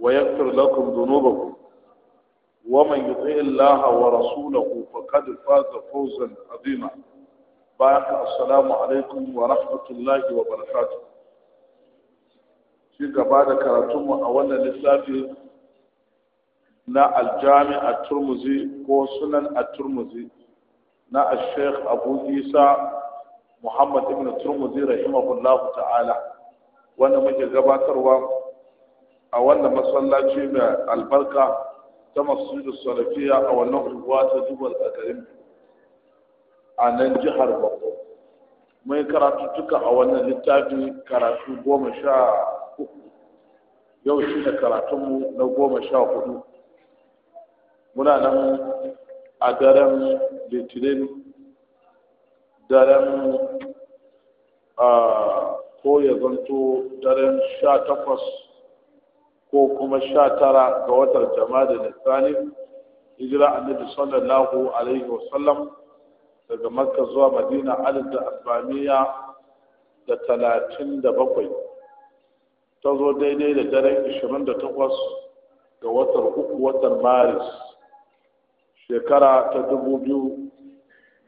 ويغفر لكم ذنوبكم ومن يطع الله ورسوله فقد فاز فوزا عظيما بارك السلام عليكم ورحمه الله وبركاته في بعد كراتم اولا لسافي na aljami a turmuzi ko sunan a turmuzi na al-sheikh abu isa muhammad ibn turmuzi rahimahullahu ta'ala wanda muke gabatarwa a wannan masallaci mai albarka ta masjidu salafiya a wannan unguwa ta jubal a garin a nan jihar bako mai karatu tuka a wannan littafi karatu goma sha uku yau shi da karatunmu na goma sha hudu muna nan a daren litinin daren ah, ko ya zanto daren sha takwas ko kuma sha tara ga watan jama'a da tsani hijira annabi sallallahu alaihi sallam daga makka zuwa madina alif da arba'amiya da talatin da bakwai ta zo daidai da daren ishirin da takwas ga watan uku watan maris shekara ta dubu biyu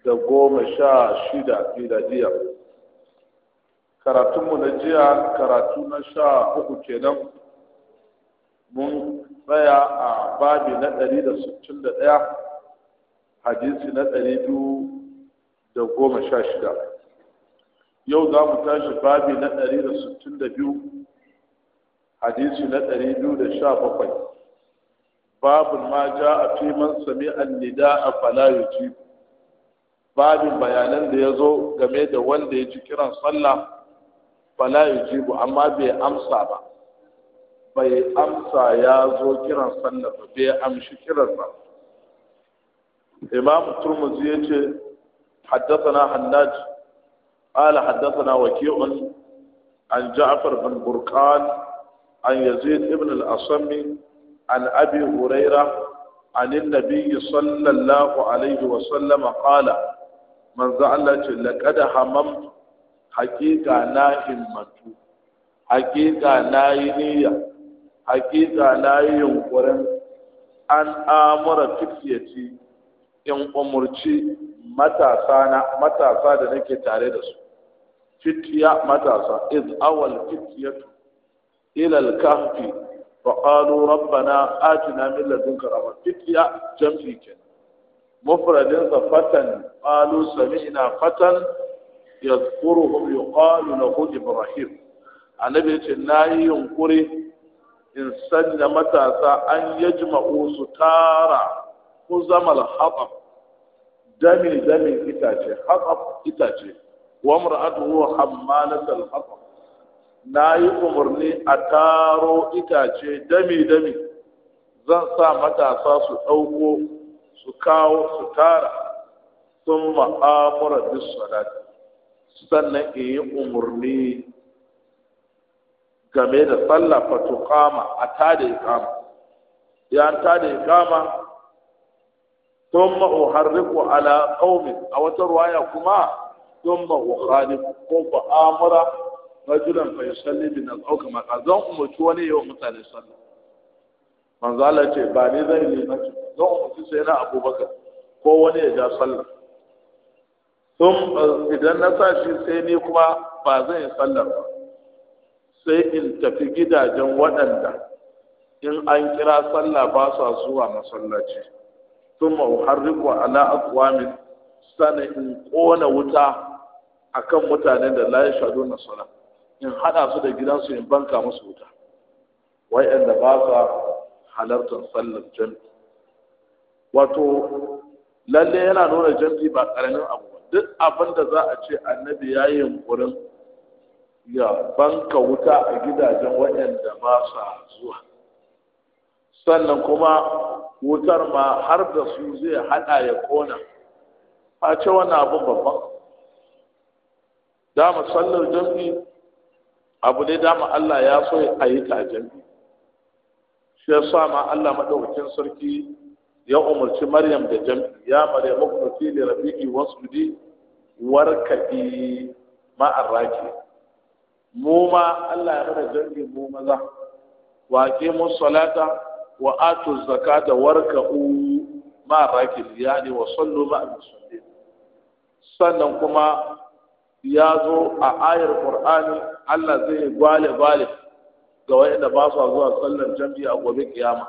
da goma sha shida miladiyya karatunmu na jiya karatu na sha uku kenan mun tsaya a babi na ɗari da sittin da ɗaya hadisi na ɗari biyu da goma sha shida yau za mu tashi babi na ɗari da sittin da biyu hadisi na ɗari biyu da sha bakwai babin ma ja a fiman sami annida a fala babin bayanan da ya zo game da wanda ya ji kiran sallah fala bu amma bai amsa ba bai amsa ya zo kiran sallah ba bai amshi kiran ba imam turmuzi ya ce haddathana hannaj qala haddathana waki'un an ja'far bin burqan an yazid ibn al-asami an abi huraira عن النبي صلى الله عليه وسلم قال من زعلت لقد هممت حقيقة لا همت حقيقة لا نية hakika na yi yunkurin an amura tifiyati in umurci matasa da nake tare da su fitiya matasa iz awal fitiyatu ila al-kahfi fa qalu rabbana atina min ladunka rahma fitiya jam'i kenan mufradin sa fatan qalu sami'na fatan yadhkuruhum yuqalu lahu ibrahim annabi ce nayi yunkuri in sanya matasa an yajma'u su tara al haɓaf dami dami itace haɓaf itace wa mar'atuhu hammalatal haɓaf na yi umarni a taro itace dami dami zan sa matasa su ɗauko su kawo su tara sun ma'amura bisalati sannan in yi umarni game da sallah fa kama a tada iqama ya an tada iqama thumma uharriqu ala ƙaumi a wata ruwaya kuma thumma ukhalifu ko ba amura rajulan fa yusalli bin al-aw kama qala zan umarci wani yau mutane sallah Manzala ce ba ni zan yi maki zan umarci sai na Abubakar ko wani ya ja sallah sun idan na sa shi sai ni kuma ba zan yi sallar ba sai in tafi gidajen waɗanda in an kira sallah ba sa zuwa masallaci thumma uharriqu ala aqwamin sani in ƙona wuta a kan mutanen da shaɗu na sana in haɗa su da gidansu in banka musu wuta wa'anda ba sa halartar sallar jami'i wato lalle yana nuna jami'i ba ƙaramin abu duk abin da za a ce annabi ya yi yunƙurin. ya banka wuta a gidajen waɗanda ba sa zuwa sannan kuma wutar ma har da su zai haɗa ya kona a ce wani abu babban dama sallar jam'i abu ne dama Allah ya so a yi ta jam'i shi ya sa ma Allah maɗaukakin sarki ya umarci Maryam da jam'i ya Maryam ku fili rafiqi wasjudi warkadi ma'arraki mu ma Allah ya mana dangi mu maza wa mu salata wa atu zakata warka'u ma rakil yani wa sallu ma musallin sannan kuma ya zo a ayar qur'ani Allah zai gwale gwale ga wanda ba su zuwa sallar jam'i a gobe kiyama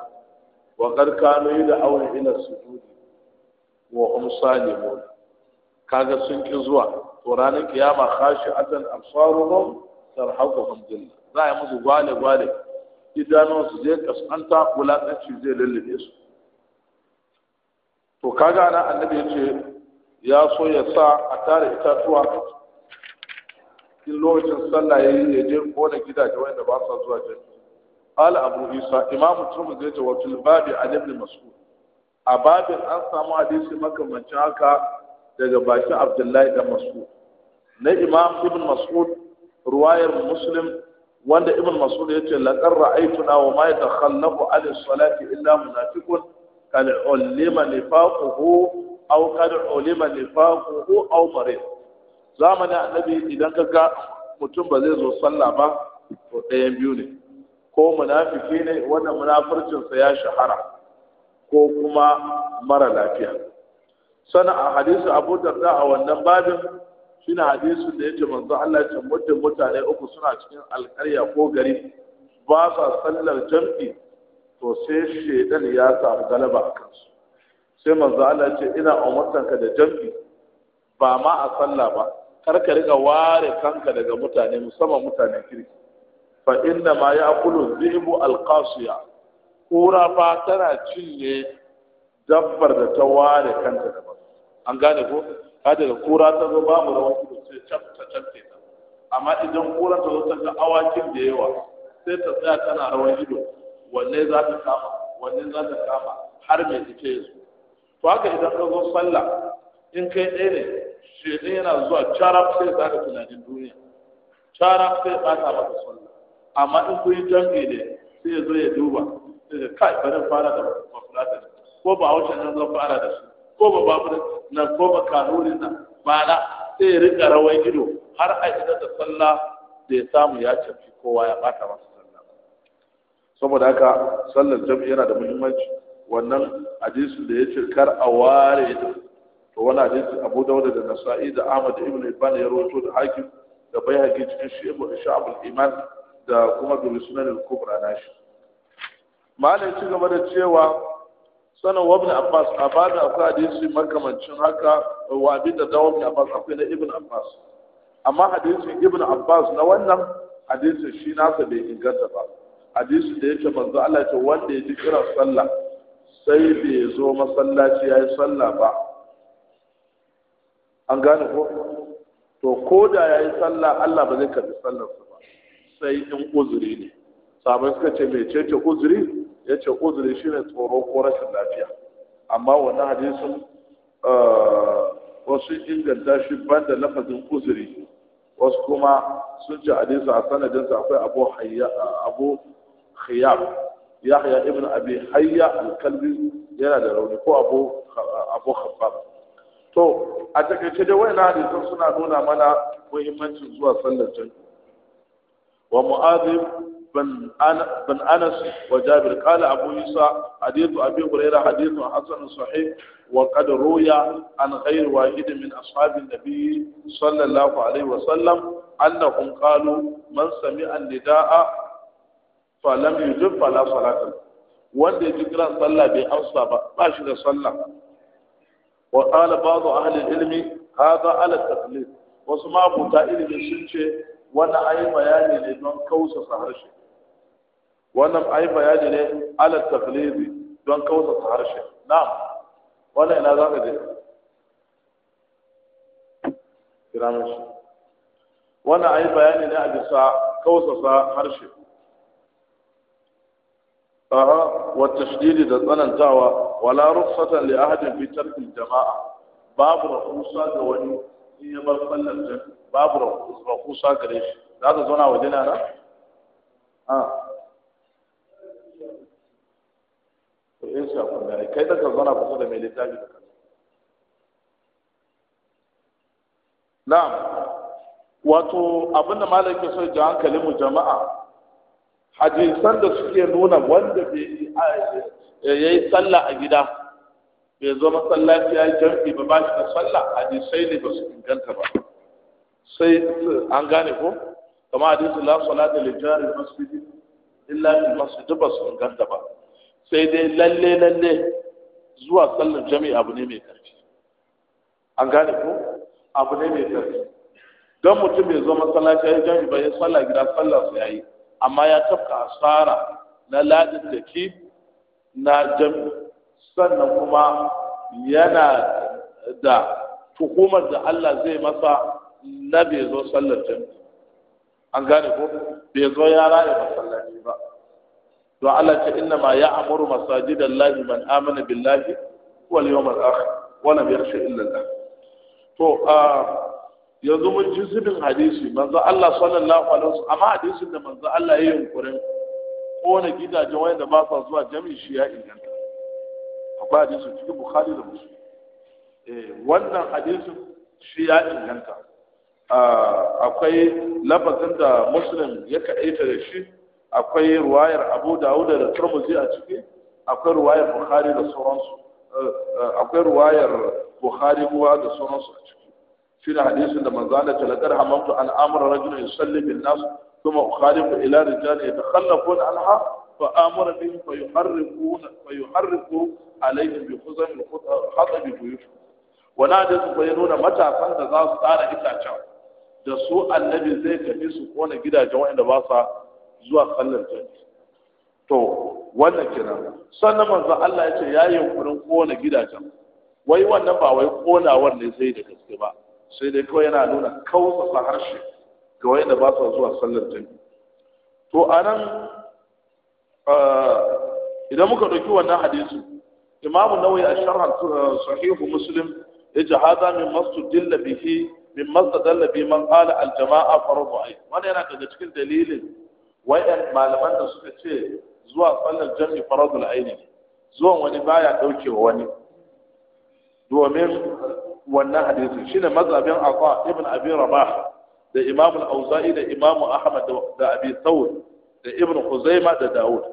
wa qad da aure ila sujudi wa hum salimun kaga sun ki zuwa to ranar kiyama khashi'atan absaruhum tarhaquhum dhilla za a yi musu gwale gwale idanuwan su je zai kasanta wulakanci zai lullube su to ka na annabi ya ya so ya sa a tare itatuwa in lokacin sallah ya yi ya je kona gidaje wanda ba sa zuwa jami'a قال أبو عيسى إمام zai وفي الباب عن ابن مسعود a babin an samu hadisi makamancin haka daga bakin abdullahi da mas'ud na imam ibn mas'ud ruwayar muslim wanda ibn mas'ud yace laqad ra'aytuna wa ma yatakhallafu 'ala salati illa munafiqun kal ulima nifaquhu aw kal ulima nifaquhu aw marid zamanin annabi idan ka ga mutum ba zai zo sallah ba to ɗayan biyu ne ko munafiki ne wanda munafircinsa ya shahara ko kuma mara lafiya sana a hadisi abu darda a wannan babin shine hadisin da yake manzo Allah ya mutu mutane uku suna cikin alƙarya ko gari ba sa sallar jam'i to sai shedan ya samu galaba a kansu sai manzo Allah ya ce ina umartanka da jam'i ba ma a sallah ba kar ka riga ware kanka daga mutane musamman mutane kirki fa inna ma yaqulu dhibu alqasiya kura fa tana cinye dabbar da ta ware kanta da ba. an gane ko kada da kura ta zo babu da ido sai cafta cafte ta amma idan kura ta zo ta ga awakin da yawa sai ta tsaya tana rawan ido wanne za ta kama wanne za ta kama har mai ita ya to haka idan ka zo sallah in kai ɗaya ne shi shaidan yana zuwa carab sai za ka tunanin duniya carab sai ba ta maka sallah amma in kun yi jam'i ne sai ya zo ya duba sai ka kai bari fara da mafulatani ko ba a wuce nan zo fara da su ko ba babur na ko kanuri na mana sai ya rika rawar ido har a ita da sallah da ya samu ya cafi kowa ya bata masa sallah saboda haka sallar jam'i yana da muhimmanci wannan hadisin da ya ce kar a ware to wannan hadisi abu Dawud da nasa'i da ahmad ibn ibn ya rawaito da hakim da bai haƙi cikin Shu'abul iman da kuma bi sunan al-kubra nashi malai ci gaba da cewa sanan wabin abbas a bada akwai hadisi makamancin haka wabi abin da dawo abbas akwai na ibn abbas amma hadisi ibn abbas na wannan hadisi shi nasa bai inganta ba hadisi da yake manzo Allah ce wanda ya ji kiran sallah sai bai zo masallaci ya yi sallah ba an gane ko to ko da ya yi sallah Allah ba zai karbi sallarsa ba sai in uzuri ne sabai suka ce mai ce ce uzuri ya ce uzuri shi ne tsoro ko rashin lafiya amma wannan hadisin eh, wasu inganta shi ban da lafazin uzuri wasu kuma sun ce hadisin a sanadinsa akwai abu abu khiyar yahya ibn abi hayya al-kalbi yana da rauni ko abu abu khabbab to a takaice dai wani hadisan suna nuna mana muhimmancin zuwa sallar jami'i wa mu'adhib بن أنس وجابر قال أبو يسى حديث أبي هريرة حديث حسن صحيح وقد روي عن غير واحد من أصحاب النبي صلى الله عليه وسلم أنهم قالوا من سمع النداء فلم يجب فلا صلاة wanda ya ji kiran sallah bai amsa ba ba shi da sallah wa qala ba'du ahli ilmi hadha ala taqlid wasu ma ilimi sun ce wannan ayi bayani ne don kausa harshe wannan ai bayani ne ala taqlidi don kausa harshe na'am wannan ina za ka je kiramin shi wannan ai bayani ne a bisa kausa harshe aha wa tashdidi da tsanantawa wala rukhsatan li ahadin fi tarkil jama'a babu rukhsa ga wani in ya bar sallar jami'a babu rukhsa gare shi za ka zauna waje na a sai su yakun kai da ka zana kusa da mai littafi da kansa na'am wato abinda malam ke so ya hankali mu jama'a hadisan da suke nuna wanda bai yi eh, sallah a gida bai zo masallaci ya jam'i ba ba shi da sallah hadisai ne ba su inganta ba sai an gane ko kama hadisin la salata li jari masjid illa fil masjid ba su inganta ba sai dai lalle lalle zuwa sallar jami abu ne mai karfi an gane ko abu ne mai karfi don mutum bai zo masallaci ya jami ba ya tsalla gida tsalla su yayi amma ya tafka asara na ladin da ke na Jami. sannan kuma yana da hukumar da Allah zai masa na bai zo sallar jami an gane ko bai zo ya raya masallaci ba to Allah ce inna ma ya'muru masajidallahi man amana billahi wal yawmil akhir wa lam yakhsha illa Allah to yanzu mun ji zubin hadisi manzo Allah sallallahu alaihi wasallam amma hadisin da manzo Allah ya yunkurin kona gidajen wanda ba sa zuwa jami'i shi ya inganta akwai hadisin cikin Bukhari da Muslim eh wannan hadisin shi ya inganta akwai lafazin da Muslim ya kaita da shi akwai ruwayar abu dawuda da turmuzi a ciki akwai ruwayar bukhari da sauransu eh, eh, akwai ruwayar bukhari kuwa da sauransu a ciki shi ne hadisin da manzana Allah talakar hamamtu an amara rajulun salli bin kuma thumma ku ila rijali yatakhallafun anha fa amara bihim fa yuharrifuna fa yuharrifu alaihim bi khuzam bi khatab buyut wa nadisu ya nuna matafan da za su tsara itacen da su annabi zai tafi su kona gidajen wanda ba sa zuwa sallar jami'i to wannan kenan sannan manzo Allah ya ce ya yi yunkurin kona gidajen wai wannan ba wai konawar ne sai da gaske ba sai dai kawai yana nuna kausasa harshe ga wanda ba su zuwa sallar jami'i to a nan, idan muka ɗauki wannan hadisi imamu nawawi a sharhan uh, sahihu muslim ya ce hada min masu dilla bihi min masu dalla bi man qala al jama'a fardu wannan yana daga cikin dalilin wayan malaman da suka ce zuwa sallar jami'i faradul aini zuwan wani baya dauke wa wani domin wannan hadisi shine mazhabin aqwa ibn Abi Rabah da Imam al-Auza'i da Imam Ahmad da Abi Thawr da Ibn Khuzaimah da Dawud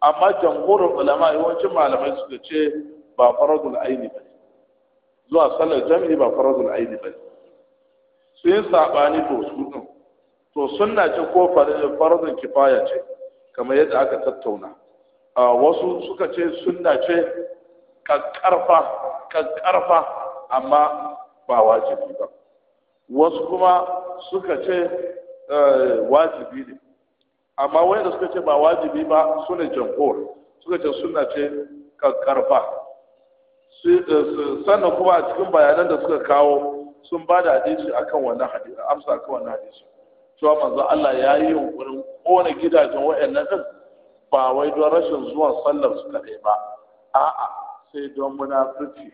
amma jamhurin ulama yawancin malamai suka ce ba faradul aini ba zuwa sallar jami'i ba faradul aini ba sun sabani to su to sunna ce ko farzun kifaya ce kamar yadda aka tattauna wasu suka ce sunna ce kakkarfa kakkarfa amma ba wajibi ba wasu kuma suka ce eh, wajibi ne amma wanda suka ce ba wajibi ba su ne jamhur suka ce suna ce kakkarfa eh, sannan kuma a cikin bayanan da suka kawo sun ba da hadisi akan wannan hadisi amsa akan wannan hadisi cewa manzo Allah ya yi yunkurin kona gidajen waɗannan din ba wai don rashin zuwan sallar su kaɗai ba a'a sai don munafurci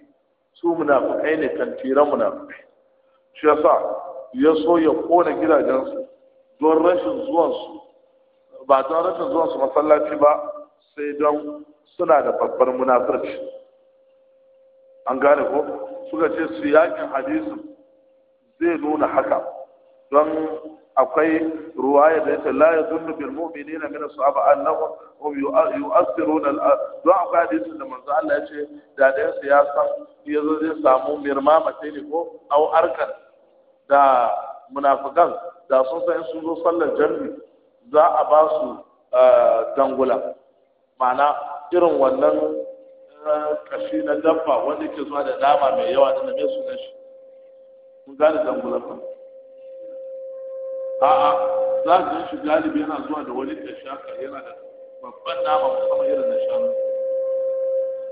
su munafukai ne kantiran munafukai shi yasa ya so ya kona su don rashin su. ba don rashin su masallaci ba sai don suna da babbar munafurci an gane ko suka ce su yakin hadisin zai nuna haka don akwai ruwaya da yake la yadhunnu bil mu'minina min as-sahaba annahum hum yu'athiruna don akwai hadisin da manzo Allah ya ce da da siyasa ya zai samu mirma, mace ne ko au arkan da munafikan da sun san sun zo sallar jami'i za a ba su eh, dangula ma'ana irin wannan eh, kashi na dabba wanda ke zuwa da dama mai yawa da na mesu sunan shi mun gane dangula fa a'a za su yi shi galibi yana zuwa da wani da shaka yana da babban nama musamman irin na shanu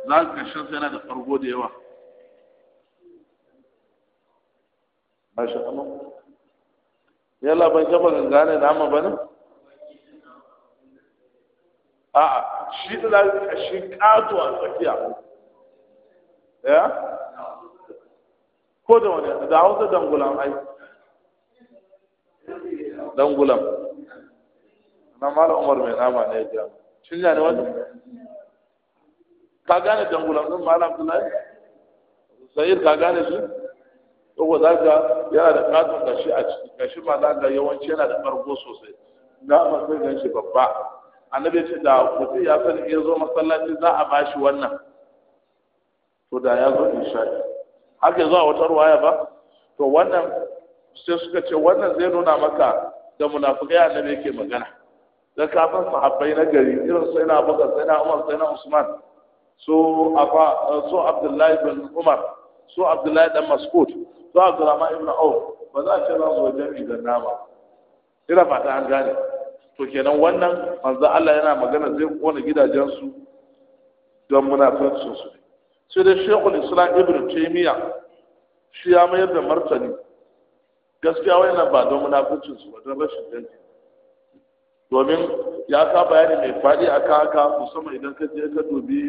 za ka gashin sa yana da fargo da yawa masha Allah yalla ban shafa ne nama ba ne a'a shi da za su shi kato a tsakiya ya ko da wani da hausa dangulan aiki dan gulam na mala umar mai nama ne ya shin ya ne wani ka gane dan gulam din mala abdullahi sayir ka gane shi ko za ka yana da katon gashi a ciki gashi ma za ka yawanci yana da bargo sosai na ma sai gan shi babba annabi ce da mutum ya san in zo masallaci za a bashi wannan to da ya zo in sha'i har yanzu a wata ruwaya ba to wannan sai suka ce wannan zai nuna maka da munafukai annabi ke magana da kafin sahabbai na gari irin sai na baka sai na umar sai na usman so afa so abdullahi bin umar so abdullahi dan mas'ud so abdurrahman ibn auf ba za a ce za zo wajen da nama ina fata an gane to kenan wannan manzo Allah yana magana zai kona gidajensu don munafiqin su sai da Sheikhul islam ibn Taymiyyah shi ya mayar da martani gaskiya nan ba don munafuncin su ba don rashin danci domin ya ka bayani mai faɗi a haka musamman idan ka je ka dubi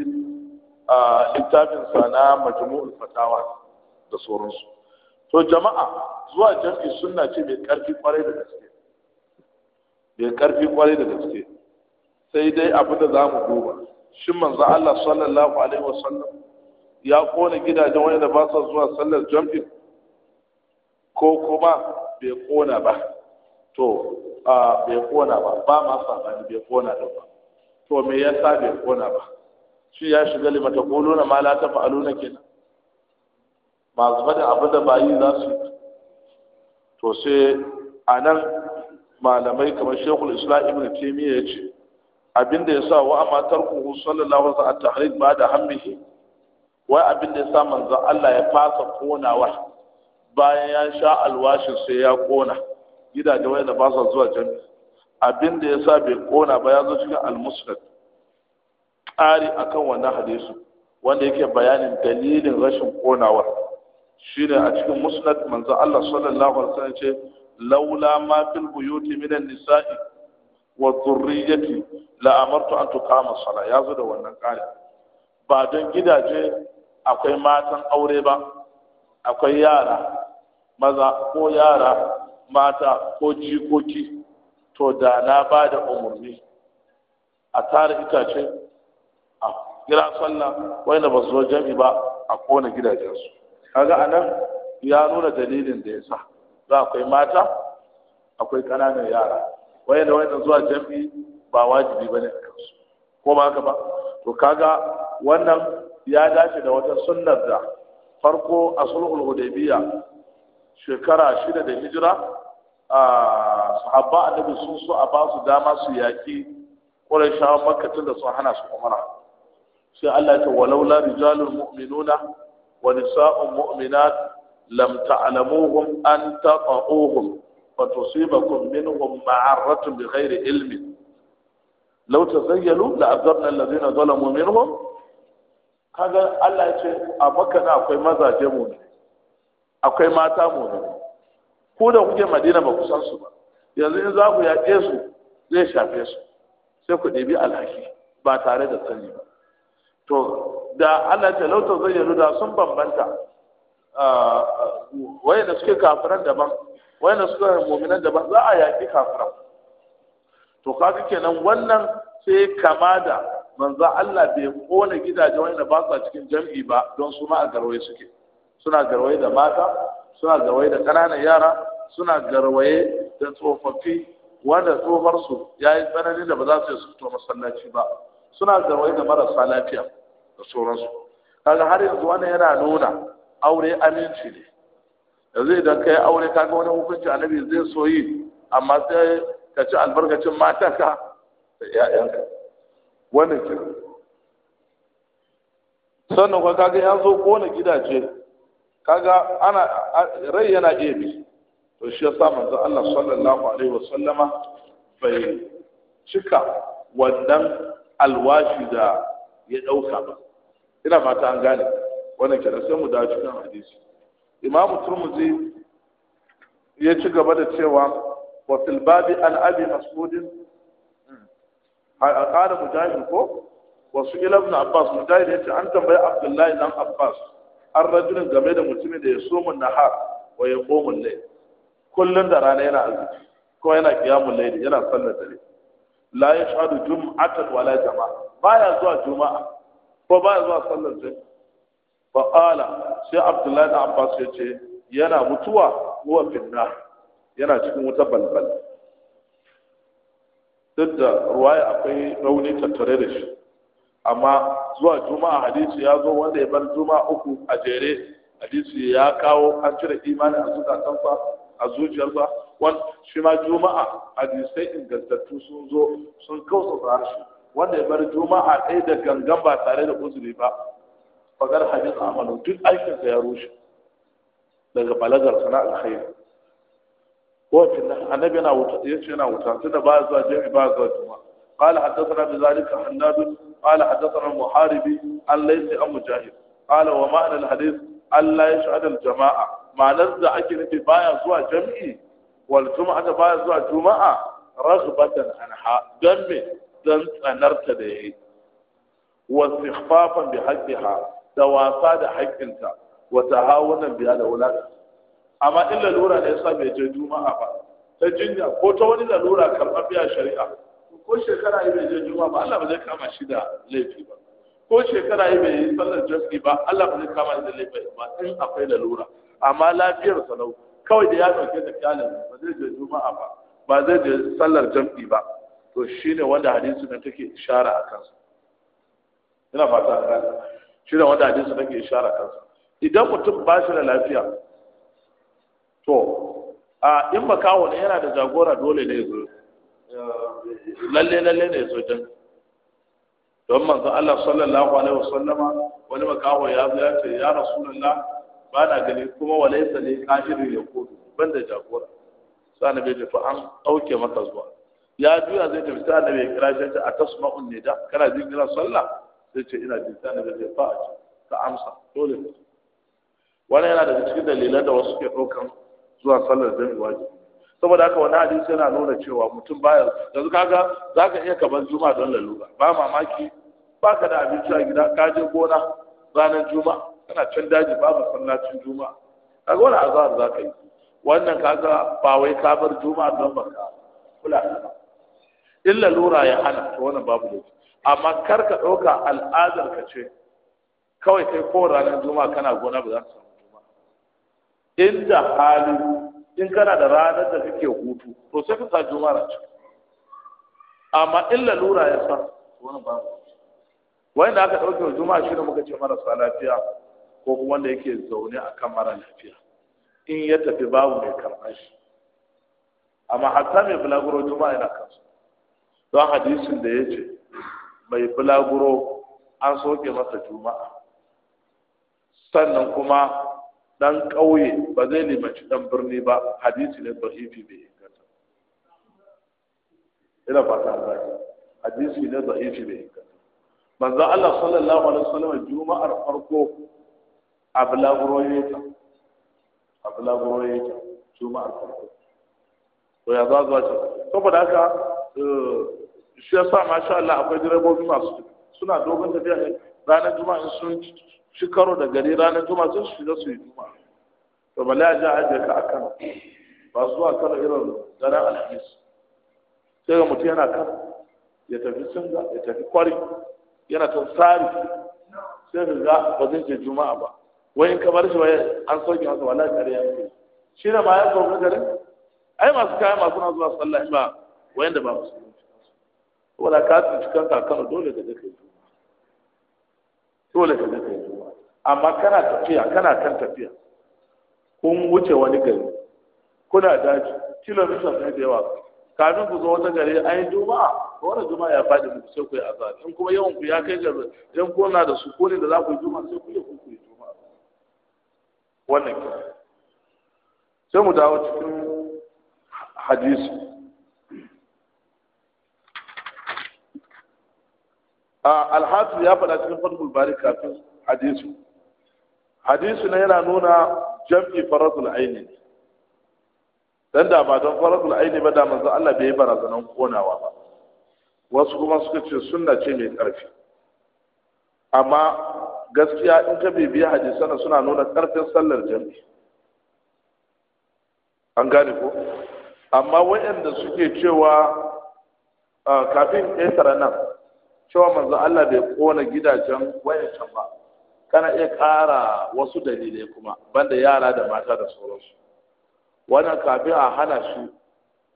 a littafin sa na majmu'ul fatawa da sauransu to jama'a zuwa jam'i sunna ce mai karfi kwarai da gaske mai karfi kwarai da gaske sai dai abin da za mu duba shin manzo Allah sallallahu alaihi wasallam ya kona gidajen wanda ba sa zuwa sallar jami'i ko kuma bai kona ba to bai kona ba ba ma samani bai kona da ba to me yasa bai kona ba shi ya shiga ta na mala ma la tafa'aluna kenan masu fadin abin da bayi za su to sai a nan malamai kamar shekul islam ibn taimiyya ya ce abinda ya sa wa amma tarkuhu sallallahu alaihi wa at ba da hammihi wai abinda ya sa manzo Allah ya fasa konawa bayan ya sha alwashin sai ya kona gidaje wanda ba sa zuwa jami'a abin da ya sa bai kona ba ya zo cikin almusnad ƙari akan wannan hadisu wanda yake bayanin dalilin rashin konawar ne a cikin musnad manzo Allah sallallahu alaihi wasallam ce laula ma fil buyuti minan nisa'i wa dhurriyyati la amartu an tuqama salat ya zo da wannan ƙari ba don gidaje akwai matan aure ba akwai yara maza ko yara mata ko jikoki to da na ba da umarni a tara itace a kira sallah wanda ba su zo jami ba a kona gidajensu kaga anan ya nuna dalilin da ya sa za akwai mata akwai ƙananan yara wanda wanda zuwa jami ba wajibi ba ne a kansu ko ba haka ba to kaga wannan ya dace da wata sunnar da farko a sulhul hudaybiya shekara shida da hijira a sahabba annabi sun so a ba su dama su yaki qurayshawa shawar tun da sun hana su umara sai Allah ya ce walaula rijalul mu'minuna wa nisa'un mu'minat lam ta'lamuhum an taqa'uhum فتصيبكم منهم معرة بغير علم لو تزيلوا لأبذرنا الذين ظلموا منهم kaga Allah ya ce a makana akwai mazaje mu ne akwai mata mu'minai ku da kuke madina ba ku san su ba yanzu in za ku yaƙe su zai shafe su sai ku ɗebi alhaki ba tare da sani ba to da Allah ta zai zayyano da sun bambanta da suke kafiran daban da suke mominan daban za a yaƙi kafiran to kaga kenan wannan sai kama da manzo Allah bai kona gidaje da ba su cikin jam'i ba don su ma a garwaye suke suna garwaye da mata suna garwaye da ƙananan yara suna garwaye da tsofaffi wanda tsofarsu ya yi tsanani da ba za su suto masallaci ba suna garwaye da marasa lafiya da sauransu kaga har yanzu wani yana nuna aure aminci ne yanzu idan ka yi aure kaga wani hukunci annabi zai so yi amma sai ka ci albarkacin ka da 'ya'yanka wannan kenan sannan kuma kaga ya zo kona gidaje kaga ana rai yana iya bi to shi yasa manzo Allah sallallahu alaihi wasallama bai cika wannan alwashi da ya dauka ba ina fata an gane wannan kenan sai mu dawo cikin hadisi imamu turmuzi ya ci gaba da cewa wa fil babi an abi mas'ud قال مجاهد ko wasu ila ibn abbas mujahid ce an tambayi abdullahi dan abbas an game da mutumin da ya somun nahar wa ya komun lai kullum da rana yana azumi ko yana kiyamun laili yana sallar dare la ya shahadu jum'atan wala jama'a baya zuwa juma'a ko baya zuwa sallar dare fa qala sai abdullahi da abbas ya ce yana mutuwa huwa finna yana cikin wuta balbal duk da ruwaya akwai rauni tattare da shi amma zuwa juma'a hadisi ya zo wanda ya bar juma'a uku a jere hadisi ya kawo an cire imani a zukatansa a zuciyarsa wan shi ma juma'a hadisai ingantattu sun zo sun kausa harshe wanda ya bar juma'a ɗaya da gangan ba tare da uzuri ba fagar hadis amalu duk aikinsa ya rushe daga balagar sana alkhairi wuta yace yana wuta tunda ba zuwa jami'a ba zuwa juma'a قال حدثنا بذلك حناد قال حدثنا المحاربي عن ليس أم مجاهد قال ومعنى الحديث ألا يشهد الجماعة معنى ذاك نفي بايا زوا جمعي والجمعة بايا زوا جمعة رغبة عنها دمي دم تنرت ده واستخفافا بحقها دواسا ده حقنتا وتهاونا بها الأولاد أما إلا لورا ليس بيجي جمعة ba ta jinya ko ta wani lalura karɓar biya shari'a ko shekara yi bai je juma ba Allah ba zai kama shi da laifi ba ko shekara yi bai sallar jaski ba Allah ba zai kama shi da laifi ba in akwai lalura amma lafiyar salau kawai da ya dauke da kyalin ba zai je juma'a ba ba zai je sallar jam'i ba to shine wanda hadisi nan take ishara a kansa ina fata ka gane shine wanda hadisi take ishara a kansa idan mutum ba shi da lafiya to a in makawo ne yana da jagora dole ne ya zo lalle lalle ne so can don manzo Allah sallallahu alaihi wasallama wani makaho ya zo ya ce ya rasulullah ba na gani kuma walaysa li qahiru yaqudu banda jagora sai annabi ya fa an dauke masa zuwa ya juya zai tafi sai annabi ya kira shi ta atasma'un nida kana jin kira sallah sai ce ina jin sai annabi ya fa ka amsa dole wannan yana daga cikin dalilan da wasu ke daukan zuwa sallar zai wajibi saboda haka wani hadisi yana nuna cewa mutum baya yanzu kaga za ka iya kaban juma don lalura ba mamaki ba ka da abinci a gida ka je gona ranar juma kana can daji ba masallacin juma kaga wani azahar za ka yi wannan kaga ba wai ka bar juma don ba ka kula in lalura ya hana to wannan babu laifi amma kar ka ɗauka al'adar ka ce kawai kai ko ranar juma kana gona ba za ka samu juma inda hali in kana da ranar da kake hutu to sai ka sa juma'a ce amma in lalura ya sa wani ba wani da aka ɗauke wa juma'a shi ne muka ce marasa lafiya ko kuma wanda yake zaune a kan mara lafiya in ya tafi babu mai karɓar shi amma hatta mai bulaguro juma'a yana kansu don hadisin da ya ce mai bulaguro an soke masa juma'a sannan kuma dan ƙauye ba zai limanci dan birni ba hadisi ne da'ifi bai inganta ina fata an gani hadisi ne da'ifi bai inganta manzo Allah sallallahu alaihi wasallam juma'ar farko a bulaguroyeta a bulaguroyeta juma'ar farko to ya zazo ce saboda haka eh, shi yasa masha Allah akwai direbobi masu suna dogon tafiya ranar juma'a sun shi karo da gari ranar juma sun shiga su yi juma to bala ya ja ajiye ka a kano ba zuwa kano irin daren alhamis sai ga mutum yana kan ya tafi singa ya tafi kwari yana ta tsari sai ka ga ba zai je juma'a ba wai in shi wai an sauke masa wala kare ya ce shi na ba ya sauka garin ai masu kaya masu na zuwa sallah ba da ba musulmi wala ka tsinci kanka kano dole ka je kai dole ka je kai amma kana tafiya kana kan tafiya kun wuce wani gari kuna daji kilomita ne da yawa kafin ku zo wata gari an yi juma'a wani juma'a ya faɗi muku sai ku yi azhar in kuma yawan ku ya kai ga in da su, ko sukuni da za ku yi duma sai ku yi ku yi duma? wannan ke sai mu dawo cikin hadisi a ah, alhasu ya faɗa cikin fatul bari kafin hadisi hadisi na yana nuna jam'i faradul aini dan da ba don faradul aini ba da manzo Allah bai barazanan konawa ba wasu kuma suka ce sunna ce mai karfi amma gaskiya in ka bibiya hadisana suna nuna karfin sallar jam'i an gane ko amma waɗanda suke cewa ah, kafin ƙetare nan cewa manzo Allah bai kona gidajen wayancan ba kana iya ƙara wasu dalilai kuma banda yara da mata da sauransu wannan kafin a hana shi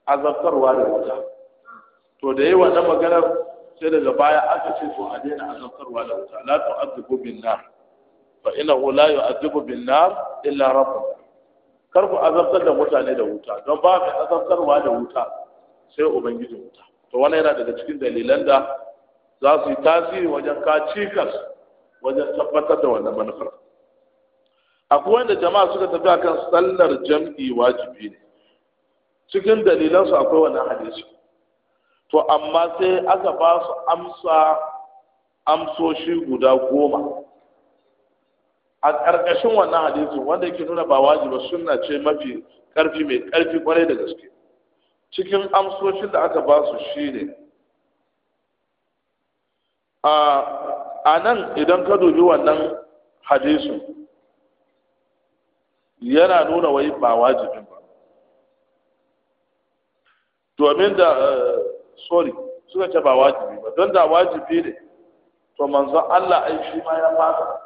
azabtarwa da wuta to da yi wannan maganar sai daga baya aka ce to a daina azabtarwa da wuta la tu'adhibu bin nar fa innahu la yu'adhibu bin nar illa rabbuh kar ku azabtar da mutane da wuta don ba ka azabtarwa da wuta sai ubangiji wuta to wannan yana daga cikin dalilan da za su yi tasiri wajen ka cikas wajen tabbatar da wannan manufar akwai wanda jama'a suka tafi akan sallar jam'i wajibi ne cikin dalilansu akwai wannan hadisi to amma sai aka ba su amsa amsoshi guda goma a ƙarƙashin wannan hadisi wanda yake nuna ba wajibi sunna ce mafi ƙarfi mai ƙarfi kwarai da gaske cikin amsoshin da aka ba su shine a a nan idan ka dubi wannan hadisu yana nuna wai ba wajibin ba domin da eh, sorry suka ce ba wajibi ba don da wajibi ne to manzo Allah ai shi ma ya fasa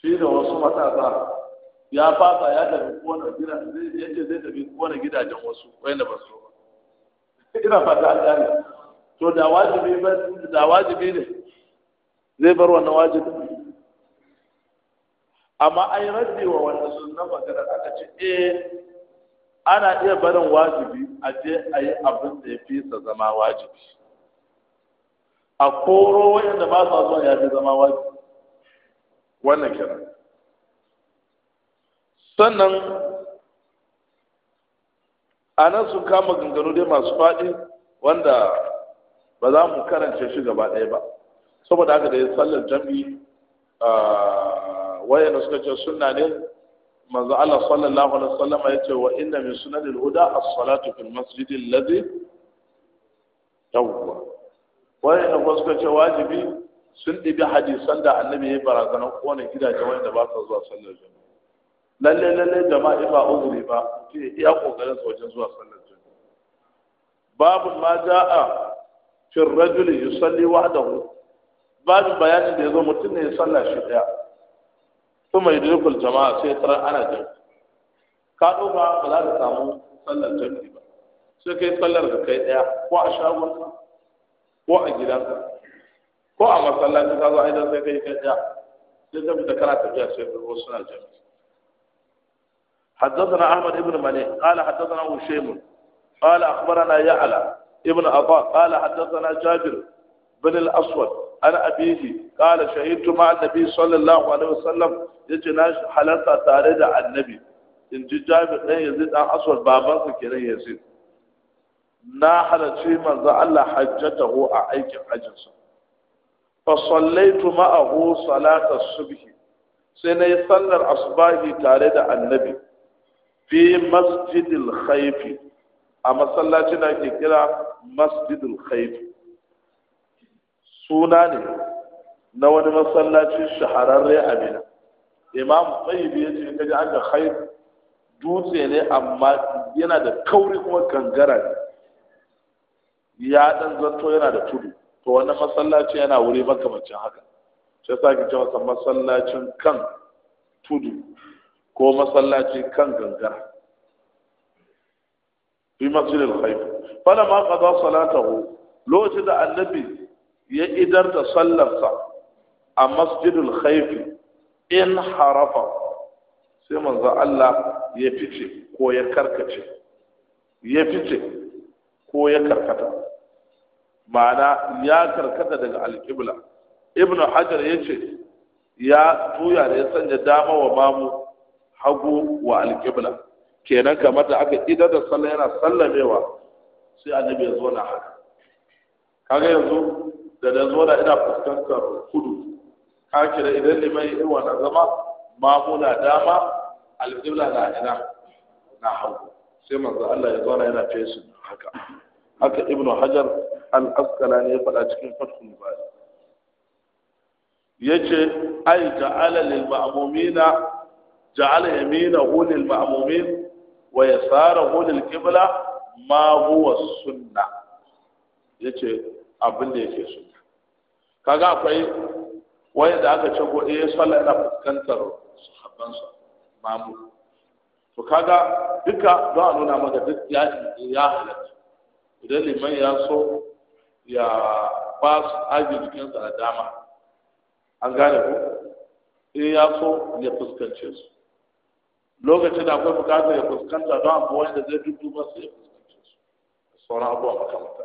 shi da wasu matasa ya fasa ya tafi kona gida ya ce zai tafi kona gidajen wasu wanda ba su ina fata Allah gane to da wajibi ba da wajibi ne zai bar wannan wajibi amma ai raddi wa wannan sunnan magana aka ce eh ana iya barin wajibi a je a yi abin da ya fi sa zama wajibi a koro wanda ba sa zuwa ya fi zama wajibi wannan kira sannan a nan sun kama gangano dai masu faɗi wanda ba za mu karance shi gaba ɗaya ba saboda haka da ya sallar jami'i wayanda suka ce suna ne manzo Allah sallallahu alaihi wasallam ya ce wa inna min sunanil huda as-salatu fil masjidil ladhi tawwa wayanda kuma suka ce wajibi sun ɗibi hadisan da annabi ya yi barazanar kone gidaje wanda ba sa zuwa sallar jami'i lalle lalle jama'i ba uzuri ba ke iya kokarin sa wajen zuwa sallar jami'i babu ma ja'a fi rajuli yusalli wahdahu babin bayanin da ya zo mutum ne sallah shi ɗaya kuma mai jama'a sai tara ana jin ka ɗauka ba za ka samu sallar jami'i ba sai kai sallar da kai ɗaya ko a shagonka ko a gidanka ko a masallaci ka zo idan sai kai kai ɗaya sai ta fita kana tafiya sai ka zo suna jami'i حدثنا احمد ابن مالك قال حدثنا هشيم قال اخبرنا يعلى ابن عطاء قال حدثنا جابر بن الاسود an abihi qala shahidtu ma annabi sallallahu alaihi wasallam yace na halarta tare da annabi in ji jabir dan yazid dan baban su kenan yanzu. na halarci manzo Allah hajjatahu a aikin hajjinsa fa sallaitu ma'ahu salata subhi sai na yi sallar asbahi tare da annabi fi masjidil khaifi a masallacin da ke kira masjidil suna ne na wani masallacin shahararre a mina imam tsayibi ya ce ka ji aka khair dutse ne amma yana da kauri kuma gangara ne. ya dan zanto yana da tudu to wani masallaci yana wuri makamacin haka sai sa ki cewa masallacin kan tudu ko masallaci kan gangara fi masjidil khayf fa lamma qada salatahu lokacin da annabi ya idar da sallarsa a masjidul khaifi in harafa sai manzo Allah ya fice ko ya karkace ya fice ko ya karkata ma'ana ya karkata daga alƙibla ibnu hajar ya ce ya tuya da ya sanya dama wa mamu hagu wa alƙibla kenan kamar da aka idar da sallah yana sallamewa sai annabi ya zo na haka kaga yanzu da da zo ina fuskantar kudu Ka kira idan liman yi wannan zama mamuna dama alƙibla na ina na hagu sai manzo Allah ya zauna yana fesu haka haka ibnu hajar al-asqalani ya faɗa cikin fathul ba yace ai ja'ala lil ma'mumina ja'ala yaminahu lil ma'mumin wa yasarahu lil qibla ma huwa sunna yace abin da yake so kaga akwai wani da aka ce ko ya eh, sallah yana fuskantar su sa mamu to kaga duka don a nuna maka duk ya ya halatta idan liman ya so ya ba su aji jikinsa da dama an gane ku, eh ya so ya fuskance su lokacin da akwai bukatar ya fuskanta don abu wanda zai duduba sai ya fuskance su sauran abubuwa makamata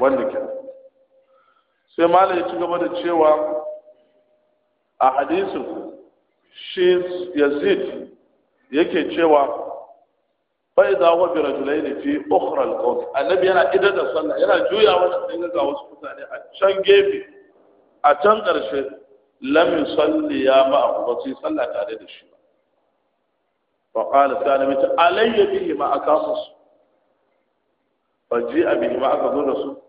wanda kenan sai malai ya ci gaba da cewa a hadisin shi yazid yake cewa za wa huwa julai ne fi ukhra al annabi yana idan da sallah yana juyawa da sai ga wasu mutane a can gefe a can karshe lam yusalli ya ma'a ba sai sallah tare da shi fa qala sallama ta alayya bihi ma akamus fa ji bihi ma aka zo da su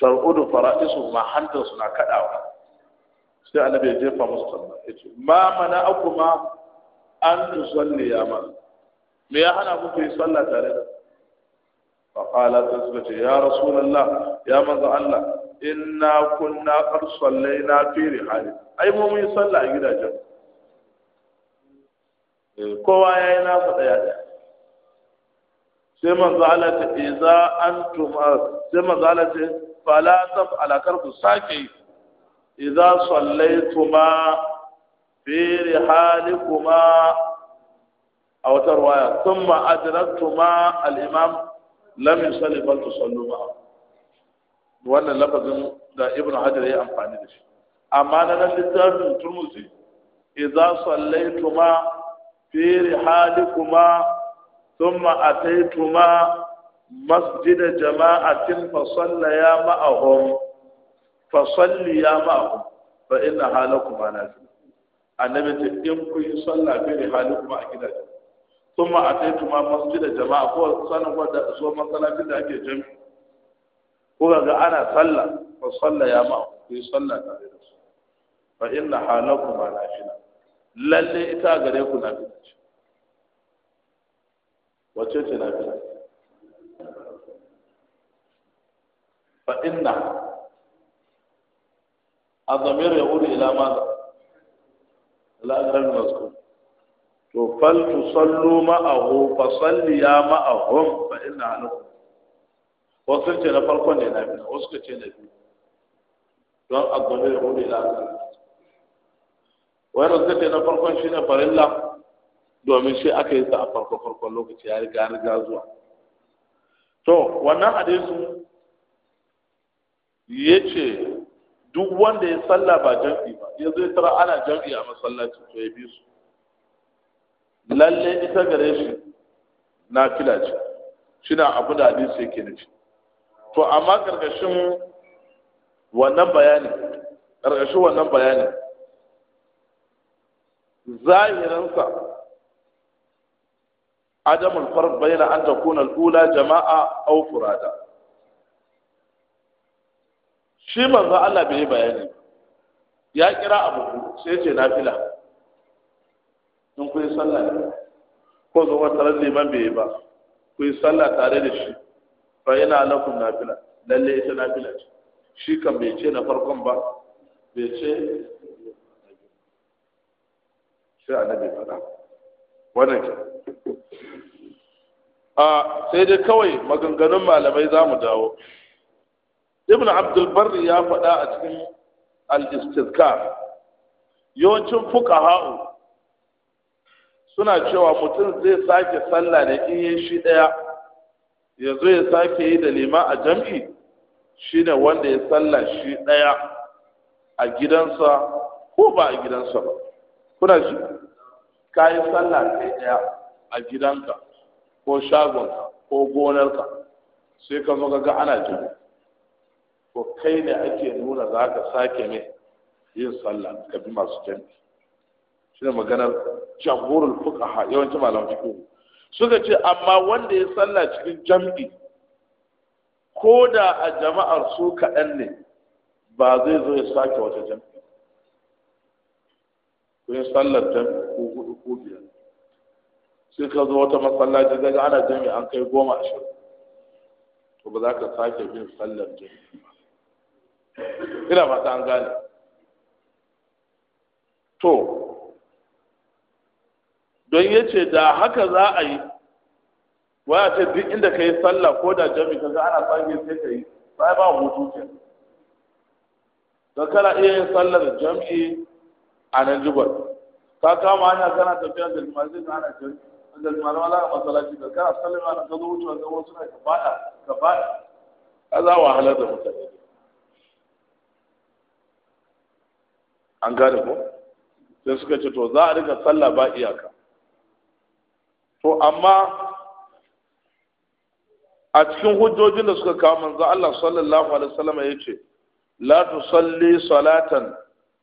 tar'udu fara'isu ma hantar suna kadawa sai annabi ya jefa musu sallah yace ma mana akuma an tusalli ya ma me ya hana ku yi sallah tare da fa qala sai ce ya rasulullah ya manzo Allah inna kunna qad sallaina fi rihali ai mu mun yi sallah a gidajen eh, kowa yi na daya ya sai manzo Allah ta iza antum ah, sai manzo Allah ta fala alakarku kar ku sake idza sallaituma hali rihalikuma aw tarwaya thumma adraktuma al-imam lam yusalli fal tusallu ma wannan lafazin da ibnu hajar ya amfani da shi amma na nan littafin turmusi idza sallaituma fi rihalikuma thumma ataituma masjid jama'atin a sallaya ma'ahum fa salliya ma'ahum fa inna halakum nafi annabi ta in ku yi sallah bi halikum a gidaje thumma ataituma masjid jama'a ko sanan ko da so masallaci da ake jami ko ga ana sallah fa sallaya ma'ahum ku yi sallah tare da su fa inna halakum nafi ita gare ku nafi wace ce nafi فإن الضمير يقول إلى ماذا؟ إلى salli المذكور فلتصلوا معه فصليا معهم فإن لكم wasu ce na farkon ne na biyu wasu ce na biyu don abdomen ya uri ila asali wani ce na farkon shi farilla domin shi aka yi sa a farko farkon lokaci ya riga riga zuwa to wannan hadisin ya ce duk wanda ya salla ba jam'i ba ya zai tara ana jam'i a masallaci to ya bi su lalle ita gare shi na fila ce shi na abu da hadisi yake nufi to amma ƙarƙashin wannan bayani ƙarƙashin wannan bayani zahirinsa عدم الفرق بين أن تكون الأولى jama'a au furada shi manzo Allah bai yi bayani ya kira abu sai ce nafila in ku yi sallah ne ko zo wata ran man bai yi ba ku yi sallah tare da shi fa ina lakum nafila lalle ita nafila ce shi kan bai ce na farkon ba bai ce sai annabi faɗa wannan ke a sai dai kawai maganganun malamai za mu dawo ibn abdul ya faɗa a cikin al-istizkar yawancin fuqaha'u suna cewa mutum zai sake sallah da in shi ɗaya yanzu ya sake yi da lima a jam'i shine wanda ya sallah shi ɗaya a gidansa ko ba a gidansa ba kuna shi ka yi sallah kai ɗaya a gidanka ko shagonka ko gonarka sai ka zo ga ana jami'a ko kai ne ake nuna za ka sake ne yin sallah ka bi masu jami'i shi ne maganar jamhurul fuqaha yawancin malamci fiqh suka ce amma wanda ya sallah cikin jami'i ko da a jama'ar su kaɗan ne ba zai zo ya sake wata jami'i ko ya sallar jami'i ko hudu ko biyar sai ka zo wata masallaci daga ana jami'i an kai goma ashirin to ba za ka sake bin sallar jami'i ba ina fata an gane to don ya ce da haka za a yi waya ce duk inda ka yi sallah ko da jami ka ga ana sange sai ka yi sai ba hutu ke don kana iya yin sallar jami a nan jibar ka kama hanya kana tafiya da limazin da ana jami da limanin wala a masalaci da kana sallama na ka zo wucewa ga wasu na ka bada ka bada ka za wahalar da mutane an gane ko sai suka ce to za a riga sallah ba iyaka to amma a cikin hujjojin da suka kawo manzo Allah sallallahu alaihi wasallam ya ce la tusalli salatan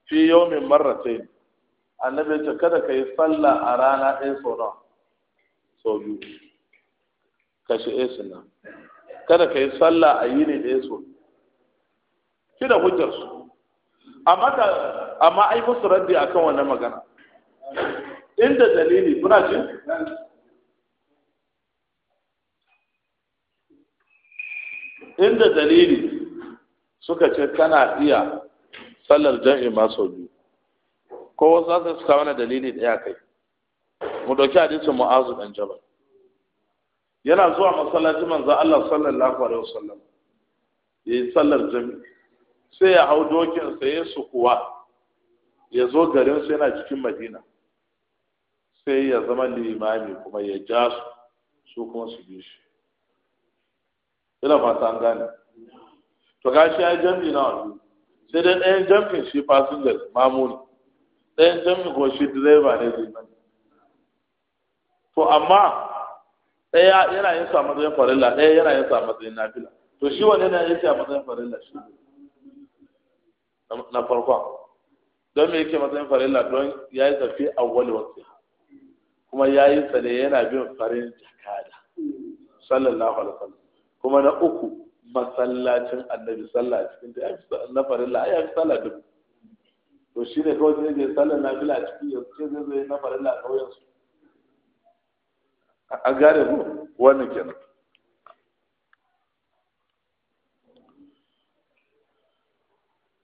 fi yawmin marratayn annabi ce kada ka yi salla a rana ɗaya sau nawa sau biyu kashi ɗaya sunna kada ka yi salla a yini ɗaya sau biyu hujjar su amma da amma ai musu raddi akan wannan magana inda dalili kuna ji inda dalili suka ce kana iya sallar jami'i ma sau biyu ko wasu za su kawo na dalili ɗaya kai mu dauki hadisin mu'azu dan jabal yana zuwa masallaci manzo Allah sallallahu alaihi wasallam yayi sallar jami'i sai ya hau dokin ya su kuwa ya zo garin sai yana cikin madina sai ya zama limami kuma ya ja su su kuma su bi shi ina fata an gane to shi ya jam'i na wani sai dai ɗayan jam'in shi fasinjar mamuni ɗayan jam'in ko shi direba ne liman to amma ɗaya yana yin sa matsayin farilla ɗaya yana yin sa matsayin nafila to shi wanne yana yin a matsayin farilla shi ne na farkon don me yake matsayin farilla don ya yi tafi wani wasu kuma ya yi tsale yana bin farin jakada sallallahu alaihi wasallam kuma na uku masallacin annabi sallah cikin da na farilla ya fi sallah duk to shi ne kawai zai je sallar na fila cikin ya ce zai zai na farilla a ƙauyen su a gane ku wannan kenan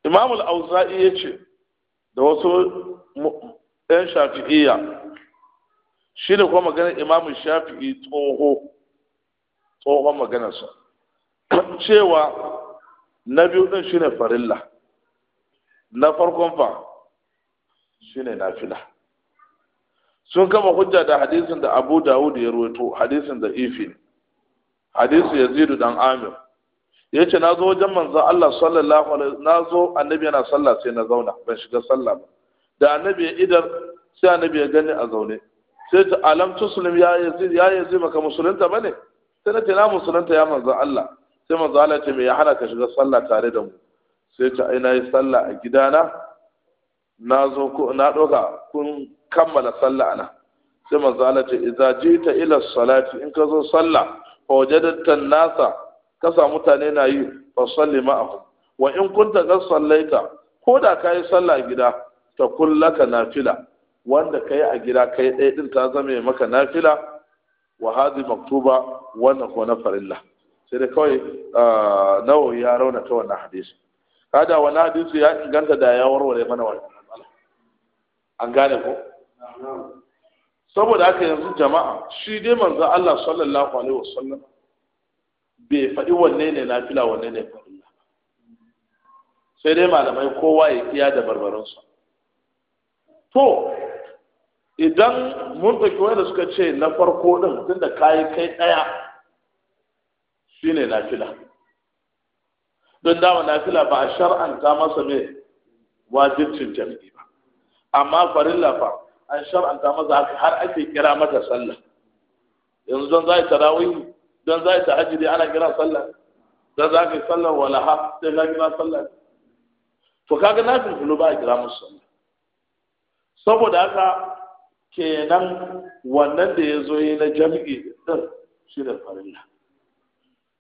imam al-auza'i ya ce da wasu ɗan shafi'iyya shi ne kuma maganar imam shafi'i tsoho tsohon maganarsa cewa na biyu ɗin shi ne farilla na farkon fa shi ne nafila sun kama hujja da hadisin da abu dawud ya ruwaito hadisin da hadisin hadisi yazidu dan amir Ya ce na zo wajen manzan Allah sallallahu alaihi na zo annabi yana sallah sai na zauna ban shiga sallah ba da annabi ya idar sai annabi ya gani a zaune sai ta alam tuslim ya yazi ya yazi maka musulunta bane sai na ce na musulunta ya manzan Allah sai manzan Allah ce me ya hana ka shiga sallah tare da mu sai ta ai na yi sallah a gidana na zo ko na doka kun kammala sallah ana sai manzan Allah ce idza jita ila salati in ka zo sallah fawajadatta nasa ka sa mutane na yi fa salli ma'ahum wa in kunta qad sallaita ko da ka yi sallah gida ta kullaka nafila wanda ka yi a gida yi ɗaya ɗin ta zama maka nafila wa hadi maktuba wannan ko na farilla sai dai kawai nawawi ya rauna ta wannan hadisi kada wannan hadisi ya inganta da ya warware mana wannan an gane ko saboda haka yanzu jama'a shi dai manzo Allah sallallahu alaihi wasallam bai faɗi wanne ne nafila wanne ne farilla sai dai malamai kowa ya kiya da barbaransu to idan mun ɗauki wanda suka ce na farko ɗin tunda kayi kai ɗaya shine nafila don dama nafila ba a shar'anta masa mai wajibcin jami'i ba amma farilla fa an shar'anta masa har ake kira mata sallah yanzu don za a yi tarawihi dan za ta hajji ana kira sallah dan za yi sallah wala ha sai ka kira sallah to kaga na filfilu ba a kira musu sallah saboda haka kenan wannan da ya zo yi na jami'i din shi da farilla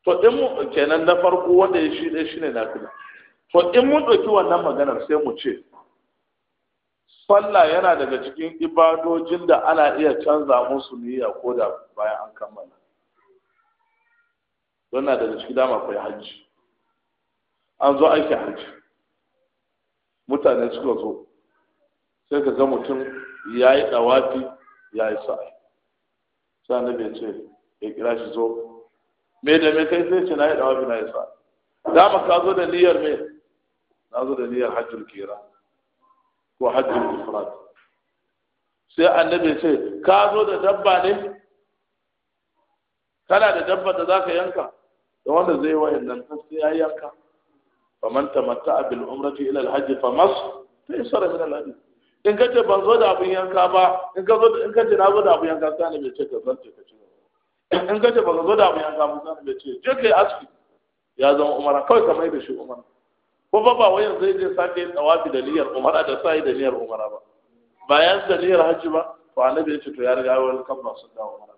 to in mu kenan na farko wanda ya shi ne shi ne to in mun ɗauki wannan maganar sai mu ce sallah yana daga cikin ibadojin da ana iya canza musu niyya ko da bayan an kammala don na daga cikin dama akwai hajji an zo aiki hajji mutane suka zo sai ka ga mutum ya yi ɗawafi ya yi sa'a. sai na bai ce ya kira shi zo me da me kai sai ce na yi ɗawafi na yi sa'a. dama ka zo da niyyar me na zo da niyyar hajjin kira ko hajjin ifrat sai annabi ce ka zo da dabba ne kana da dabba da zaka yanka da wanda zai wa yannan sai ya yanka faman tamatta bil umrati ila al hajj famas ta isara min al hadi in ka ce ban zo da abin yanka ba in ka zo in ka ce na zo da abin yanka sai ne bai ce ka zance ka ci in ka ce ban zo da abin yanka ba sai ne bai ce je kai aski ya zama umara kawai ka mai da shi umara ko ba ba wai yanzu zai sake yin tsawafi da niyyar umara da sai da niyyar umara ba ba ya da niyyar hajji ba to annabi ya ce to ya riga wani kan ba sun dawo umara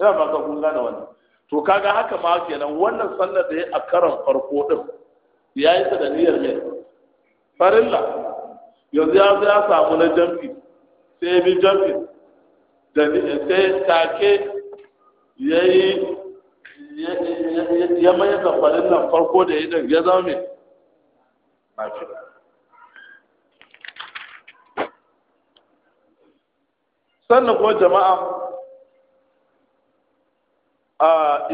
ya ba ka kun gane wannan to kaga haka ma kenan wannan sallar da ya a karan farko din ya yi da niyyar mai farilla yanzu ya ya samu na jamfi sai bi jamfi da sai take ya yi ya mai da farilla farko da ya din ya zama mai mafi sannan kuma jama'a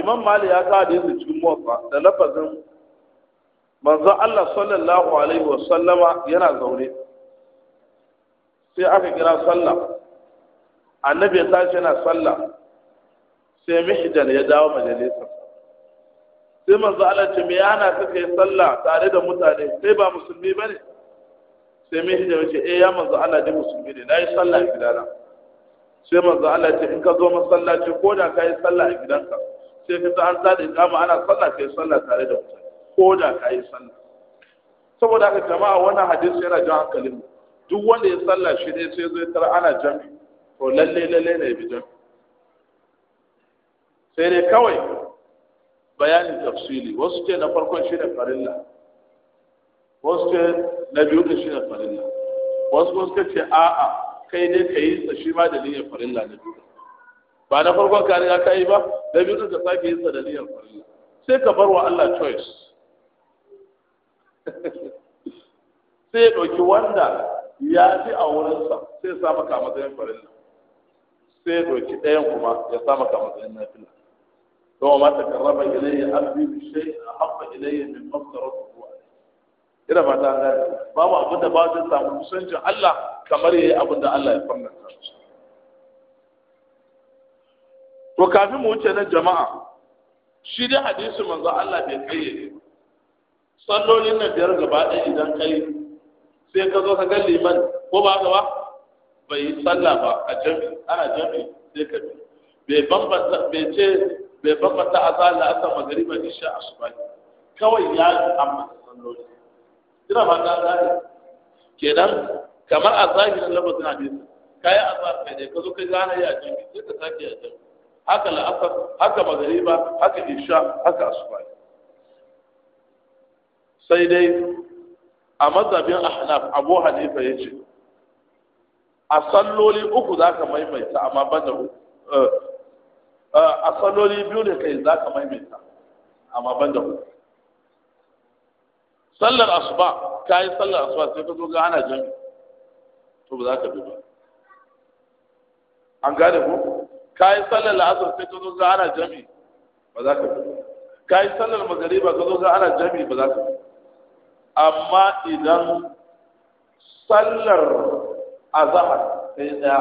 imam mali ya sa hadisi cikin motsa da lafazin manzo Allah sallallahu alaihi wa sallama yana zaune sai aka kira sallah annabi ya tashi yana sallah sai mihjan ya dawo majalisa sai manzo Allah ce me yana kake sallah tare da mutane sai ba musulmi bane sai mihjan ya ce eh ya manzo Allah dai musulmi ne nayi sallah gidana sai manzo Allah ce in ka zo masallaci ko da kai sallah a gidanka sai ka an da in kama ana sallah kai sallah tare da mutum ko da kai sallah saboda haka jama'a wannan hadisi yana jan hankalin mu duk wanda ya sallah shi ne sai zai tara ana jami to lalle lalle ne bi jami sai dai kawai bayanin tafsili wasu ce na farkon shi ne farilla wasu ce na biyu shi ne farilla wasu wasu ce a'a kai ne ka yi sa shi ma da niyyar farin na biyu ba na farkon ka riga ka yi ba da biyu ka sake yin sa da niyyar farin sai ka bar wa Allah choice sai ya ɗauki wanda ya fi a wurinsa sai ya sa maka matsayin farin sai ya ɗauki ɗayan kuma ya sa maka matsayin nafila ثم ما تقرب إليه عبدي بشيء أحب ilayya min مفترض ina ba ta gane babu abin da ba zai samu kusancin Allah kamar yayi abin da Allah ya ta to kafin mu wuce na jama'a shi dai hadisi manzo Allah bai kayyade sallolin na biyar gaba ɗaya idan kai sai ka zo ka ga liman ko ba ka ba bai yi sallah ba a jami ana jami sai ka bi bai bambanta bai ce bai bambanta azan da asa magariba isha asuba kawai ya amma sallolin ina ba ta zahiri kenan kamar a zahirin lafazin hadisi kayi azhar kai ne ka zo ka gane ya jinki sai ka sake ya jinki haka la'asar haka magariba haka isha haka asuba sai dai a mazhabin ahnaf abu hanifa ya ce a salloli uku za ka maimaita amma ban da eh, eh, a salloli biyu ne kai za ka maimaita amma ban da uku sallar asuba ka yi sallar asuba sai ka zo ga ana jan to ba za ka bi ba an gane ku, ka yi sallar la'asar sai ka zo ga ana jami ba za ka bi ba ka yi sallar magariba ka zo ga ana jami ba za ka bi amma idan sallar azahar sai daya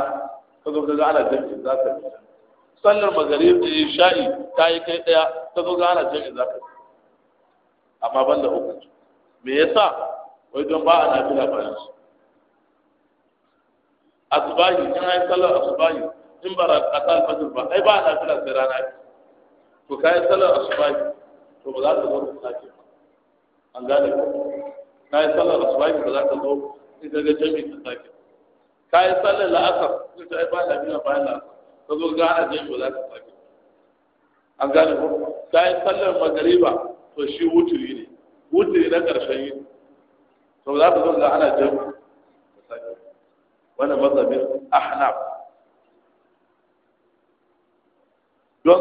ka zo ga ana jami za ka bi sallar magarib da isha'i ta yi kai daya ta zo ga ana jami za ka bi amma ban da hukunci me yasa wai don ba a nafila bayan su asubahi in ai sallar asubahi in ba a kasal alfajir ba ai ba a nafila sai rana to kai sallar asubahi to ba za ka zo ka sake an gane ko kai sallar asubahi ba za ka zo in ka ga jami ka sake kai sallar la'asar in ai ba a nafila bayan la'asar ka zo ga ana jami'i ba za ka sake an gane ko yi sallar magariba to shi wuturi ne wuce na ƙarshen yi Sau za ka zo ga ana jan wani mazabin ahnaf don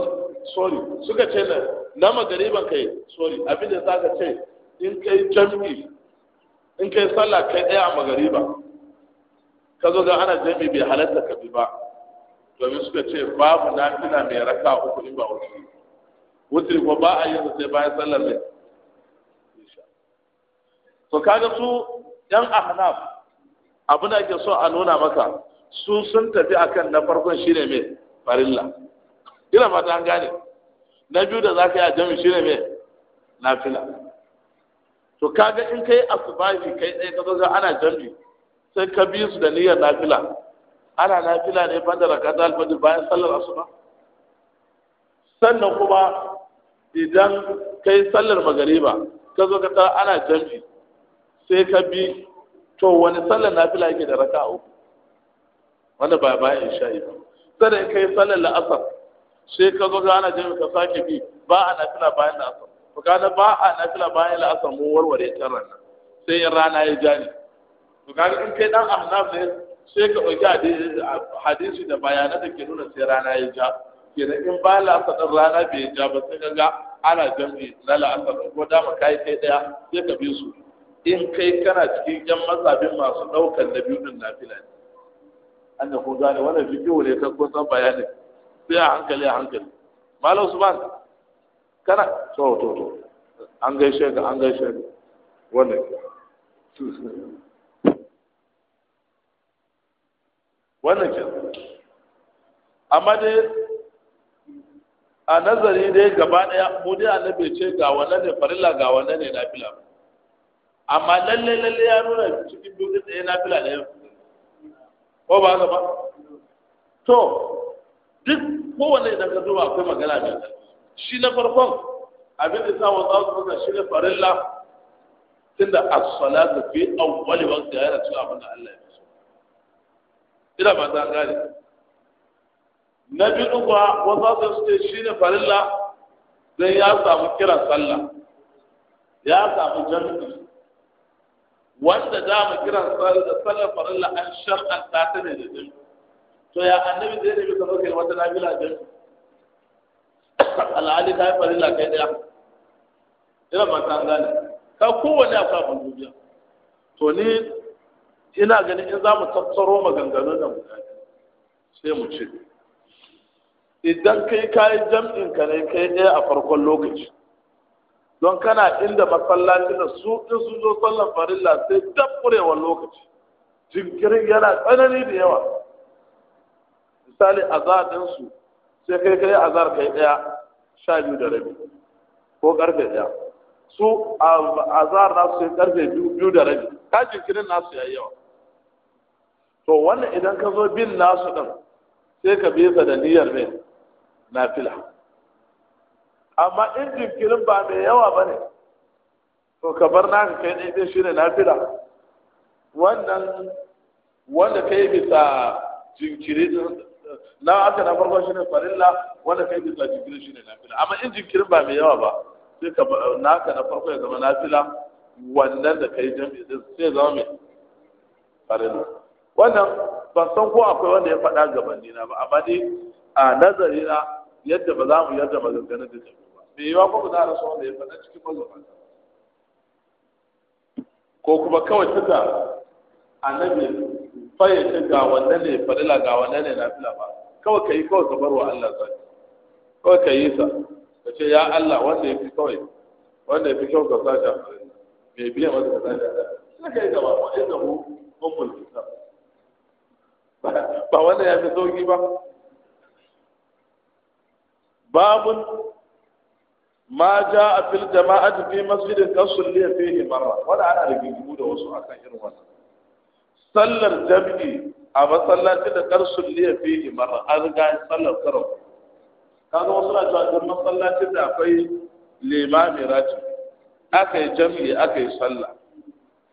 sorry suka ce na na magariban kai sorry abin da za ka ce in kai jami'i in kai sallah kai ɗaya a magariba ka zo ga ana jami'i bai halatta ka bi ba domin suka ce babu na fina mai raka uku in ba wuce wuce ko ba a yi sai bayan sallar mai to kaga su yan ahnaf abin da ake so a nuna maka su sun tafi akan na farkon shine mai farilla ina fata an gane na biyu da zaka yi a jami'i shine mai nafila to kaga in kai asubahi kai ɗaya ka zo ana jami sai ka bi su da niyyar nafila ana nafila ne banda da kaza alfajir bayan sallar asuba sannan kuma idan kai sallar magariba ka zo ka ta ana jami sai ka bi to wani sallar nafila yake da raka uku wanda ba in sha'i ba sai ka yi sallar la'asar sai ka zo ana jin ka sake bi ba a nafila bayan asar to kaga ba a nafila bayan asar mun warware ta rana sai in rana ya ja ne to kaga in kai dan ahnaf ne sai ka ɗauki hadisi da bayanan da ke nuna sai rana ya ja kenan in ba asar din rana bai ja ba sai ka ga ana jami na la'asar ko dama kai kai daya sai ka bi su in kai kana cikin yan mazabin masu ɗaukar na biyu din nafila ne an da kun gane wannan bidiyo ne ta kun san bayanin sai a hankali a hankali malam usman kana to to to an gaishe ka an gaishe ka wannan wannan ke amma dai a nazari dai gaba daya mu dai annabi ce ga wannan ne farilla ga wannan ne nafila amma lalle lalle ya nuna cikin da tsaye na fila yau. ko ba haka ba to duk kowane idan ka duba akwai magana mai shi na farkon abin da sa wata wasu masa shi ne farilla a as-salatu fi awwali waqti ya rasu abin da Allah ya fi so ina ba ta gane na biyu kuwa wasu su ce shi ne farilla don ya samu kiran sallah ya samu jami'in wanda za mu kira sallar farilla an sharqa ta ne da din to ya annabi zai rabi ka kai wata din jami'i ali ta yi farilla kai da ina ba ta gane ka kowane akwai abin duniya to ni ina ganin in za mu tattaro maganganun da mu sai mu ce idan kai kayi jam'in ka ne kai ɗaya a farkon lokaci don kana inda masallacin da su in sun zo sallan farilla sai dabburewar lokaci jinkirin yana tsanani da yawa misali azadinsu sai kai kai azar kai ɗaya sha biyu da rabi ko karfe ɗaya su azar nasu sai karfe biyu da rabi ka jinkirin nasu yayi yawa to wannan idan ka zo bin nasu ɗin sai ka bisa da niyyar mai na fila amma in jinkirin ba mai yawa ba ne to ka bar naka kai ne dai shine nafila wannan wanda ka yi bisa jinkiri na aka na farko shine farilla wanda ka yi bisa jinkiri shine nafila amma in jinkirin ba mai yawa ba sai ka naka na farko ya zama nafila wannan da ka yi jami'i sai zama mai farilla wannan ban san ko akwai wanda ya faɗa gabanina ba amma dai a nazari na yadda ba za mu yadda maganganun da jami'i bai yiwa ko za a rasa wanda ya fada cikin mazubanta ko kuma kawai tuka annabi fayyace ga wannan ne fadila ga wannan ne na fila ba kawai ka yi kawai ka barwa wa Allah zai kawai ka yi sa ka ce ya Allah wanda ya fi kawai wanda ya fi kyau ka sashi mai biyan wanda ka sashi a farin ka yi gaba ko in da mu mulki sa. ba wanda ya fi sauki ba babun ma jaa fil jama'ati fi masjidin kasulliya fihi marra wala ana rigingimu da wasu akan irin wannan sallar jami'i a masallacin da kasulliya fihi marra an ga sallar karo kaga wasu na cewa masallacin da akwai limami rajin aka yi jami'i aka yi sallah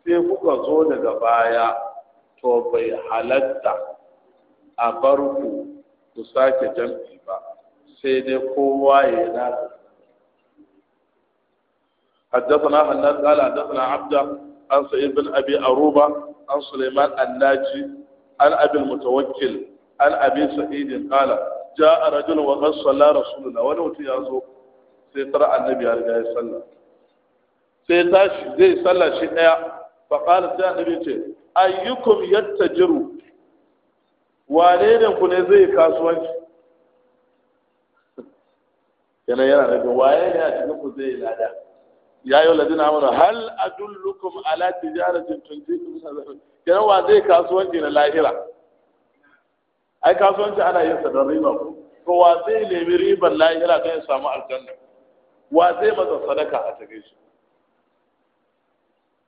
sai kuka zo daga baya to bai halarta a bar ku ku sake jam'i ba sai dai kowa ya nasa حدثنا حلال قال حدثنا عبده عن سعيد بن ابي اروبه عن سليمان الناجي عن ابي المتوكل عن ابي سعيد قال جاء رجل وقد صلى رسول الله wani mutum ya zo sai tara annabi ya riga ya sai tashi zai salla shi daya ce ayyukum ku ne zai kasuwanci yana yana daga waye ne a cikin ku zai lada ya yi waladin mana, hal adullukum ala tijaratin tunjikum kenan wa zai kasuwanci na lahira ai kasuwanci ana yin sa don riba ko wa zai nemi ribar lahira don ya samu aljanna wa zai masa sadaka a tage shi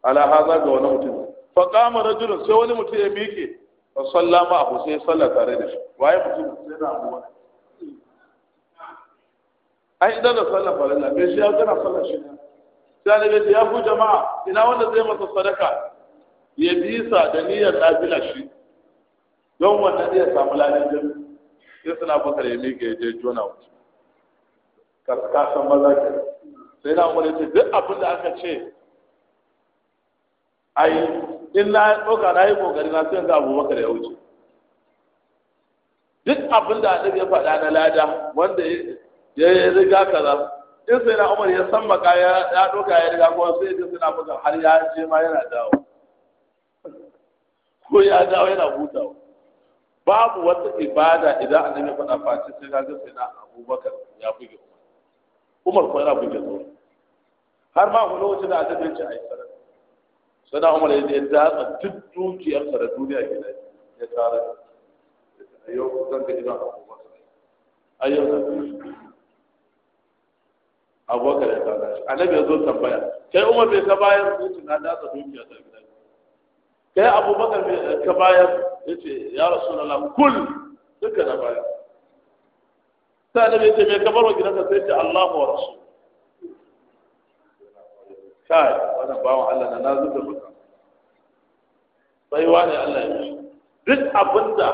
ala haza ga wani mutum fa kama rajulun sai wani mutum ya miƙe fa sallama abu sai sallar tare da shi waye mutum sai na abu ai idan da sallah farilla bai shi ya gana sallar shi ne sai annabi ya ku jama'a ina wanda zai masa sadaka ya bisa da niyyar nafila shi don wannan zai samu ladan jami'a sai suna bakar ya miƙe ya je jona wuce kasan maza ke sai na umar ce duk abin da aka ce ai in na ɗauka na yi ƙoƙari na sai yanzu abubakar ya wuce duk abin da annabi ya faɗa na lada wanda ya riga kaza in sai na umar ya san maka ya ɗauka ya riga kuma sai ya suna buga har ya je ma yana dawo ko ya dawo yana hutawa babu wata ibada idan annabi ya faɗa face sai ka ga sai na abubakar ya buge umar ko yana buge tsoro har ma wani lokacin da annabi ya ce ai sarar sai na umar ya je a duk dukiyar sa da duniya gida ya tsara ayyau zan ga ibada abubakar ayyau zan ga abubakar ya kaza shi annabi ya zo tambaya kai umar bai ka bayar mutu na datsa dukiya ta gida kai abubakar bai ka bayar yace ya rasulullah kul duka na bayar sai annabi yace me ka barwa gidanka sai ce Allahu wa rasul kai wannan bawa Allah na nazu da baka baiwa ne Allah ya yi duk abinda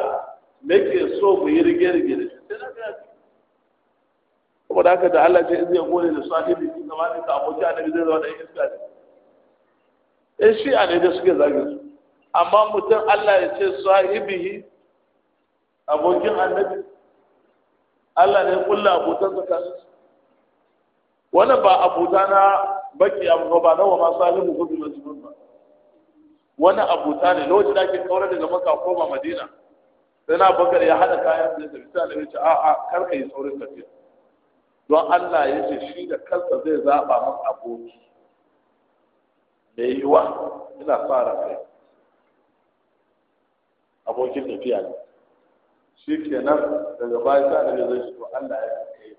nake so mu yi rige-rige da shi sai na ga kuma da haka da Allah ce zai gode da sahibi su zama ne ta aboki annabi zai zama da iska ne eh shi a ne da suke zage su amma mutum Allah ya ce sahibi abokin annabi Allah ne kulla abotan tsakanin wannan ba abota na baki abu ba na wa ma salihu gudu majnun ba wani abota ne lokacin da ake kaura daga maka koma madina sai na bakar ya hada kayan da tafi sai da ya ce a'a kar ka yi saurin tafiya don Allah ya ce shi da kansa zai zaɓa min aboki da yiwa ina fara kai abokin tafiya ne shi ke nan daga baya sa da zai shi Allah ya kai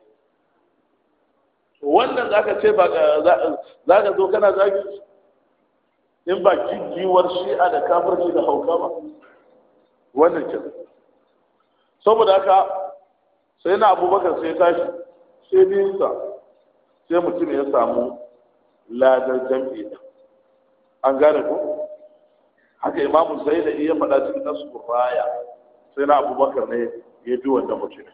to wannan zaka ce ba za ka zo kana zagi in ba giwar shi'a da kafirci da hauka ba wannan kenan saboda haka sai na abubakar sai tashi sai biyunsa sai mutum ya samu ladar jam'i an gane ko haka imamu sai da iya faɗa cikin nasu raya, sai na abubakar ne ya bi wanda mutum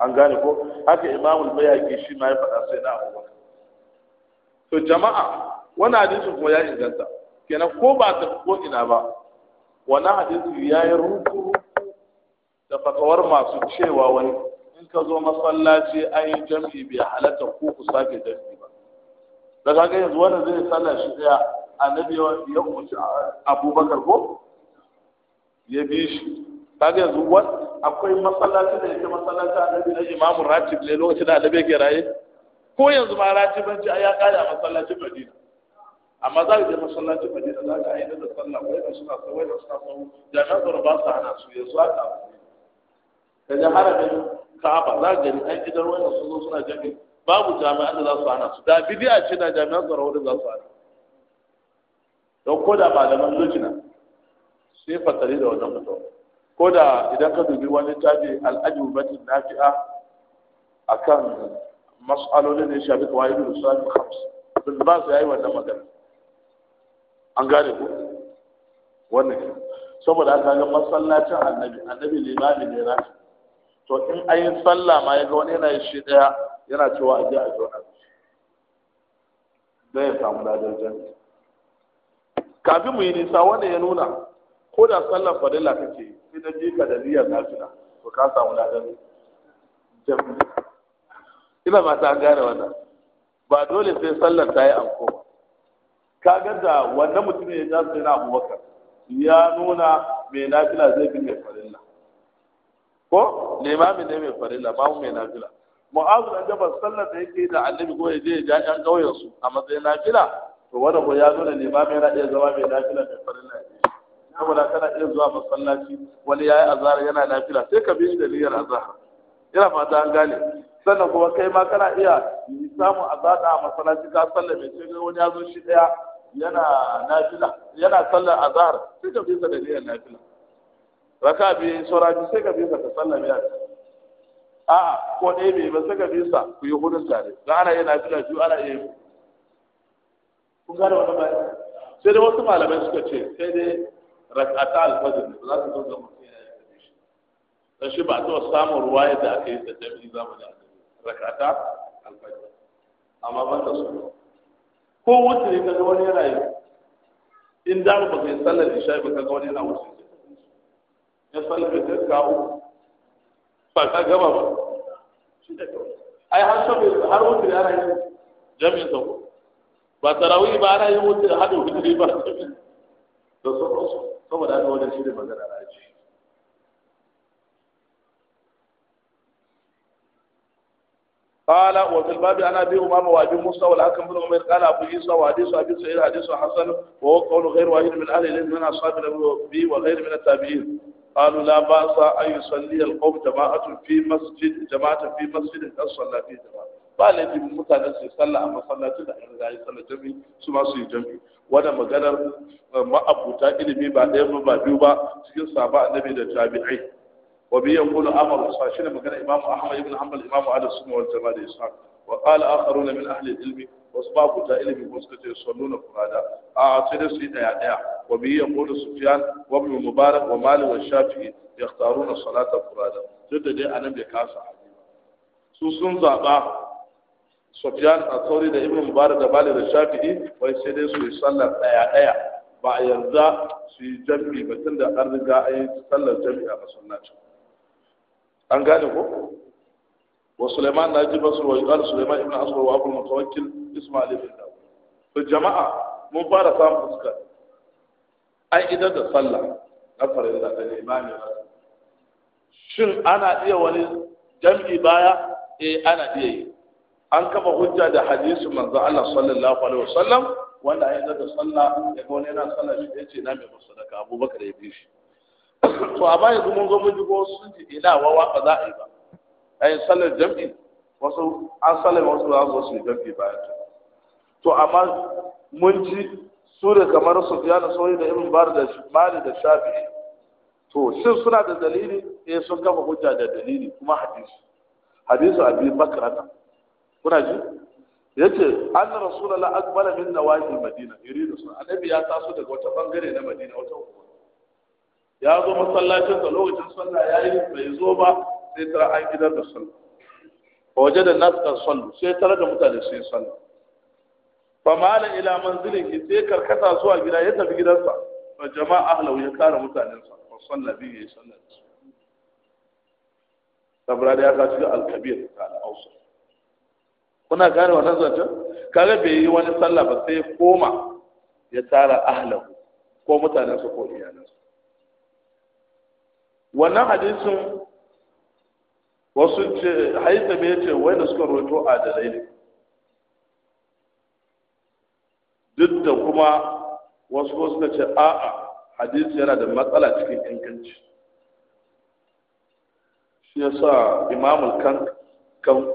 an gane ko haka imamu bayaki shi na ya faɗa sai na abubakar to jama'a wani hadisin kuma ya inganta kenan ko ba ta ko ina ba wani hadisi ya yi rukuru da fatawar masu cewa wani in ka zo masallaci an yi jam'i bai halatta ko ku sake jam'i ba da ga yanzu wanda zai sallah shi daya annabi ya umarci abubakar ko ya bi shi kaga yanzu wa akwai masallaci da yake masallaci annabi na imamu ratib ne lokacin da annabi yake raye ko yanzu ma ratibanci ai ya kare a masallacin madina amma za ka je masallacin madina za ka aina da sallah wai da suna wai da suka sawu jami'an tsaro ba sa hana su yanzu aka ka harafin ka'aba za ka gani an gidan wani sun zo suna jami'in, babu jami'an da za su hana su da bidiya ce da jami'an tsaro da za su hana don ko da malaman lujina sai fatali da wajen mutum ko da idan ka dubi wani tabi al'ajibu batin nafi'a kan mas'alolin da ya shafi kawai da sulami khams bin ba su yayi wannan magana an gane ko wannan saboda aka ga masallacin annabi annabi limami ne rafi to in an yi sallah ma ya ga wani yana shi daya yana cewa a je a zauna don ya samu ladar jami'a kafin mu yi nisa wanda ya nuna ko da sallar fadila kake sai da jika da niyyar nafila to ka samu ladar jami'a ina ma ta gane wannan ba dole sai sallar ta yi anko ka ga da wannan mutum ya ja na abubakar ya nuna mai nafila zai bi mai fadila ko limami ne mai farilla babu mai nafila mu'azu an jaba sallar da yake da annabi ko ya je ya ja ƴan ƙauyen su a matsayin nafila to wanda ko ya zo da mai na iya zama mai nafila mai farilla ne saboda kana iya zuwa masallaci wani yayi azara yana nafila sai ka bi shi da niyyar azara ina fata an gane sannan kuma kai ma kana iya samun azara a masallaci ka sallame sai ga wani ya zo shi daya yana nafila yana sallar azhar sai ka bi da niyyar nafila raka biyu saura biyu sai ka bi ka sallame a a'a ko ɗaya bai ba sai ka bi sa ku yi hudun tare ga ana yin lafiya biyu ana iya yi kun gane wani bayan sai dai wasu malamai suka ce sai dai rakata alfajir ne za su zo da mutum ya yi shi dan shi ba a taɓa samun ruwa yadda aka yi da jami'i zamani a rakata alfajir amma ban da su ko wuce ka ga wani yana yi in da ba kai sallar isha ba ga wani yana wuce دفل بده کاو پټا غوا شي دته اي هر څو هر وخت لري راځي زمي ته با تراوي بارا يو ته حد وخت لري با دوسو دوسو دا شي د بازار راځي قال وفي الباب انا به امام واجب مستوى الحكم بن عمر قال ابو عيسى وحديث ابي سعيد حديث حسن وهو قول غير واحد من اهل العلم من اصحاب الابو وغير من التابعين قالوا لا بأس أن يصلي القوم جماعة في مسجد جماعة في مسجد قد صلى فيه جماعة ba laifin mutane su sallah a masallaci da an rayu sallah jami su ma su yi jami wannan maganar ma'abuta ilimi ba ɗaya ba ba biyu ba cikin sahaba annabi da tabi'ai wa bi yaqulu amru sa shine maganar imamu ahmad ibn jama'a da ishaq wa qala akharuna min ahli ilmi wasu ba ku ta ilimi wasu kace furada a sai da su yi daya daya wa bi yaqulu sufyan wa ibn mubarak wa malik wa shafi'i yakhtaruna salata furada duk da dai anan bai kasa su sun zaba sufyan a sauri da ibn mubarak da malik da shafi'i wai sai dai su yi sallar daya daya ba a yarda su yi jami'i ba tunda an riga an yi sallar jami'a a masallacin an gane ko وسليمان ناجي بصر ويقال سليمان ابن أصغر وأبو المتوكل إسماعيل بن داود فالجماعة من سام فسكا أي إذا صلى نفر إلا الإمام shin ana iya wani jam'i baya eh ana iya yi an kafa hujja da hadisu manzo Allah sallallahu alaihi wasallam wanda ya da sallah ya wani yana sallah shi yace na mai masadaka Abubakar ya fi to a baya mun zo mun ko sun wawa ba za a yi ba ai sale jam'i wasu an sale wasu za su yi jam'i bayan ta to amma mun ci su da kamar su fiya da sauri da ibn bar da mali da shafi to shin suna da dalili eh sun kafa hujja da dalili kuma hadisi hadisu abi bakrata kuna ji yace an rasulullahi akbala min nawahi madina yuridu sun annabi ya taso daga wata bangare na madina wata ya zo masallacin sa lokacin sallah yayi bai zo ba sai tara an gidan da sallah fa waje da nas kan sallu sai tara da mutane sai sallah fa mala ila ki sai karkata zuwa gida ya tafi gidansa fa jama'a ahlahu ya kare mutanensa fa sallah bi ya sallah sabra da ya ka cikin alkabir ta al'ausa kuna gane wannan zancen kaga bai yi wani sallah ba sai koma ya tara ahlahu ko su ko iyalansu wannan hadisin wasu ce haitami mai ce wai da suka roto adalai ne duk da kuma wasu ko suka ce a'a hadisi yana da matsala cikin inganci shi ya sa imamul kankuhi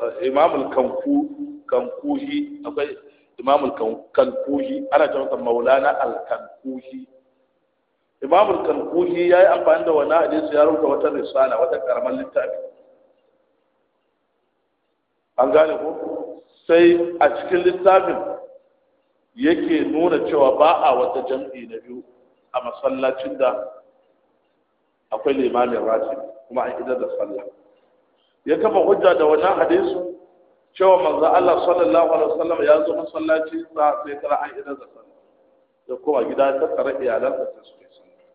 akwai imamul kankuhi ana ce masa maulana al-kankuhi imamul kankuhi ya yi amfani da wani hadisi ya rubuta wata risala wata karamar littafi an gane ko sai a cikin littafin yake nuna cewa ba a wata jam'i na biyu a masallacin da akwai limamin rati kuma an idar da sallah ya kafa hujja da wannan hadisu cewa manzo Allah sallallahu alaihi wasallam ya zo masallaci sa sai tara an idar da sallah da kowa gida ta tsara iyalan ta su sallah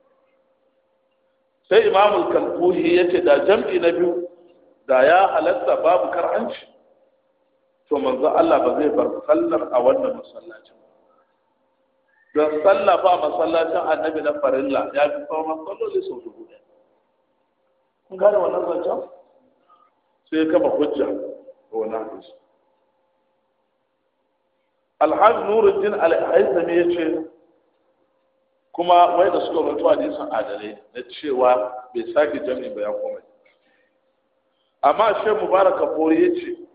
sai imamul kalkuhi yace da jam'i na biyu da ya halatta babu kar'anci to manzo Allah ba zai bar sallar a wannan masallacin don sallah ba masallacin annabi na farilla ya fi tsawon masalloli sau dubu ɗaya kun gane wannan zancen sai kama hujja ga wannan hadisi alhaji nuruddin al-haizami ya ce kuma wai da suka rubuta hadisin adalai na cewa bai sake jami'in ba ya komai amma shehu mubarak kafori ya ce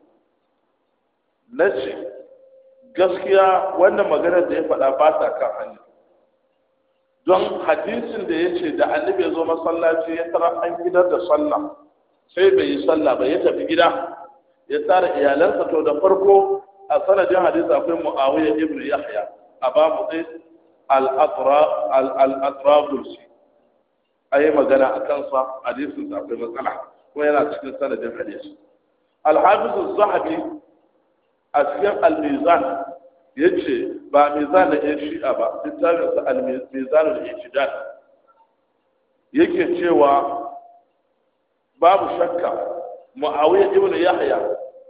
na ce gaskiya wannan maganar da ya faɗa ba ta kan hannu. don hadisin da ya ce da annabi ya zo masallaci ya tara an gidar da sallah sai bai yi sallah ba ya tafi gida ya tsara iyalansa to da farko a sanadin hadisi akwai muawiya ibn yahya mu qais al a ayi magana a kansa hadisin da akwai matsala kuma yana cikin sanadin hadisi al-hafiz az-zahabi a cikin al-mizan yace ba mizan da yan shi'a ba littafin sa al-mizan da ijtihad yake cewa babu shakka muawiya ibn yahya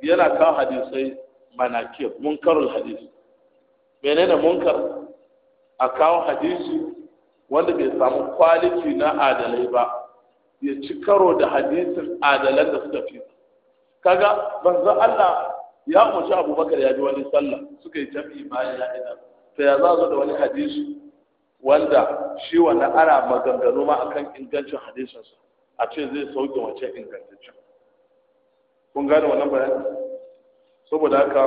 yana kawo hadisai manakir munkarul hadisi menene munkar a kawo hadisi wanda bai samu kwaliti na adalai ba ya ci karo da hadisin adalan da suka fi kaga banzan Allah ya umarci abubakar ya ji wani sallah suka yi jam'i bayan ya ina to ya za zo da wani hadisi wanda shi wannan ana maganganu ma akan ingancin hadisinsa a ce zai sauke wace ingantaccen kun gane wannan bayani saboda haka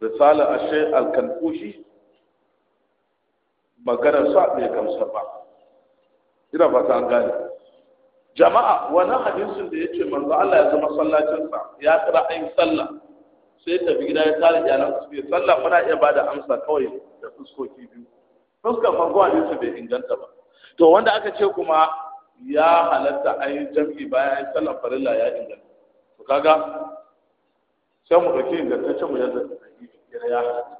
risala ashe alkankushi maganar sa bai gamsar ba ina fata an gane jama'a wannan hadisin da ce manzo Allah ya zama sallacin sa ya tsara ayin sallah sai tafi gida ya tsara iyalan su bai sallah muna iya bada amsa kawai da fuskoki biyu fuskar farko hadisin bai inganta ba to wanda aka ce kuma ya halatta ayin jam'i bayan sallah farilla ya inganta to kaga sai mu inganta ingantaccen mu yadda ya halatta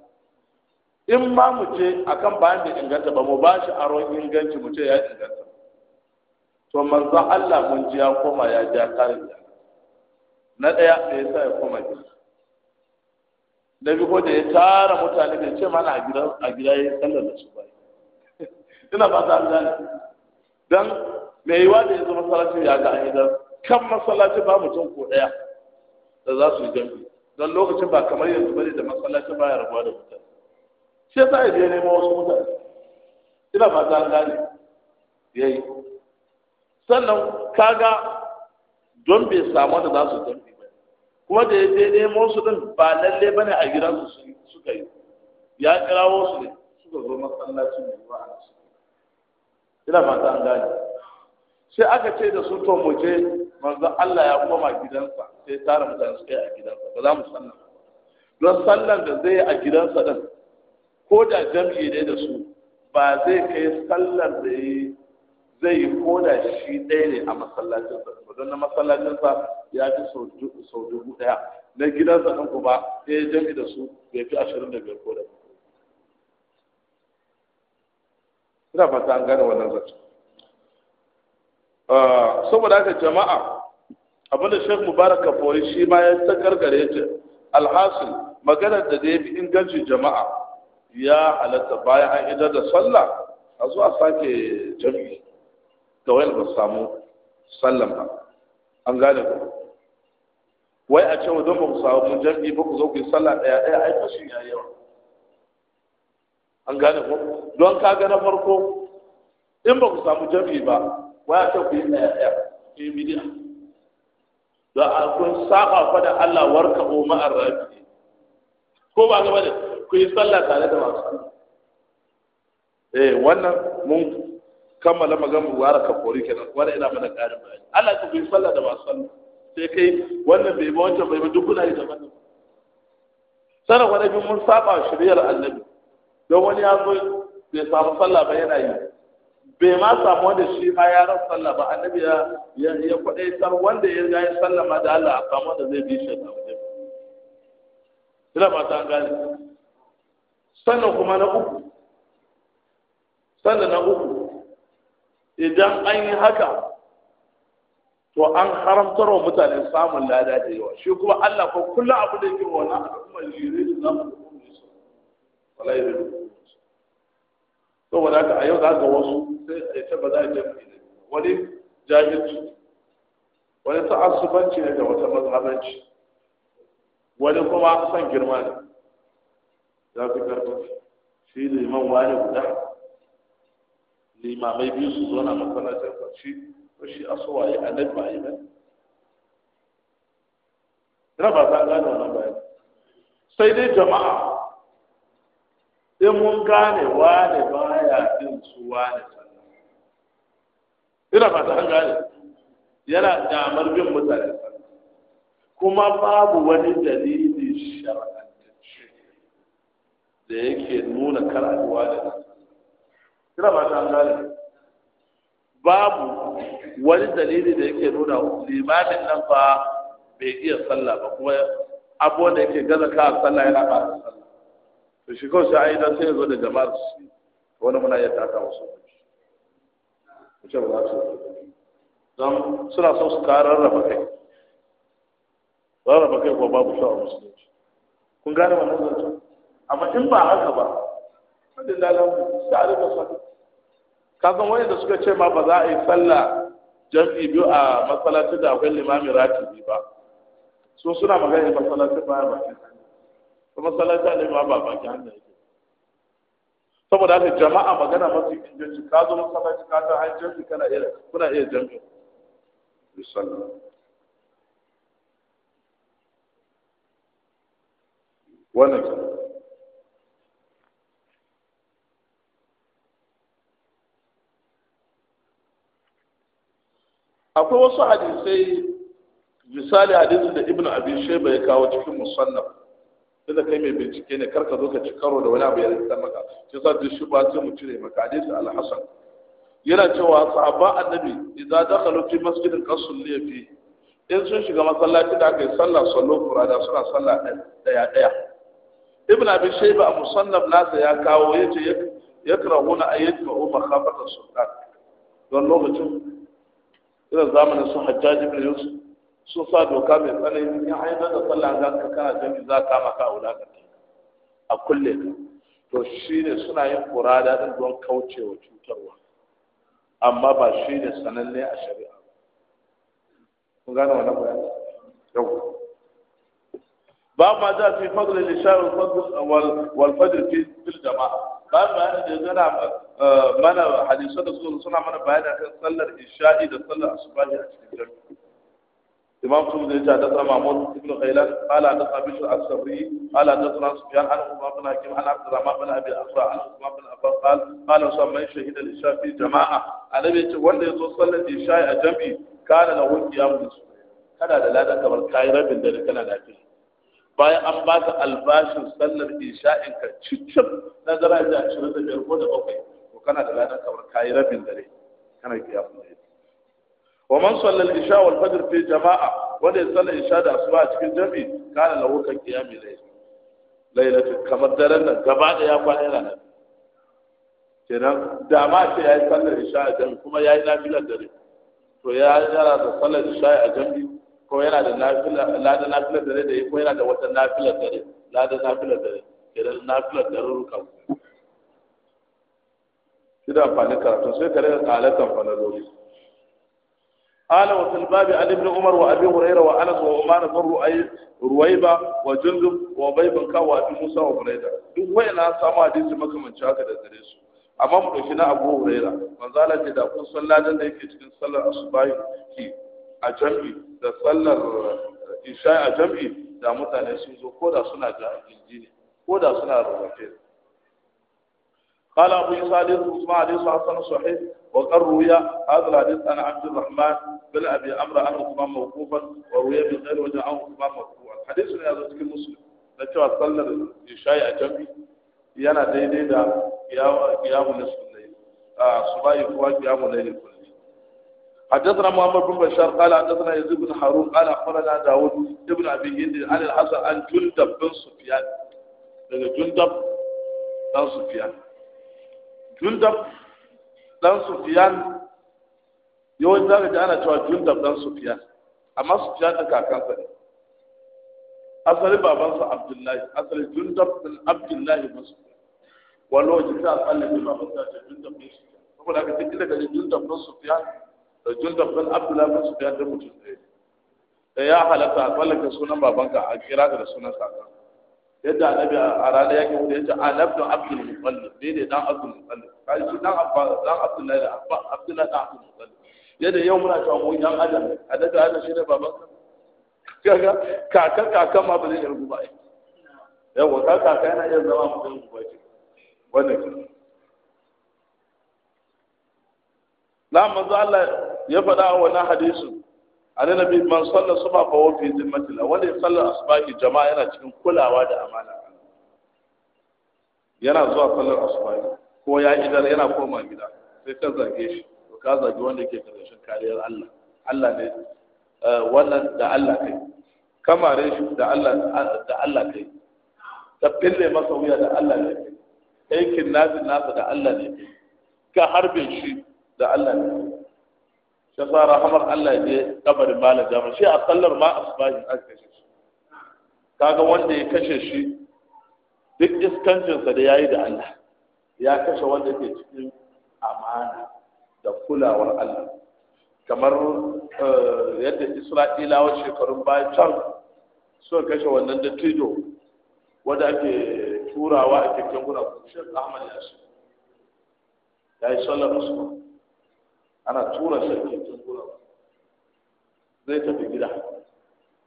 in ma mu ce akan bayan da inganta ba mu ba shi aron inganci mu ce ya inganta to manzo Allah mun ji ya koma ya ja karin da na daya da yasa ya koma ji da bi ko da ya tara mutane da ce mana a gida a gida ya sallar da su bai ina ba ta gane dan mai yiwa da yanzu masallacin ya ga an idan kan masallaci ba mutum ko daya da za su yi jami'i don lokacin ba kamar yanzu bane da masallaci ba ya rabuwa da mutane sai sa ya je nemo wasu mutane ina ba ta gane yayi sannan kaga don bai samu da za su tafi ba kuma da ya daidai masu din ba lalle bane a gidansu suka yi ya kirawo su ne suka zo masallaci ne ba a su ina fata an gane sai aka ce da su to mu je manzo Allah ya koma gidansa sai tara mutane suka yi a gidansa ba za mu sanna don sallan da zai yi a gidansa din ko da jam'i ne da su ba zai kai sallar da yi zai yi koda shi ɗaya ne a masallacinsa don na masallacinsa ya fi sau dubu ɗaya na gidansa ɗan kuma ɗaya jami da su bai fi ashirin da biyar koda ina fata an gane wannan zaci. Ah, saboda haka jama'a abinda shek mubarak kafori shi ma ya ta gargare ta alhasil maganar da da ya fi ingancin jama'a ya halatta bayan an idar da sallah a zuwa sake jami'i da wayar ba samu sallan ba an gane ku wai a cewa don ba ku samu mun jami'i ba ku zo ku yi sallah ɗaya ɗaya ai fashin ya yawa an gane ku don ka ga na farko in ba ku samu jami'i ba wai a ce ku yi ɗaya ɗaya ku yi bidiya don a kun saba fa da Allah warka o ma'ar rabi ko ba gaba da ku yi sallah tare da masu eh wannan mun kammala magana wara ka kori nan, wani ina mana ƙarin bayani Allah ka bi sallah da masu sallah sai kai wannan bai ba wancan bai ba duk kuna yi daban sanar wani bin mun saba shiriyar annabi don wani ya zo bai samu sallah ba yana yi bai ma samu wanda shi ma ya ran sallah ba annabi ya ya kwadaitar wanda ya ga ya sallah ma da Allah a samu da zai bi shi da wani ina ba ta gane sannan kuma na uku sannan na uku idan an yi haka to an haramtar wa mutane samun lada da yawa shi kuma Allah ko kullum abu da yake wannan al'umma yure da zamu kuma su wala yure to wanda a yau za ga wasu sai ya ce ba za a tafi wani jahilci wani ta'assubanci ne da wata mazhabanci wani kuma san girma ne za su karfafa shi liman wani guda limamai biyu su zo na masallacin kwanci to shi a so waye a nan yi ne ina ba ta gane wannan bayani sai dai jama'a in mun gane wane baya din su wane sallah ina ba ta gane yana damar bin mutane kuma babu wani dalili shara da yake nuna karatuwa da nan kira ba ta gane babu wani dalili da yake nuna limamin nan fa bai iya sallah ba kuma abubuwan da yake gaza ka sallah yana ba sallah to shi kawai sai ayyuka sai zo da jama'ar su wani muna iya taka wasu wuce ba su don suna so su kara rarraba kai rarraba kai kuwa babu shi musulunci kun gane wannan zancen amma in ba haka ba wadda lalan sa da rika sa kasan wani da suka ce ma ba za a yi sallah jam'i biyu a masallacin da akwai limamin ratibi ba so suna magana masallacin ba ba ta masallacin ne ma ba baki hannu yake saboda haka jama'a magana masu injinci ka zo masallaci ka ta hanyar jam'i kana iya kuna iya jam'i sallah wannan kenan akwai wasu hadisai misali hadisi da ibnu abi shayba ya kawo cikin musannaf da kai mai bincike ne karka zo ka ci karo da wani abu ya rikta maka shi sa duk shubha sai mu cire maka hadisi al-hasan yana cewa sahaba annabi idan dakhalu fi masjidin qasul li fi in sun shiga masallaci da aka yi sallah sallo furada suna sallah daya daya ibn abi shayba a musannaf nasa ya kawo yace yakrahuna ayyatu ma khafata sultan don lokacin irin zamanin su hajjaji bin yusuf sun sa doka mai tsanani ya haifar da sallah za ka kana jami za ka maka a wulakanci a kulle ka to shi ne suna yin kura daɗin don kaucewa cutarwa amma ba shi ne sananne a shari'a kun gane wani bayani yau ba ma za su fi fadl lishar wal fadlin fi jama'a ba bayani da yana eh, mana hadisai da suka suna mana bayani akan sallar isha'i da sallar asubahi a cikin jami'a imam su zai ce da mahmud ibn khailan ala da sabish al-asri ala da tsara sufyan an umar bin hakim an abdurrahman bin abi asra an usman bin abbas qal qala sa man shahida al-isha fi jama'a annabi ce wanda yazo sallar isha a jami'i kana lahu qiyamun kada da ladan kamar kai rabin da kana lafiya bayan an ba ka albashin sallar isha'in ka cicin na zara da ashirin da biyar ko da bakwai to kana da ladan kamar kayi rabin dare kana kiyamun dare wa man sallal isha wal fajr fi jama'a wanda ya sallar isha da asuba a cikin jami kana lahu kan mai layl lailatu kamar daren nan gaba da ya kwana yana nan kenan da ma ce ya yi sallar isha a jami'i kuma yayi nafilar dare to ya yara da sallar isha a jami ko yana da ladan nafilar dare da yi ko yana da wata nafilar dare da nafilar dare idan nafilar dare ruka shi da amfanin karatu sai ka ibn umar wa abi hurayra wa anas wa umar وابي ay ruwayba wa jundub wa وجندب ka wa abi Musa wa hurayra duk na samu hadisi makamanci haka da dare su amma mu dauki na Abu hurayra manzo Allah ce da kun sallah da yake cikin sallar asubahi a jam'i da sallar isha a jam'i da mutane sun zo ko da suna jirgi ne ko da suna rarrafe قال أبو يسالي اسمع عليه حسن صحيح وقد روي هذا الحديث عن عبد الرحمن بن أبي أمر عن عثمان موقوفا وروي بغير وجه kuma عثمان مرفوعا حديث هذا cikin مسلم da cewa sallar isha'i a jami yana daidai da kiyamu nisfin laili a kuwa حدثنا محمد بن بشار قال حدثنا يزيد بن هارون قال اخبرنا داوود بن ابي هند عن الحسن عن جندب بن سفيان جندب بن سفيان جندب بن سفيان yawan zaka ji ana cewa jundab dan sufiyan amma sufiyan da kakansa ne asali babansa abdullahi asali jundab bin abdullahi masu wallo ji ta asali ne babansa jundab bin sufiyan saboda haka duk daga jundab bin jundab bin abdullahi bin sufyan da mutum ɗaya da ya halatta a tsallake sunan babanka a kira ka da sunan saka yadda annabi a rana yakin hudu yace anabdu abdul muttalib ne ne dan abdul muttalib kai shi dan abba dan abdullahi da abba abdullahi da abdul muttalib yadda yau muna cewa mu yan adam annabi adam shi ne babanka kaka kakan kakan ma ba zai yarda ba yawa ka kaka yana iya zama mutum ba ce wannan lamma Allah ya faɗa a wannan hadisin annabi man salla suba fa wa fi zimmatillah wanda ya salla asbahi jama'a yana cikin kulawa da amana yana zuwa sallar asbahi ko ya idar yana koma gida sai ka zage shi to ka zage wanda yake karshen kariyar Allah Allah ne eh, wannan da Allah kai kamare shi da Allah da Allah kai ka fille masa wuya da Allah ne kai kin nazi nasa da Allah ne ka harbe shi da Allah ne shi yasa rahamar Allah ya je kabarin malam jama'a. shi a sallar ma a asbahi an kashe shi kaga wanda ya kashe shi duk iskancinsa da ya yi da Allah ya kashe wanda ke cikin amana da kulawar Allah kamar eh, yadda Isra'ilawa shekarun bayan can suka kashe wannan dattijo wanda ake turawa a kyakkyan guna Sheikh Ahmad Yasir ya yi sallar asuwa ana tura shirkin sun tura zai tafi gida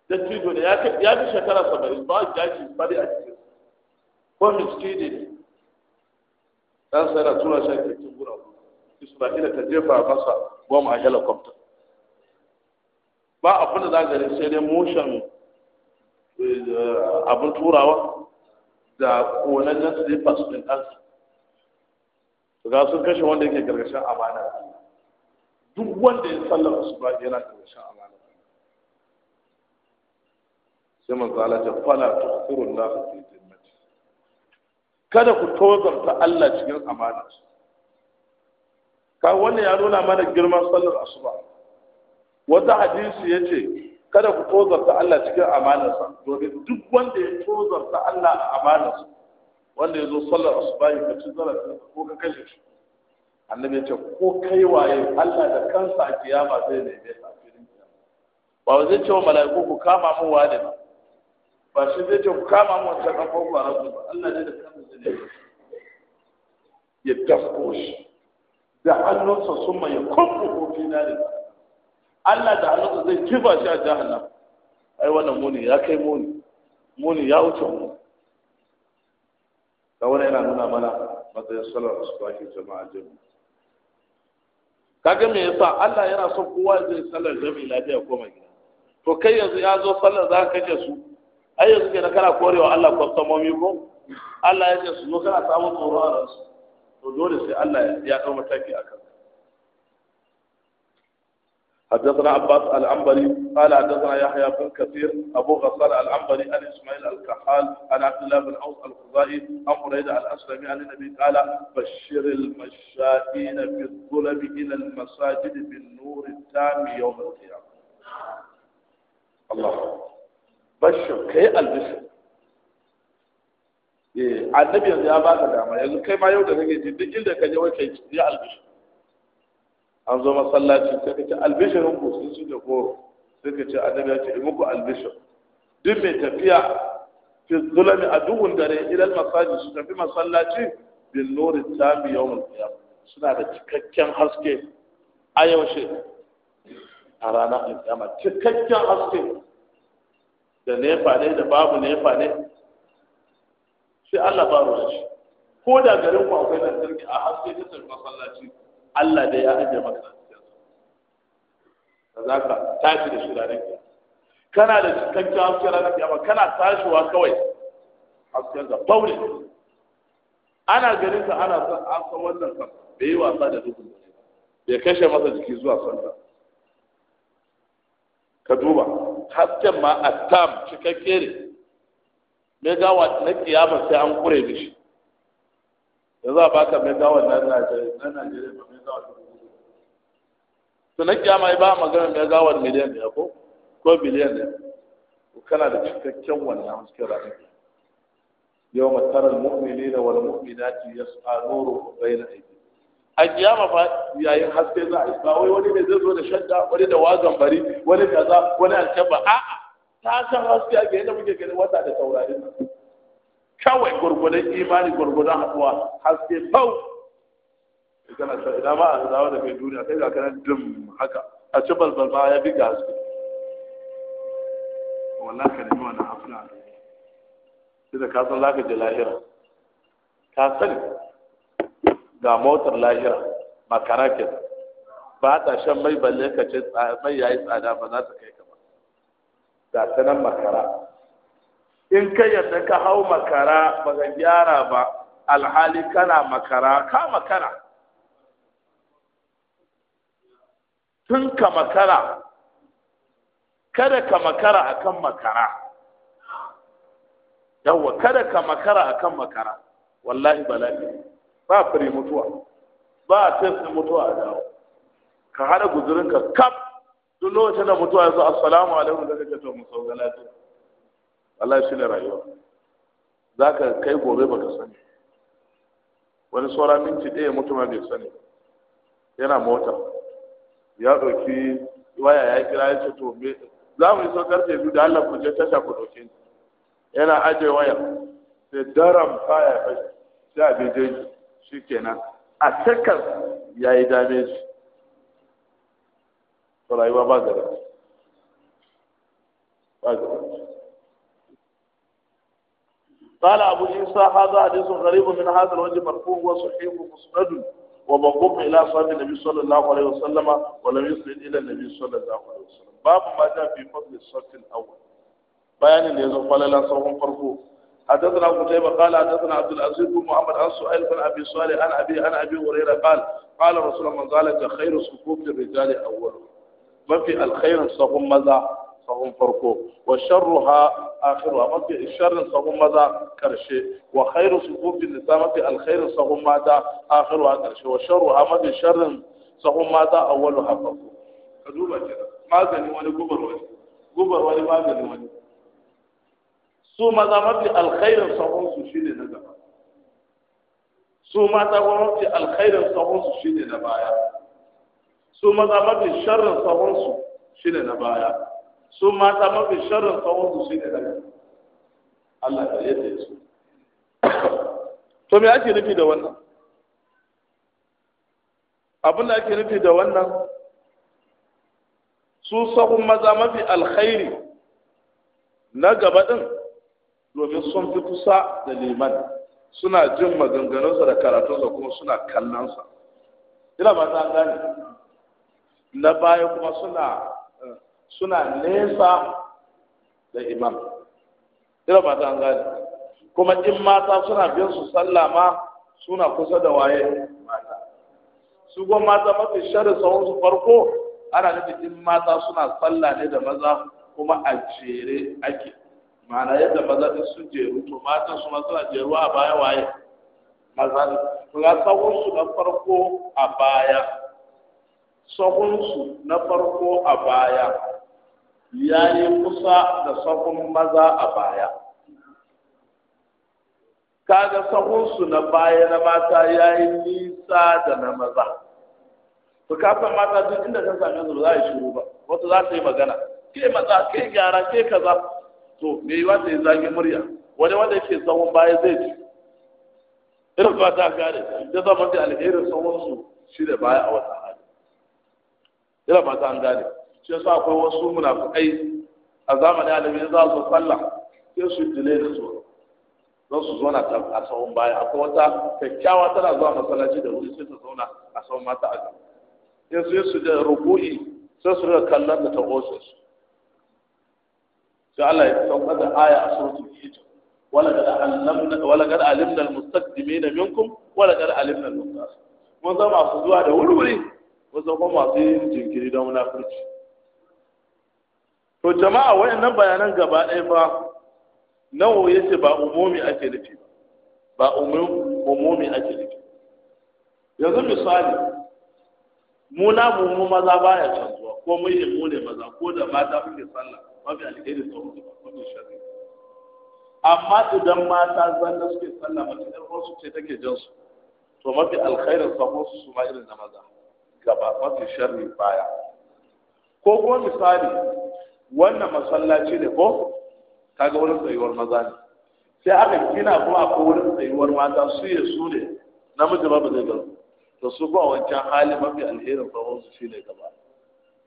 dattijo da ya fi shekara saba'in ba ci bari a cikin ko miskini ne dan sai da tura shirkin sun tura isra'ila ta jefa masa bom a helicopter ba abin da za gari sai dai motion eh, abin turawa da zai fasu din ɗansa ga sun kashe wanda yake gargashin amana duk wanda ya sallar wasu ba yana da rashin amana sai manzo Allah ta fala tukhuru Allah yi zimmati kada ku tozarta Allah cikin amana ka wannan ya nuna mana girman sallar asuba wata hadisi ce, kada ku tozarta Allah cikin amanarsa domin duk wanda ya tozarta Allah a amanarsa wanda ya zo sallar asuba ya ci zarafi ko ka kashe shi annabi ya ce ko kai waye Allah da kansa a kiyama zai ne ka filin kiyama ba zai ce wa mala'iku ku kama mu wa ba ba shi zai ce ku kama mu ta kafa ku ba rabu ba Allah ne da kansa zai ne ya tafko shi da hannunsa sun mai ya kwamfu kofi na da Allah da hannunsa zai kifa shi a jahannan. ai wannan muni ya kai muni muni ya wuce mu da wani yana nuna mana matsayin ba asubahi jama'a jami'a kaga me yasa Allah yana son kowa zai sallar jami'i lafiya ko mai to kai yanzu ya zo sallar za ka kace su ai yanzu kenan kana korewa Allah kwastomomi ko Allah ya ce su zo kana samun tsoro a ransu to dole sai Allah ya ɗau mataki akan حدثنا عباس العنبري قال حدثنا يحيى بن كثير ابو غسان العنبري عن اسماعيل الكحال عن عبد الله بن عوف الخزاعي عن بريده الاسلمي عن النبي قال بشر المشائين بالظلم الى المساجد بالنور التام يوم القيامه الله بشر كي البشر annabi yanzu ya baka dama yanzu kai ma yau da kake ji duk inda ka je wai kai ya albishir an zo masallaci sai ka ce albishirin ku sun su da goro sai ka ce annabi ya ce yi muku albishir duk mai tafiya fi zulami a duhun dare ilal masaji su tafi masallaci bin nuri tami mai qiyam suna da cikakken haske a shi a ranar alƙiyama cikakken haske da nefa ne da babu nefa ne sai Allah ba ruwa shi ko da garin ku na lantarki a haske ta masallaci Allah dai ya ajiye maka a su da za ka tashi da shi ranar kiyama kana da cikakken hasken ranar kiyama kana tashiwa kawai hasken da faule ana ganin ka ana son an san wannan kan bai yi wasa da dukkan bai kashe masa jiki zuwa sanda ka duba hasken ma a tam cikakke ne Me gawa na kiyama sai an kure mishi da ba a baka gawar na Najeriya na Najeriya ba mai to na kiyama ba magana gawar miliyan ɗaya ko ko biliyan ɗaya kana da cikakken wannan cikin ranar يوم ترى المؤمنين والمؤمنات يسعى نورهم بين أيديهم القيامة فا yayin haske za a yi. ba wai wani ne zai zo da shadda wani da wazan bari wani kaza wani alkaba a'a ta san haske a ga yadda muke gani wata da taurarin nan kawai gwargwadon imani gwargwadon haɗuwa haske bau idan aka idan ba a zawo da kai duniya kai ga kana dum haka a ci balbal ma ya bi ga haske wallahi ka nemi wannan afna sai da ka san zaka je lahira ka sani ga motar lahira makara ke ba ta shan mai balle ka ce mai yayi tsada ba za ta kai ka ba ga sanan makara in ka yadda ka hau makara ba ka gyara ba alhali kana makara ka makara tun ka makara kada ka makara akan makara yawwa kada ka makara akan makara wallahi bala'i ba fure mutuwa ba a sai mutuwa a dawo ka hada guzurinka kaf duk lokacin da mutuwa ya zo assalamu alaikum da kake to mu sauka lafiya shi ne rayuwa Za ka kai gobe baka sani wani saura minti ɗaya ma bai sani yana mota ya ɗauki waya ya kira ya ce to me za mu iso karfe biyu da Allah ku je tasha ku ɗauke ni yana aje waya sai daram faya ya fashe sai a beje shi kenan a takas ya yi dame shi rayuwa ba gaba ba gaba قال أبو عيسى هذا حديث غريب من هذا الوجه مرفوع وصحيح مسند وموقوف إلى صحابة النبي صلى الله عليه وسلم ولم يصل إلى النبي صلى الله عليه وسلم باب ما جاء في فضل الصف الأول بيان اللي يزن قال لا صوم فرقه حدثنا أبو قتيبة قال حدثنا عبد العزيز بن محمد عن سؤال بن أبي صالح عن أبي عن أبي هريرة قال قال رسول الله من ذلك خير صفوف الرجال أول ما في الخير صفوف ماذا sahun farko wa sharruha akhiruha mafi sharrin sahun maza karshe wa khairu sufufin nisa mafi alkhairin sahun mata akhiruha karshe wa sharruha mafi sharrin sahun mata awwaluha farko ka duba kira magani wani gubar wani gubar wani magani wani su maza mafi alkhairin sahun su shine na gaba su mata kuma mafi alkhairin sahun su shine na baya su maza mafi sharrin sahun su shine na baya su mata mafi sharrin tsawon su shi ne daga Allah ya yadda su to me ake nufi da wannan abin da ake nufi da wannan su sahun maza mafi alkhairi na gaba din domin sun fi kusa da liman suna jin maganganunsa da karatunsa kuma suna kallonsa ina ba ta gane na baya kuma suna suna nesa da imam ina ba ta gani, kuma in mata suna bin su sallah ma suna kusa da waye mata su go mata mafi shari sahun su farko ana nufin in mata suna sallah ne da maza kuma a jere ake ma'ana yadda maza din su jeru to mata su ma suna jeruwa a baya waye maza ne kuma sahun su na farko a baya sahun su na farko a baya ya yi kusa da sahun maza a baya kaga sahunsu na baya na mata ya yi nisa da na maza to san mata duk inda ka same yanzu za a yi shiru ba wasu za ta yi magana ke maza ke gyara ke kaza to me yi wanda yi zagi murya wani wanda yake sahun baya zai ci irin ba ta gane ya zama da alherin sahunsu shi da baya a wata hali irin ba ta gane shi yasa akwai wasu munafikai a zamanin annabi za su sallah sai su dile da su don su zauna a tsawon baya akwai wata kyakkyawa tana zuwa masallaci da wuri sai ta zauna a tsawon mata a gaba sai su su da rubu'i sai su rika kallon da ta su sai Allah ya saukar da aya a suratul hijr ولقد علمنا المستقدمين منكم ولقد علمنا المستأخرين mun zama su zuwa da wuri-wuri mun zama masu yin jinkiri don munafurci to jama'a wayannan bayanan gaba ɗaya ba nawo yace ba umumi ake nufi ba umumi ake nufi yanzu misali mu na mu maza baya canzuwa ko mu yi mu ne maza ko da mata muke sallah mafi alheri sauran su ba ko sharri amma idan mata zanna suke sallah mace ɗan wasu ce take jin su to mafi alkhairin sabon su su ma irin na maza gaba mafi sharri baya ko kuma misali wannan masallaci ne ko kaga wurin tsayuwar maza ne sai aka gina kuma ko wurin tsayuwar mata su ya su ne namiji ba ba zai ga to su ba wancan hali mafi alherin wa su shine gaba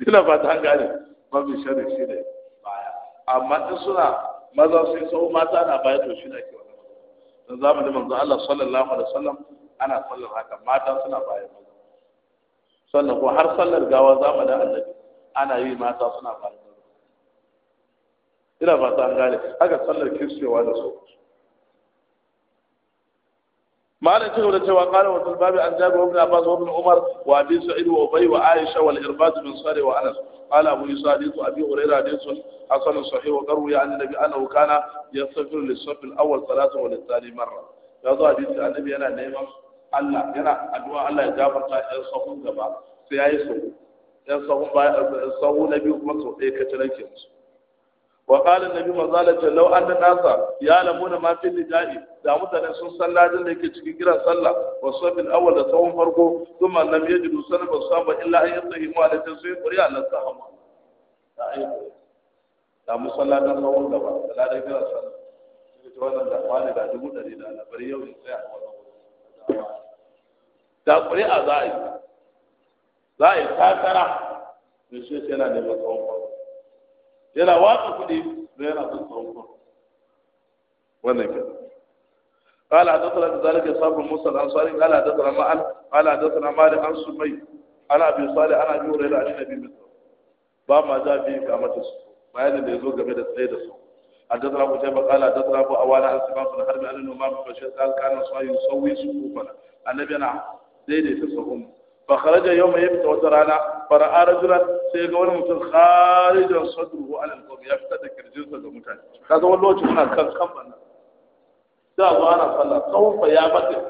ina ba ta ne mafi sharri shine baya amma in suna maza su yi sau mata na baya to shi ne ake wannan don zamani manzo Allah sallallahu alaihi wasallam ana sallar haka mata suna baya maza sannan ko har sallar gawa zamanin annabi ana yi mata suna baya ina ba ta an gane haka sallar kircewa da su malam ce da cewa qala wa sulbabi an jabi ibn abbas ibn umar wa abi sa'id wa ubay wa aisha wal irbad bin sari wa anas qala abu isa hadithu abi hurayra su hasan sahih wa qaru ya annabi annahu kana yastaghfiru lis-saff al-awwal salatu wa lis-thani marra zo hadisi annabi yana neman Allah yana addu'a Allah ya gafarta ɗan sahun gaba sai yayi sahu ɗan sahun ba sahu na biyu kuma sau ɗaya kace nake musu wa qala annabi mazala ta law anna nasa ya'lamuna ma fi nidai da mutane sun san ladin da yake cikin kiran sallah wa sabil awwal da tsawon farko kuma lam yajidu sanaba saba illa an yatahi ma da tasbih qur'a lan tahama da ayi da musalla da tsawon gaba da ladan kiran sallah ta wannan da wani da dubu ɗari da na yau in tsaya a wannan da ƙuri'a za a yi za a yi takara mai shi yana neman tsawon yana watsa kuɗi da yana son tsawon kuɗi wannan ke قال حدثنا بذلك صاحب موسى الانصاري قال حدثنا معن قال حدثنا مالك عن سمي انا ابي صالح انا ابي هريره عن النبي مثله بما جاء في قامت الصوم بيان da yazo game da ده da حدثنا ابو جابر قال حدثنا ابو اوانا عن سماك بن حرب عن النعمان بن قال كان صاحي يسوي صفوفنا النبي انا daidaita sahun fa kharaja yawma yabta wata rana fara arjula sai ga wani mutum kharijan sadruhu ala al-qawm ya fita da kirjinsa ga mutane kaga wani lokaci muna kan kan da zo ana sallah tsawon ya bata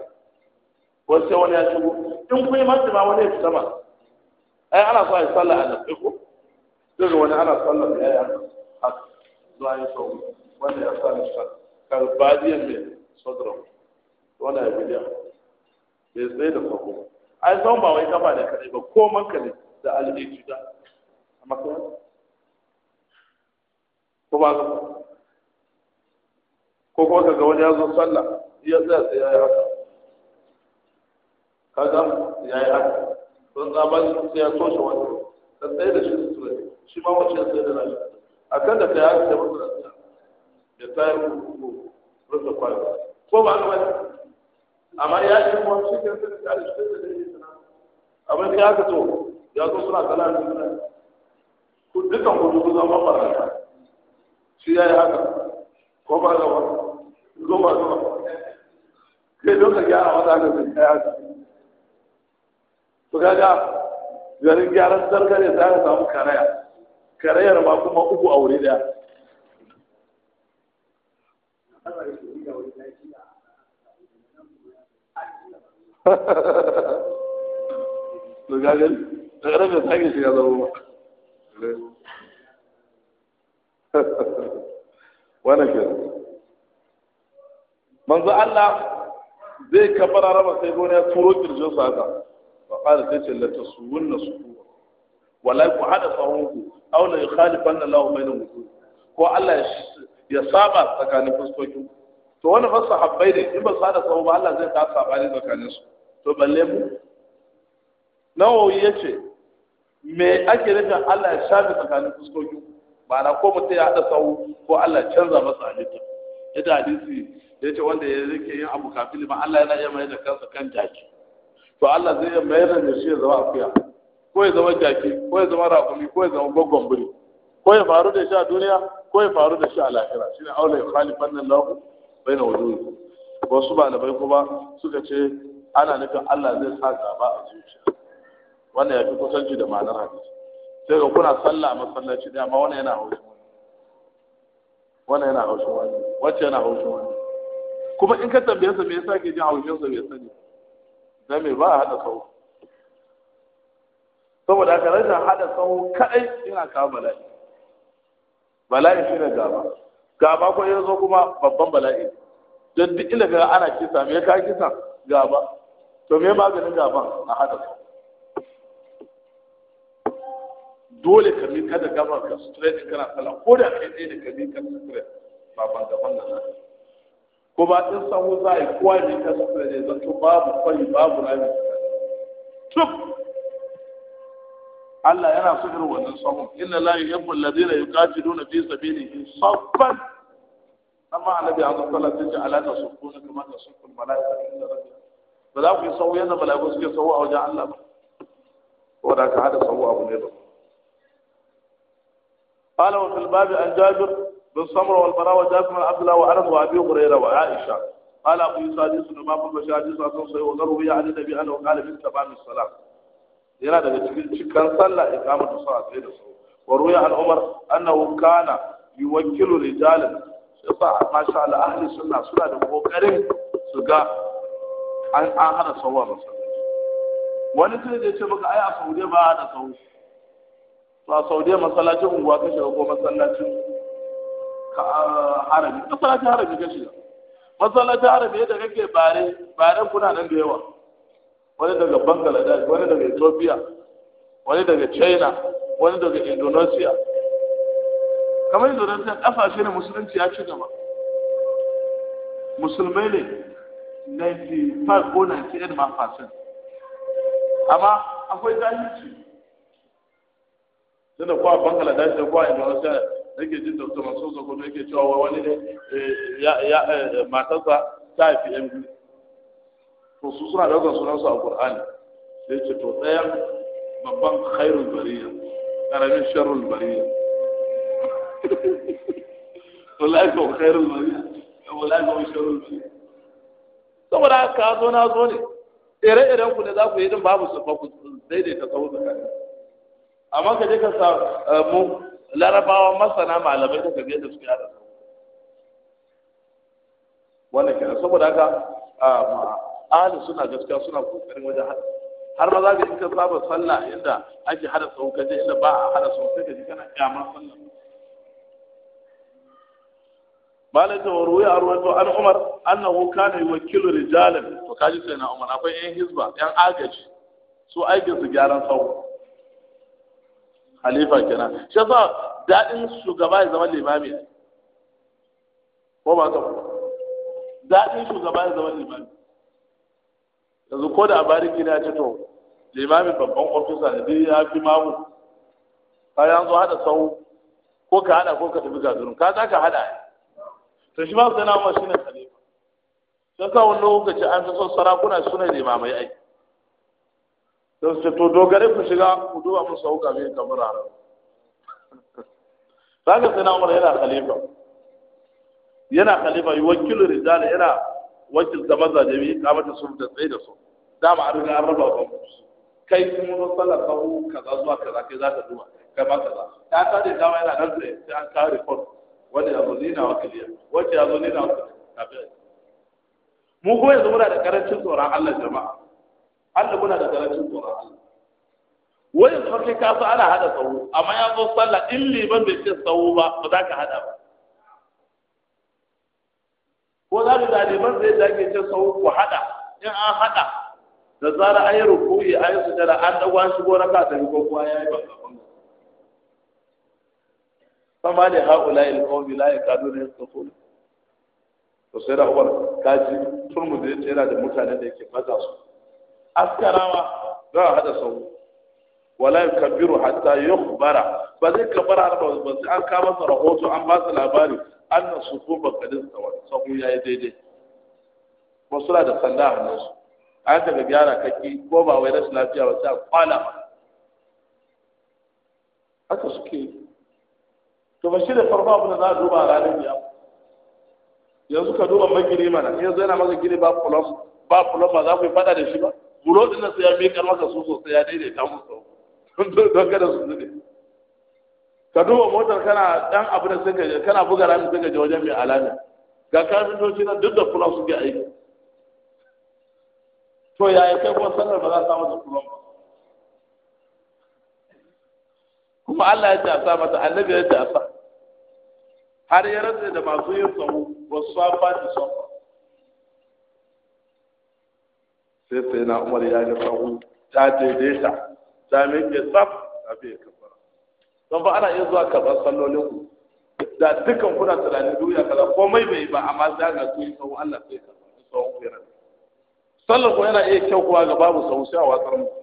wasu sai wani ya shigo in kun yi ma wani ya fita ma ana so a yi sallah a lafi ko wani ana sallah ya sa ni ya farko ai zan ba wai kafa da kadai ba ko mankali da alheri juda amma ko ko ba ko ko ga wani ya zo sallah ya tsaya sai ya yi haka kaga ya yi haka don tsaban sai ya shi wani ka tsaye da shi su shi ma wace ya tsaye da nashi a kan da kai haka sai masu da ta yi rufe kwayo ko ba ka bane amma ya ce kuma shi ke suka kare shi da dai suna abin sai aka to ya zo suna kala da suna ku dukan ku duk zama barka shi ya yi haka ko ba zama. wani ba zama. kai duka gyara wata da sai ya haka to ga garin gyaran sarkare za ka samu karaya karayar ma kuma uku a wuri daya to gagal da ƙarfe sake wani ke manzo Allah zai kafara raba sai gona ya turo kirjin sa haka Ba qala sai ce su wunna su kuwa. wala ku hada sahunku aw la yukhalifanna Allahu bainal mutu. ko Allah ya saba tsakanin fuskokin to wani fa sahabbai ne in ba su hada sahu ba Allah zai ta saba ne tsakanin su to balle mu nawawi ya ce me ake nufin Allah ya shafe tsakanin fuskoki ba na ko mutum ya haɗa sau ko Allah ya canza masa halitta yadda hadisi ya ce wanda ya rike yin abu kafin ba Allah yana iya mayar da kansa kan jaki to Allah zai iya mayar da shi ya zama akuya ko ya zama jaki ko ya zama rakumi ko ya zama gogon biri ko ya faru da shi a duniya ko ya faru da shi a lahira shine aula ya khalifan nan lahu baina wujuhi wasu malamai kuma suka ce ana nufin Allah zai sa gaba a zuciya wannan ya fi kusanci da ma'anar hadisi sai ga kuna sallah a masallaci da amma wannan yana haushin wani wannan yana haushin wani wacce yana haushin wani kuma in ka tambaye sa me yasa ke jin haushin sa bai sani dan me ba a hada sau saboda ka rashin hada sau kadai yana kawo bala'i bala'i shine gaba gaba ko ya zo kuma babban bala'i don duk inda ka ana kisa me ya kawo kisa gaba to me maganin gaban a hada dole ka mi kada gaban ka straight kana kala ko da kai dai da ka mi ka straight ba ban gaban nan ko ba din san za zai yi kowa ne ka straight ne zato babu kwari babu rami tuk Allah yana so irin wannan sabon inna la yuhibbu alladhina yuqatiluna fi sabilihi saffan amma annabi azza wa jalla ya ce ala tasukuna kama tasukul malaikatu inda rabbika ba za ku yi sahu yadda mala'iku suke sahu a wajen Allah ba saboda ka hada sahu abu ne ba قال وفي الباب عن جابر بن سمرة والبراء وجابر بن عبد الله وأنس وأبي هريرة وعائشة قال أبو يوسف حديث ما قبل شهاديث أصلا صحيح da يعني النبي أنه قال في تمام yana daga cikin cikin sallah iqamatu salat da su wa ruya an umar annahu kana yuwakkilu rijalan sai fa masha Allah ahli suna da kokarin su an hana sau a masallaci wani sai je ce maka ai a saudiya ba a da sau. to a saudiya masallacin unguwa ka shiga ko masallacin ah, harami masallacin harami ka shiga masallacin harami yadda kake bare bare kuna nan da yawa wani daga bangladesh wani daga ethiopia wani daga china wani daga indonesia kamar indonesia kasashe ne musulunci ya ci gaba musulmai ne 95 ko 98 amma akwai zahirci tunda ko a bangladesh da ko a indonesia nake jin da mutum so zako to yake cewa wani ne eh, ya eh, matarsa ta haifi yan biyu to su suna daukar sunansu a qur'ani sai ce to ɗayan babban khairul bariya karamin sharrul bariya wallahi ko khairul bariya wallahi ko sharrul bariya saboda ka zo na zo ne ire-iren ku ne za ku yi din babu su fa ku daidaita tsawo tsakani amma ka je ka samu eh, larabawa masana malamai da ka da ya da wannan kenan saboda haka ah, ahli suna gaskiya suna kokarin wajen hada har ma za ka yi ka saba sallah inda ake hada tsawo ka je inda ba a hada tsawo sai ka ji kana kyamar sallah malaka wa ruwa arwato an umar annahu kana yuwakkilu rijalan to kaji sai na umar akwai yan hizba yan agaji su aikin su gyaran sau halifa kenan shi yasa dadin shugaba ya zama limami ko ba ka dadin shugaba ya zama limami yanzu ko da a bariki ce to limamin babban ofisa ne dai ya fi mamu ka zo hada sau ko ka hada ko ka tafi gazurun ka za ka hada to shi ma sai na umar shine khalifa sai sa wani lokaci an fi son sarakuna suna limamai ai sai su to dogare ku shiga ku duba musu sauka bai kamar haram kaga sai na umar yana khalifa yana khalifa yuwakkilu Rizal yana wakilta da biyu kamata su da tsaye da su dama an riga an raba ba kai kuma mun sallar kawo kaza zuwa kaza kai za ka duba kai ma kaza ta ta da dama yana nan tsaye sai an kawo report wanda ya zo nina wa kiliya liya wacce ya zo nina wa waka mu kuma yanzu muna da karancin tsoron Allah jama'a Allah muna da karancin tsoron Allah wai yanzu kai ka so ana hada tsawo amma ya zo sallah in liban bai ce tsawo ba ba za ka hada ba ko za mu daliban zai dage ce tsawo ku hada in an hada da zara ayi rukuyi ayi sujada an dawo an shigo raka ta ko kuwa yayi ba ba fama da haula il qawmi la yakaduna yastaqul to sai da Umar kaji turmuzi ya yana da mutane da yake baza su askarawa za a hada sau wala yakbiru hatta yukhbara ba zai kabara ba ba sai an kama masa rahoto an ba su labari anna sufufa qadin sawat sahu yayi daidai ko sura da sanda a hannunsu an daga gyara kaki ko ba wai rashin lafiya ba sai a kwala haka suke yi to ba shi da farko abu da za a duba a ranar biya yanzu ka duba magiri mana yanzu yana maka gini ba fulon ba ba za ku yi fada da shi ba bulo din nan sai ya miƙa maka su sosai ya daidaita musu don kada su zube ka duba motar kana dan abu da sai ka kana buga rami sai ka je wajen mai alami ga kafintoci na duk da fulon ke aiki to yaya kai kuma sallar ba za a samu da fulon ba kuma Allah ya ce a sa mata annabi ya ce a sa har ya rantsa da masu yin su wasu ba da ba. sai sai na umar ya ga tsawo ta daidaita ta miƙe tsaf a bai kafara don ba ana iya zuwa karɓar sallolin ku da dukkan kuna tunanin duniya kaza komai bai ba amma za ga su yi tsawo, Allah sai ka sahu ku yana sallar yana iya kyau kuwa ga babu sahu sai a watsar mu.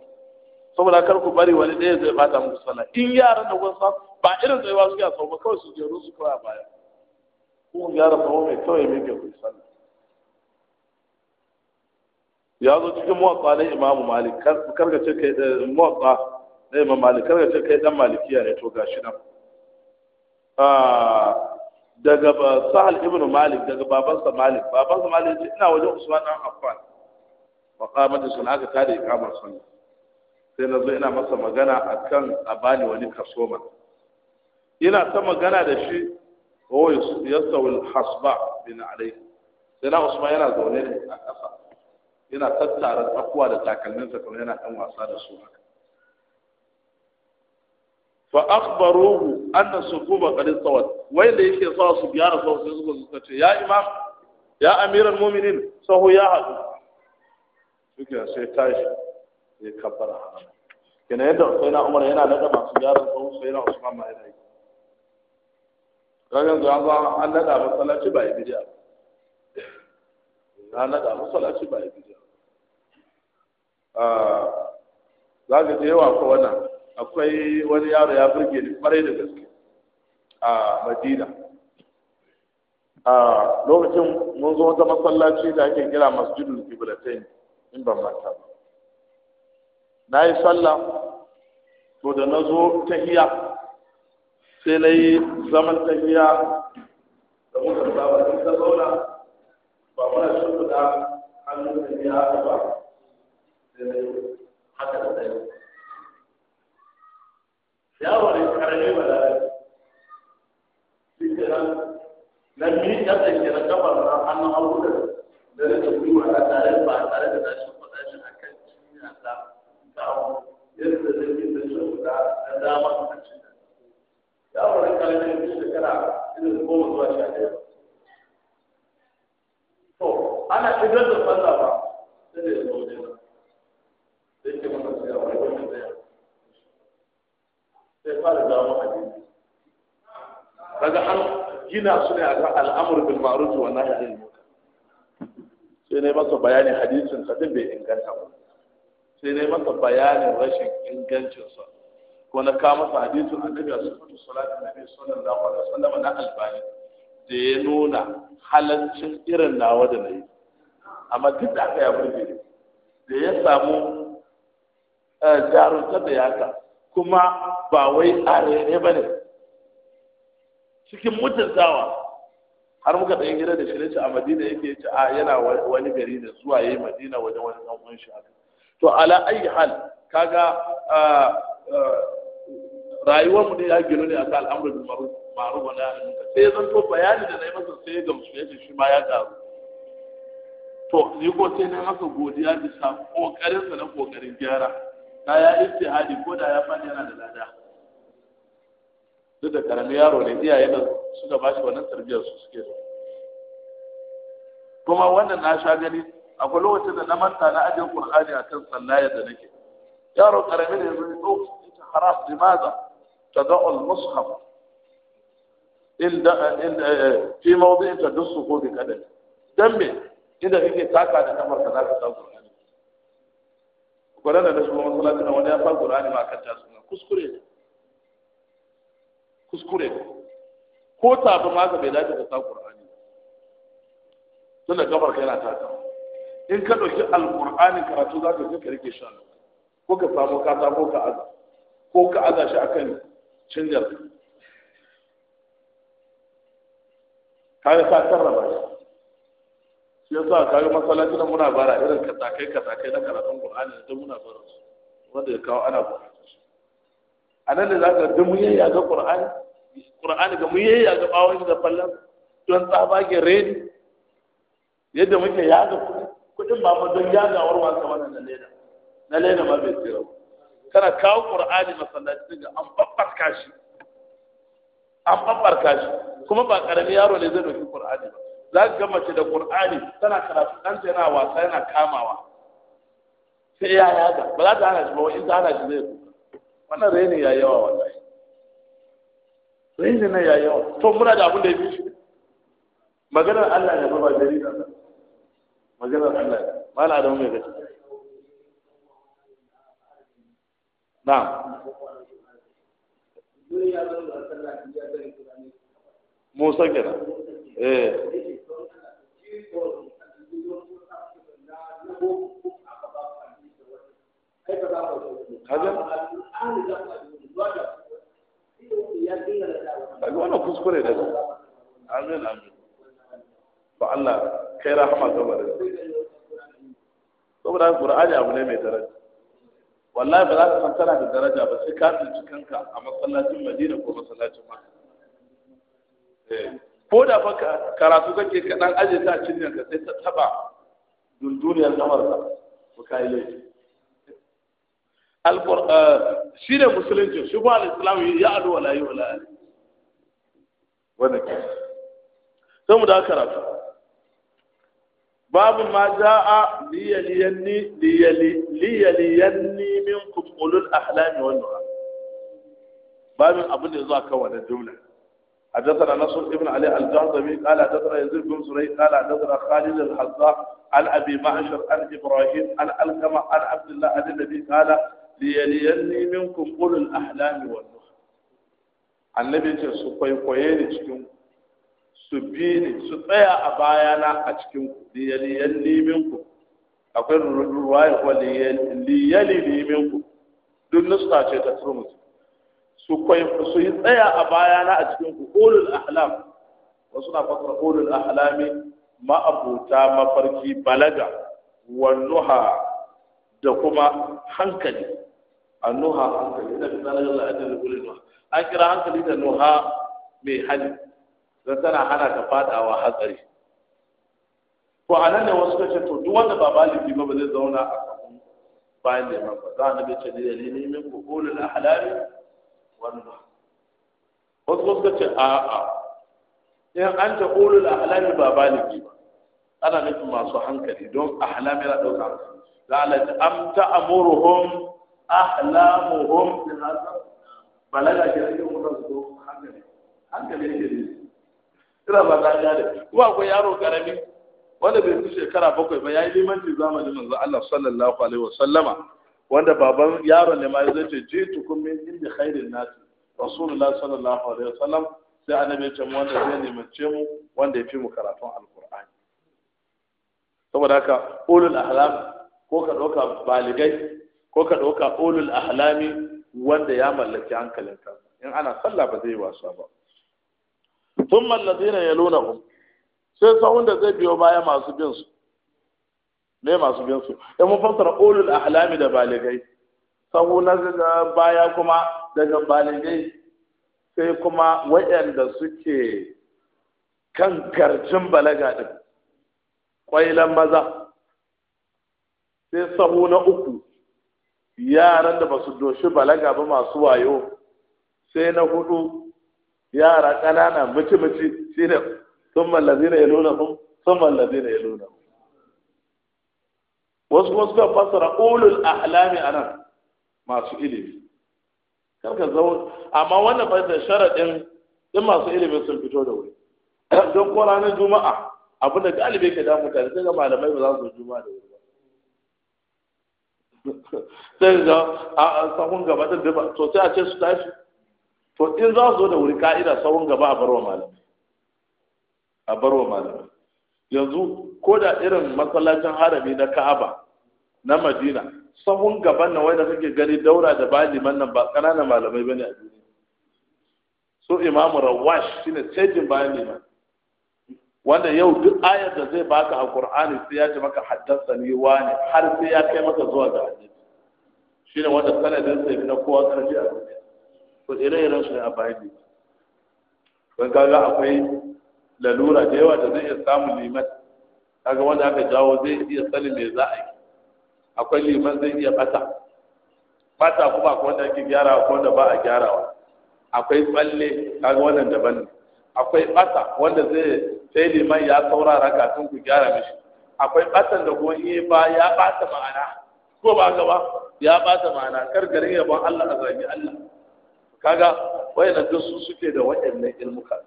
saboda kar ku bari wani ɗaya zai bata muku sallah in yaran da kun san ba irin tsayuwa suke a ba kawai su jeru su kawai a baya ko gyara ba mai kawai mai ke kun sallah ya zo cikin muwatsa na imamu malik ka ce kai eh, muwatsa na imamu malik ka ce kai dan malikiya ne to gashi nan ah, daga sahal ibnu malik daga babansa malik babansa malik ina wajen usman dan affan wa qamat sunaka ta da ikamar sunna sai na zo ina masa magana a kan a bani wani kaso ma ina ta magana da shi ya oh, yasawul hasba bin alai sai na usman yana zaune ne a ƙasa yana tattara tsakuwa da takalminsa kuma yana ɗan wasa da su haka fa akhbaruhu anna sukuba qad tawat wai da yake sa su gyara sau sai suka suka ce ya imam ya Amiran mu'minin sahu ya haɗu suke sai tashi ya kabbara harama kenan yadda sai na umar yana daga masu gyara sau sai na usman ma yana yi Ragen zuwa ba an nada masallaci ba ya bidiya na nada masallaci ba ya ah, bidiya za ka je wa ko wannan akwai wani yaro ya burge ni kwarai da gaske a madina a lokacin mun zo wata masallaci da ake kira masjidul kiblatain in ban mata ba na yi sallah to da na zo tahiya sai na yi zaman tahiya da muka saba da ta zauna ba mana da hannun ya haka ba sai na yi haka da ɗaya wani karni ba da shi ke nan na miƙa da ke na kafar na hannun abu da da rage wa na tare ba tare da tashi yadda da da ya wani kalmar shekara goma zuwa sha ɗaya to ana shigar da ba sai da ne ba sai a wani ɗaya sai fara daga an gina su ne akan al'amur bil ma'ruf wa munkar sai ne masa bayani hadisin kadin bai inganta ba sai dai masa bayanin rashin ingancinsa ko na kawo masa daga annabi a na salatin sunan sallallahu alaihi sallama na albani da ya nuna halaccin irin nawa da na yi amma duk da aka ya burge da ya samu eh, jarumtar da yaka kuma ba wai arere ba ne cikin mutuntawa har muka ɗan gida da shi ne a madina yake ce a yana wani gari da zuwa ya yi madina wajen wani ɗan shi haka to ala ayi hal kaga rayuwar mu ne ya gino ne akan al'amuru bil ma'ruf maru wa nahy sai zan to bayani da nayi masa sai ga musu yace shi ma ya karu to ni ko sai na masa godiya bisa kokarin sa na kokarin gyara ta ya hadi ko da ya fadi yana da lada duk da karamin yaro ne iyaye da suka bashi wannan tarbiyyar su suke so kuma wannan na sha gani akwai lokacin da na manta na ajiye a akan sallaya da nake yaro ƙarami ne zai zo ita haram limaza tada'u al-mushaf inda eh, eh, fi mawdi'in tadussu ko bi kadai dan me inda kake taka da kamar ka ka san qur'ani gwada da shi kuma salati na wani ya fa qur'ani ma kan tasu kuskure ne kuskure ne ko tafi ma ka bai dace ka sa qur'ani tunda gabar kai na taka in ka ɗauki alƙur'anin karatu za ka je ka rike shi ko ka samu kata ko ka aza ko ka aza shi akan canjar yi ka sarrafa shi shi yasa kaga masallaci na muna bara irin katakai katakai na karatun qur'ani da muna bara su wanda ya kawo ana buƙatar shi a nan da za ka ga mun yayya ga ƙur'ani, ƙur'ani ga mun yayya ga bawon da fallan don tsabage reni yadda muke yaga kuɗi kudin ba ya ga warwa wa wannan na leda na leda ma bai tsira ba kana kawo qur'ani masallaci daga an babbarka shi an babbarka shi kuma ba karami yaro ne zai dauki qur'ani ba za ka gama da qur'ani tana karatu ta yana wasa yana kamawa sai ya ga ba za ta hana shi ba wani ta hana shi zai kuka wannan ne ya yawa wallahi ne na ya yawa to muna da abin da ya fi shi maganar Allah ya baba ba jarida maganar Allah mala da mai gaci na Musa kenan eh ba Allah kai rahama gaba da saboda Qur'ani abu ne mai daraja wallahi ba za ka san tana da daraja ba sai ka tsinci kanka a masallacin Madina ko masallacin Makka eh, ko da fa karatu kake ka dan aje ta cinyar ka sai ta taba dunduniyar kamar ka ko kai laifi eh, shi ne musulunci shi ba al-islam ya adu wala yu'la wala wannan ke sai mu da karatu باب ما جاء ليليني لي ليليني منكم اولو الاحلام والنهى باب ابن يزوا كون الجمله حدثنا نصر ابن علي الجهضمي قال حدثنا يزيد بن سري قال حدثنا خالد الحذاء عن ابي معشر عن ابراهيم عن الكما عن عبد الله عن النبي قال ليليني منكم اولو الاحلام والنهى النبي صلى الله عليه وسلم su bi su tsaya a bayana a cikin ku liyaliyan liminku. Akwai akwai ya ko liyali limin liminku. duk nusta ce ta turmus su kwai su yi tsaya a bayana a cikin ku ulul ahlam wasu na fasar ulul ahlami ma'abuta mafarki balaga wannuha da kuma hankali annuha hankali ina fi tsanar da ajiyar ulul an kira hankali da nuha mai hali don tana hana ka fadawa hatsari ko anan ne wasu ka ce to duk wanda ba baliki ba ba zai zauna a kafin bayan da ba za na nabi ce ne yali ne min kukulul ahlali wanda wasu wasu ka ce a'a in an ta kulul ahlali ba baliki ba ana nufin masu hankali don ahlami na ɗauka hankali لعلت أم تأمرهم أحلامهم بهذا بلغ جريء مرزقهم hankali حقا يجري kira ba ta da kuma akwai yaro karami wanda bai fi shekara bakwai ba ya yi limanci zamanin manzo Allah sallallahu alaihi wasallama wanda baban yaron ne ma zai ce jitu kun min inda khairin nasi rasulullahi sallallahu alaihi wasallam sai annabi ya ce mu wanda zai limance mu wanda ya fi mu karatun alqur'ani saboda haka ulul ahlam ko ka ɗauka baligai ko ka ɗauka ulul ahlami wanda ya mallaki hankalinka in ana sallah ba zai wasa ba ya nuna ku. sai sahun da zai biyo baya masu bin su ne masu bin su in eh, mun fassara ulul ahlami da baligai sahu na baya kuma daga baligai sai kuma wayanda suke kan garjin balaga din kwailan maza sai sahu na uku yaran da ba su doshi balaga ba masu wayo sai na hudu yara ƙanana mace mace shi ne sun mallazi na yalona kun sun mallazi na yalona wasu kuma suka fassara ulul ahlami nan masu ilimi kan ka amma wannan bai da sharadin din masu ilimi sun fito da wuri don ko ranar juma'a abin da galibi ke damu mutane sai ga malamai ba za su juma'a da wuri ba sai ga a samun gaba da ba sosai a ce su tashi to in za su zo da wuri ka'ida sauran gaba a barwa malam a barwa malam yanzu ko da irin masallacin harami na ka'aba na madina sahun gaban nan wanda kake gani daura da baliman nan ba ƙananan malamai bane a duniya so imamu rawash shi ne cejin bayan liman wanda yau duk ayar da zai baka a qur'ani sai ya ce maka haddasa ni wani har sai ya kai maka zuwa ga hadisi ne wanda sanadin sai na kowa karfi a duniya ko ire-iren su ne a bayan don kaga akwai lalura da yawa da zai iya samun liman kaga wanda aka jawo zai iya sanin me za a yi akwai liman zai iya bata bata kuma akwai wanda ake gyara ko wanda ba a gyarawa akwai tsalle kaga wannan daban ne akwai bata wanda zai sai liman ya saurara kafin ku gyara mishi akwai batan da kuma iya ba ya bata ma'ana ko ba gaba ya bata ma'ana kar garin yabon Allah a zagi Allah kaga wai na su suke da wayannan ilmuka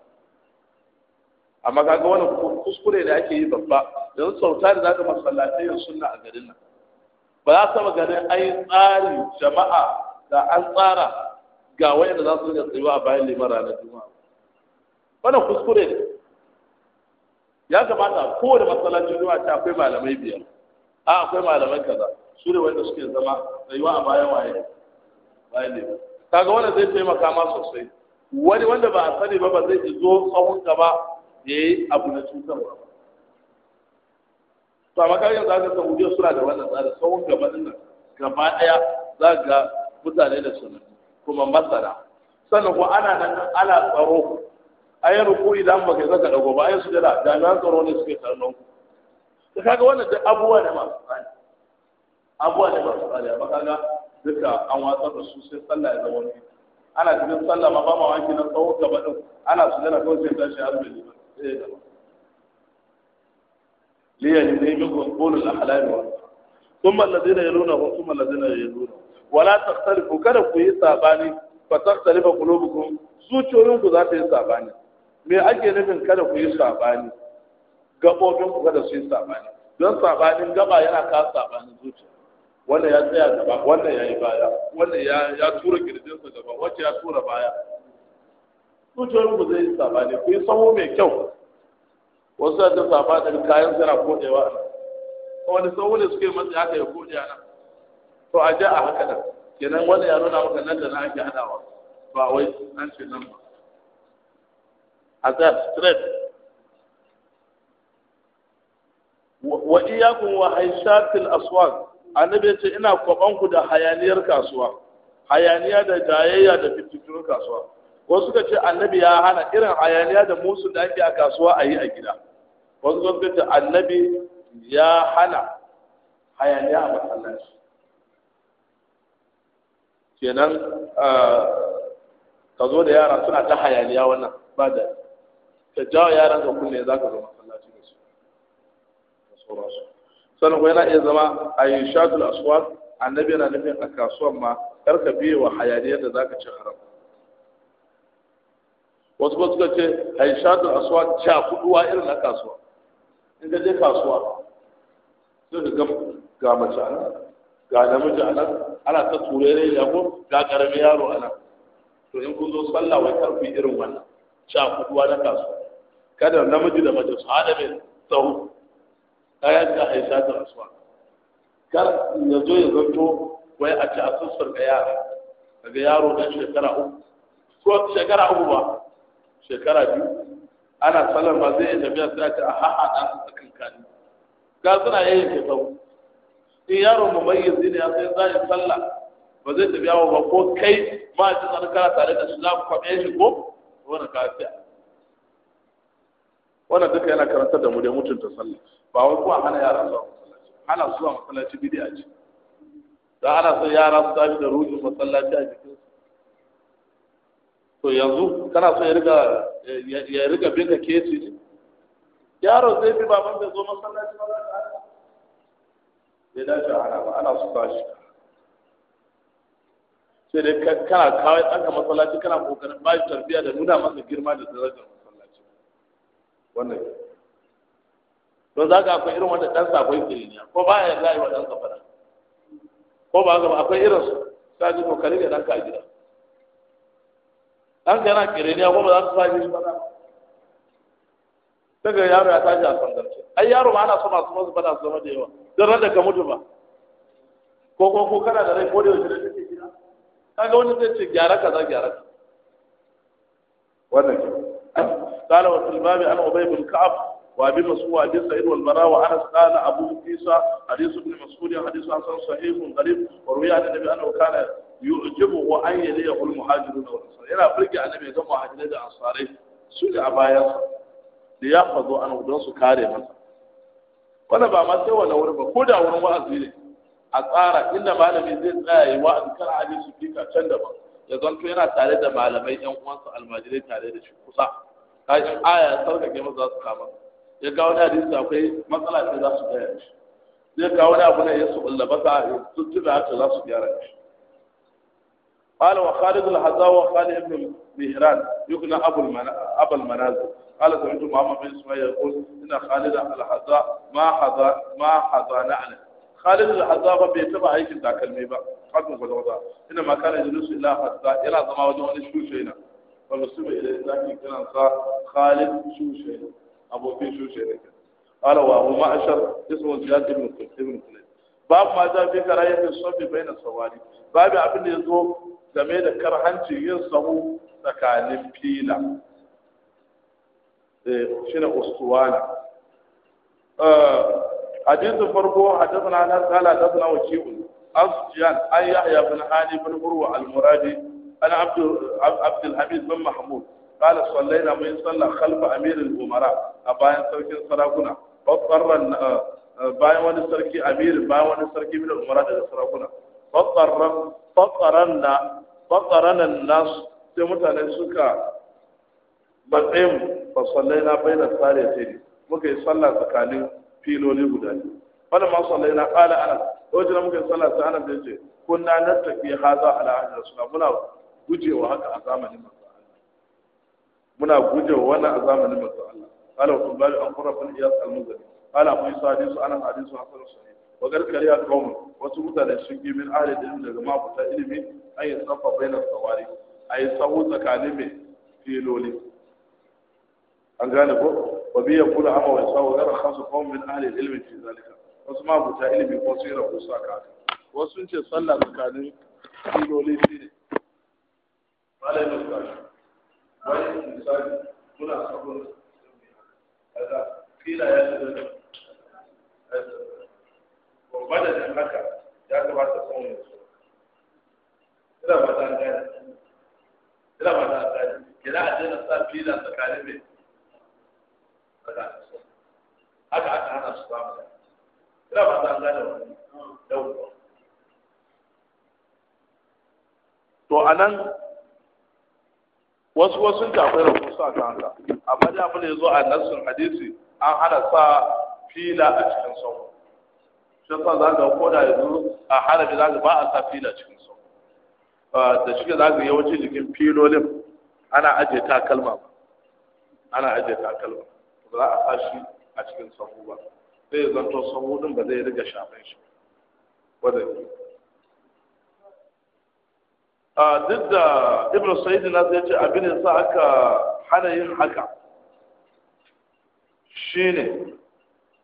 amma kaga wani kuskure da ake yi babba yanzu sauta da zaka masallatai yin sunna a garin nan ba za ka ganin ai tsari jama'a da an tsara ga wayanda za su riga tsayuwa a bayan liman ranar juma'a Wani kuskure ne ya kamata kowane masallacin juma'a ta akwai malamai biyar a akwai malamai kaza su ne wanda suke zama tsayuwa a bayan waye bayan liman kaga wannan zai taimaka ma sosai wani wanda ba a sani ba ba zai zo tsawon gaba da yi abu na cutarwa ba to amma kaga yanzu aka san wujiyar suna da wannan tsari tsawon gaba din nan gaba daya za ga mutane da suna kuma masana sannan ko ana nan ana tsaro ayi ruku idan baka zaka dago ba ayi sujada jami'an tsaro ne suke kallon ku to kaga wannan duk abubuwa ne masu tsari abubuwa ne masu tsari amma kaga duka an wasa da su sai sallah ya zama wani ana cikin sallah ma ba ma wanki na tsawon gaba din ana su jira kawai sai tashi har da ba. sai ya gaba liya ne zai muku qulul ahlami wa thumma alladhina yaluna wa thumma alladhina yaluna wala takhtalifu kada ku yi sabani fa takhtalifa qulubukum zuciyoyin ku za ta yi sabani me ake nufin kada ku yi sabani gabobin ku kada su yi sabani don sabanin gaba yana kawo sabanin zuciya wanda ya tsaya gaba wanda ya yi baya wanda ya tura sa gaba wacce ya tura baya zuciyar mu zai yi ne, ku yi sahu mai kyau wasu da ta saba da kayan suna kodewa a wani sahu ne suke matsayi aka ya kode a nan to a ja a haka nan kenan wanda ya nuna maka nan da na ake hadawa ba wai an ce nan ba a tsaya straight wa iyakun wa haishatil aswaq annabi ya ce ina kwaban ku da hayaniyar kasuwa hayaniya da jayayya da fitintunin kasuwa wasu suka ce annabi ya hana irin hayaniya da musu da ake a kasuwa a yi a gida wasu suka ce annabi ya hana hayaniya a masallaci kenan ka zo da yara suna ta hayaniya wannan ba da ka jawo yaran ka kunne za ka zo masallaci da su da sauransu sannan kuma yana iya zama a yi shatul aswad annabi yana nufin a kasuwan ma kar ka biye wa hayaniyar da zaka ci haram wasu ba suka ce a yi shatul aswad ca kuduwa irin na kasuwa in ka je kasuwa sai ka ga ga mace a nan ga namiji a nan ana ta turere ya ko ga karamin yaro a nan to in kun zo sallah wai karfi irin wannan ca kuduwa na kasuwa kada namiji da mace su haɗa mai tsawo kayan da haisa da rasuwa kar ya zo ya zanto wai a ci a sassar ga yara daga yaro da shekara uku ko shekara uku ba shekara biyu ana sallar ba zai iya tafiya sai ce a haha da su tsakin kani ga suna yayin ta in yaro mu bai yanzu ne ya sai za sallah ba zai tafiya ba ko kai ma ji tsarkara tare da shi za ku kwaɓe shi ko wani kafiya wannan duka yana karantar da mu dai mutunta sallah ba wai kuwa hana yara zuwa masallaci hana zuwa masallaci bid'a ce da ana son yara su tashi da ruhin masallaci a jikin to yanzu kana so ya riga ya riga bin ka kesi ne yaro zai bi baban bai zo masallaci ba za ka bai dace a hana ba ana su tashi sai dai kana kawai ɗanka masallaci kana kokarin ba shi tarbiyya da nuna masa girma da darajar wannan don za ka akwai irin wanda ɗansa akwai kiriniya ko ba ya yarda yi wa ɗansa fara ko ba gaba akwai irin su ka ji kokari da ɗanka a gida ɗanka yana kiriniya ko ba za su sami shi ba ga yaro ya tashi a sandarce ai yaro ma ana so masu masu bada su zama da yawa don rada ka mutu ba ko ko ko kana da rai ko da yaushe da kake gida ga wani zai ce gyara kaza gyara wannan ke قال وفي الباب عن أبي بن كعب وابي مسعود حديث سعيد والبراء وانس قال ابو عيسى حديث ابن مسعود حديث حسن صحيح غريب وروي عن النبي انه كان يعجبه ان يليه المهاجرون والانصار yana burge annabi ya ga muhajirai da ansarai su da a bayansa da ya fazo an don su kare masa wanda ba ma sai wani wurin ba ko da wurin wa'azi ne a tsara inda malami zai tsaya yi wa'azi kar a su can daban ya zanto yana tare da malamai yan uwansa almajirai tare da kusa kashi aya sauƙaƙe masu za su kama ya ga wani hadisi akwai matsala ce za su gaya shi zai ga wani abu ne ya su ullabata ya tuttuba ta za su gyara shi قال وخالد الحذاء وخالد بن مهران يكنى أبو أبو المنازل قال سمعت محمد بن اسماعيل يقول إن خالد الحذاء ما حذا ما حذا نعله خالد الحذاء بيتبع هيك ذاك الميبا بقى قد وضع إنما كان يجلس إلى حذاء إلى زمان وجهه شو شينا فنسب إلى الإسلام كان خالد شوشي أبو في شوشي قال وأبو معشر اسمه زياد بن ابن كليب باب ما جاء في كراهية الصف بين الصواري باب أبن يزو game da karhanci yin sahu tsakanin fila eh, shi ne ustuwana eh, hadisin farko hadisna na tsala hadisna wakil an sujiyan an yahya bin أنا عبد عبد الحميد بن محمود قال صلينا من صلى خلف أمير الأمراء أباين سركي سراكنا فاضطر باين وان سركي أمير باين وان سركي من الأمراء سراكنا فاضطر sai mutane suka matsayin fasallai na bai da tsari ta ne muka yi sallah tsakanin filoli guda ne wani ma sallai na ƙala ana lokacin da muka yi sallah ta ana da ce kunna na tafi haza ala ajiyar suna muna gujewa haka a zamanin masu Allah muna gujewa wannan a zamanin masu Allah qala wasu bari an qura fil iyas al muzani qala abu isa hadisu ana hadisu hasan sahih wa gar kariya qawm wasu mutane sun yi min ahli da daga mafuta ilimi an yi safa tsawari, sawari yi sahu tsakanin mai filoli an gane ko wa bi a amma wa sawu gar khasu kawo min ahli ilimin fi zalika wasu mafuta ilimi ko su yi rahusa ka wasu sun ce sallah tsakanin filoli shine malam da kwashi wani misali muna sabon ya da babba da jin haka ya ina ba ta gani ina ba ta gani kira a sa fila mai haka aka hana su ina ba ta gani wani to anan wasu wasu ta akwai rabu sa a haka amma da abin da ya zo a nassun hadisi an hana sa fila a cikin sau shi sa za ka koda yanzu a hana harabi za ka ba a sa fila cikin sau da shi za ka yawanci jikin filolin ana ajiye takalma ana ajiye takalma ba za a sa shi a cikin sau ba sai zanto sau din ba zai riga shafin shi wadda duk da Ibrahim Saidu na sai ce abin da sa aka hana yin haka shine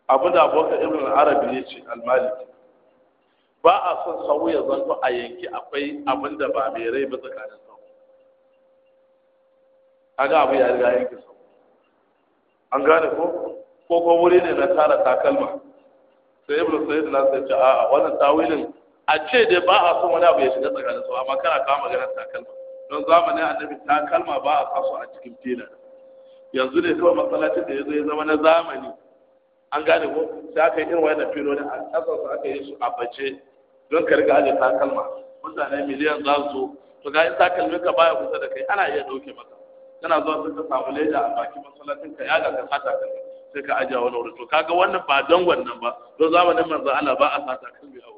abu da abokan Ibrahim arabi ya ce almaliki ba a son sahu ya zanto a yanki akwai abin da ba mai rai ba tsakanin A ga abu ya riga yanki sahu an gane ko ko ko wuri ne na tara takalma sai Ibrahim Saidu na sai ce a'a wannan tawilin a ce da ba a son wani abu ya shiga tsakanin su amma kana kawo ta takalma don zamanin annabi takalma ba a sa a cikin filan yanzu ne kawai masalacin da ya zo ya zama na zamani an gane ko sai aka yi irin wannan filolin a ƙasar su aka yi su a bace don ka riga ta takalma mutane miliyan za su to ga takalmin ka baya kusa da kai ana iya ɗauke maka kana zuwa sai ka samu leda a bakin masalacin ka ya ga ka sata sai ka ajiye wani wuri to kaga wannan ba don wannan ba don zamanin manzo Allah ba a sata kan bi a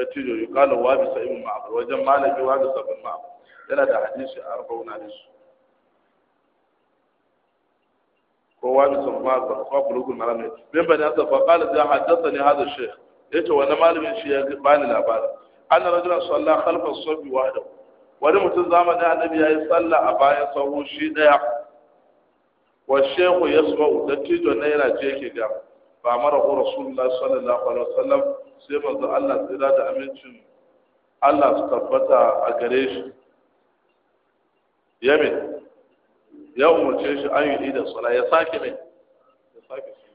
dattijo yi kala wa bisa ibn wajen malami wa bisa ibn yana da hadisi a arbauna da su ko wa bisa ibn ma'abu ko bulugul marami min bani asa fa qala za haddathani hadha shaykh yace wani malamin shi ya bani na anna su salla khalfa sabbi wahdahu wani mutum zamanin annabi yayi salla a bayan sahu shi daya wa shaykhu yasma'u dattijo ne yana je ke ga fa mara rasulullah sallallahu alaihi wasallam sai manzo Allah tsira da amincin Allah su tabbata a gare shi yamin ya umarce shi an yi da sala ya sake mai ya sake shi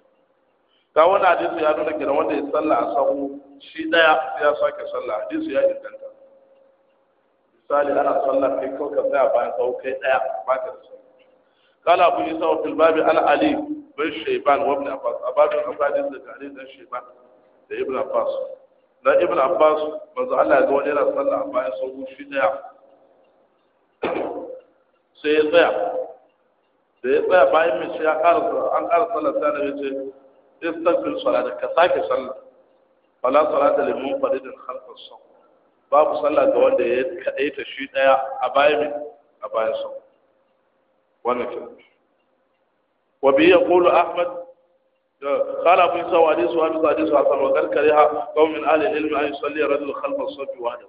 ga wani hadisi ya nuna kira wanda ya sallah a sahu shi daya ya sake sallah, hadisi ya inganta misali ana sallah kai kawai ka tsaya bayan sahu kai daya ba ka da salla قال أبو يسوع في الباب عن علي بن شيبان وابن عباس أباب الأفاديس لتعليل شيبان da ibn abbas na ibn abbas manzo Allah ya ga wani yana sallah a bayan sahu shi daya sai ya tsaya da ya tsaya bayan mace ya ƙara an ƙara sallah sai da yace istaghfir salat ka sake sallah fala salata lil munfaridin khalq as babu sallah ga wanda ya ta shi daya a bayan a bayan sahu wannan kenan wa bi yaqulu ahmad قال ابو يسوع وحديث وحديث وحديث حسن وقال كره قوم من اهل العلم ان يصلي رجل خلف الصف وحده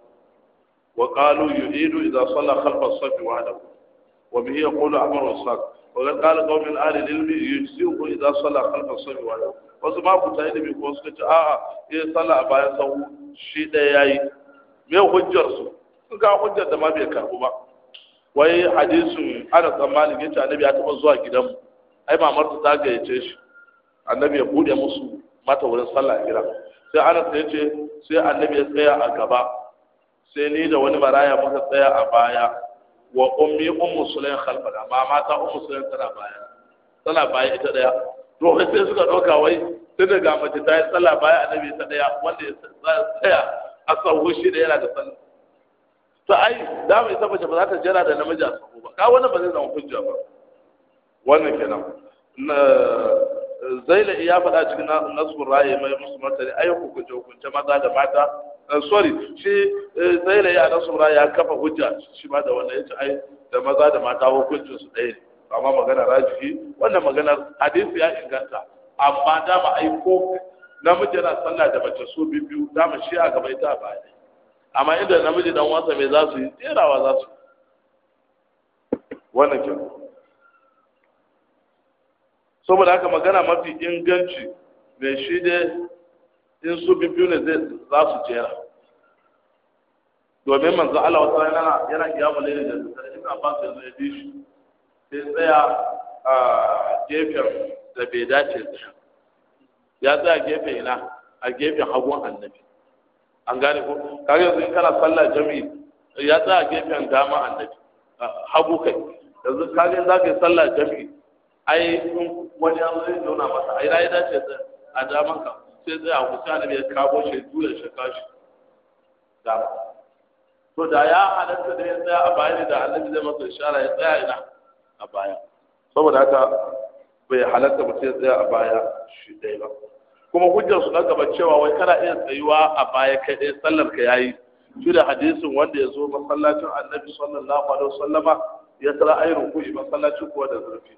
وقالوا يريد اذا صلى خلف الصف وحده وبه يقول عمر الصاد وقال قال قوم من اهل العلم يجزئه اذا صلى خلف الصف وحده wasu ma ku tayi da bi ko suka ce a'a eh sallah a bayan sau shi ɗaya yi. me hujjar su sun ga hujjar da ma bai karbu ba wai hadisin ana tsammanin yace annabi ya taɓa zuwa gidanmu ai mamar ta gayyace shi annabi ya bude musu mata wurin sallah kira sai anas ya ce sai annabi ya tsaya a gaba sai ni da wani maraya muka tsaya a baya wa ummi ummu sulaim khalfana mama mata ummu sulaim tana baya tana baya ita daya to sai suka dauka wai sai daga mace ta yi sallah baya annabi ta daya wanda ya tsaya a sahu shi da yana da sallah to ai da mai ita mace ba za ta jira da namiji a sahu ba ka wani ba zai zama hujja ba wannan kenan zaila ya faɗa cikin nasun raye mai musu martani ai hukunce hukunce maza da mata uh, sorry shi uh, zaila ya nasu raye ya kafa hujja shi ma da wanda ya ci ai da maza da mata hukuncin su ɗaya ne amma magana rajihi wannan magana hadisi ya inganta amma dama ai ko namiji yana sallah da mace su biyu biyu dama shi a gaba ita ba ne amma inda namiji dan wasa mai za su yi tserawa za su wannan kenan saboda haka magana mafi inganci mai shi dai in su biyu ne za su jera domin manzo Allah wata yana yana kiyamu laili da daddare na ba su zai bi shi sai tsaya a gefen da bai dace tsaya ya tsaya gefen ina a gefen hagun annabi an gane ko kaga yanzu kana sallah jami'i ya tsaya gefen dama annabi hagu kai yanzu kaga za ka yi sallah jami'i ai in wani ya zai zauna masa ai rayu ce a daman ka sai zai a kusa da ya kabo shi juya shi kashi da to da ya halatta da ya tsaya a baya da annabi zai masa ishara ya tsaya ina a baya saboda haka bai halatta mutum ya tsaya a baya shi ɗaya ba kuma hujjar su na gaba cewa wai kana iya tsayuwa a baya kai ɗaya sallar ka yayi shi da hadisin wanda ya zo masallacin annabi sallallahu alaihi wasallama ya tsara ayi kuɗi masallacin kuwa da zurfi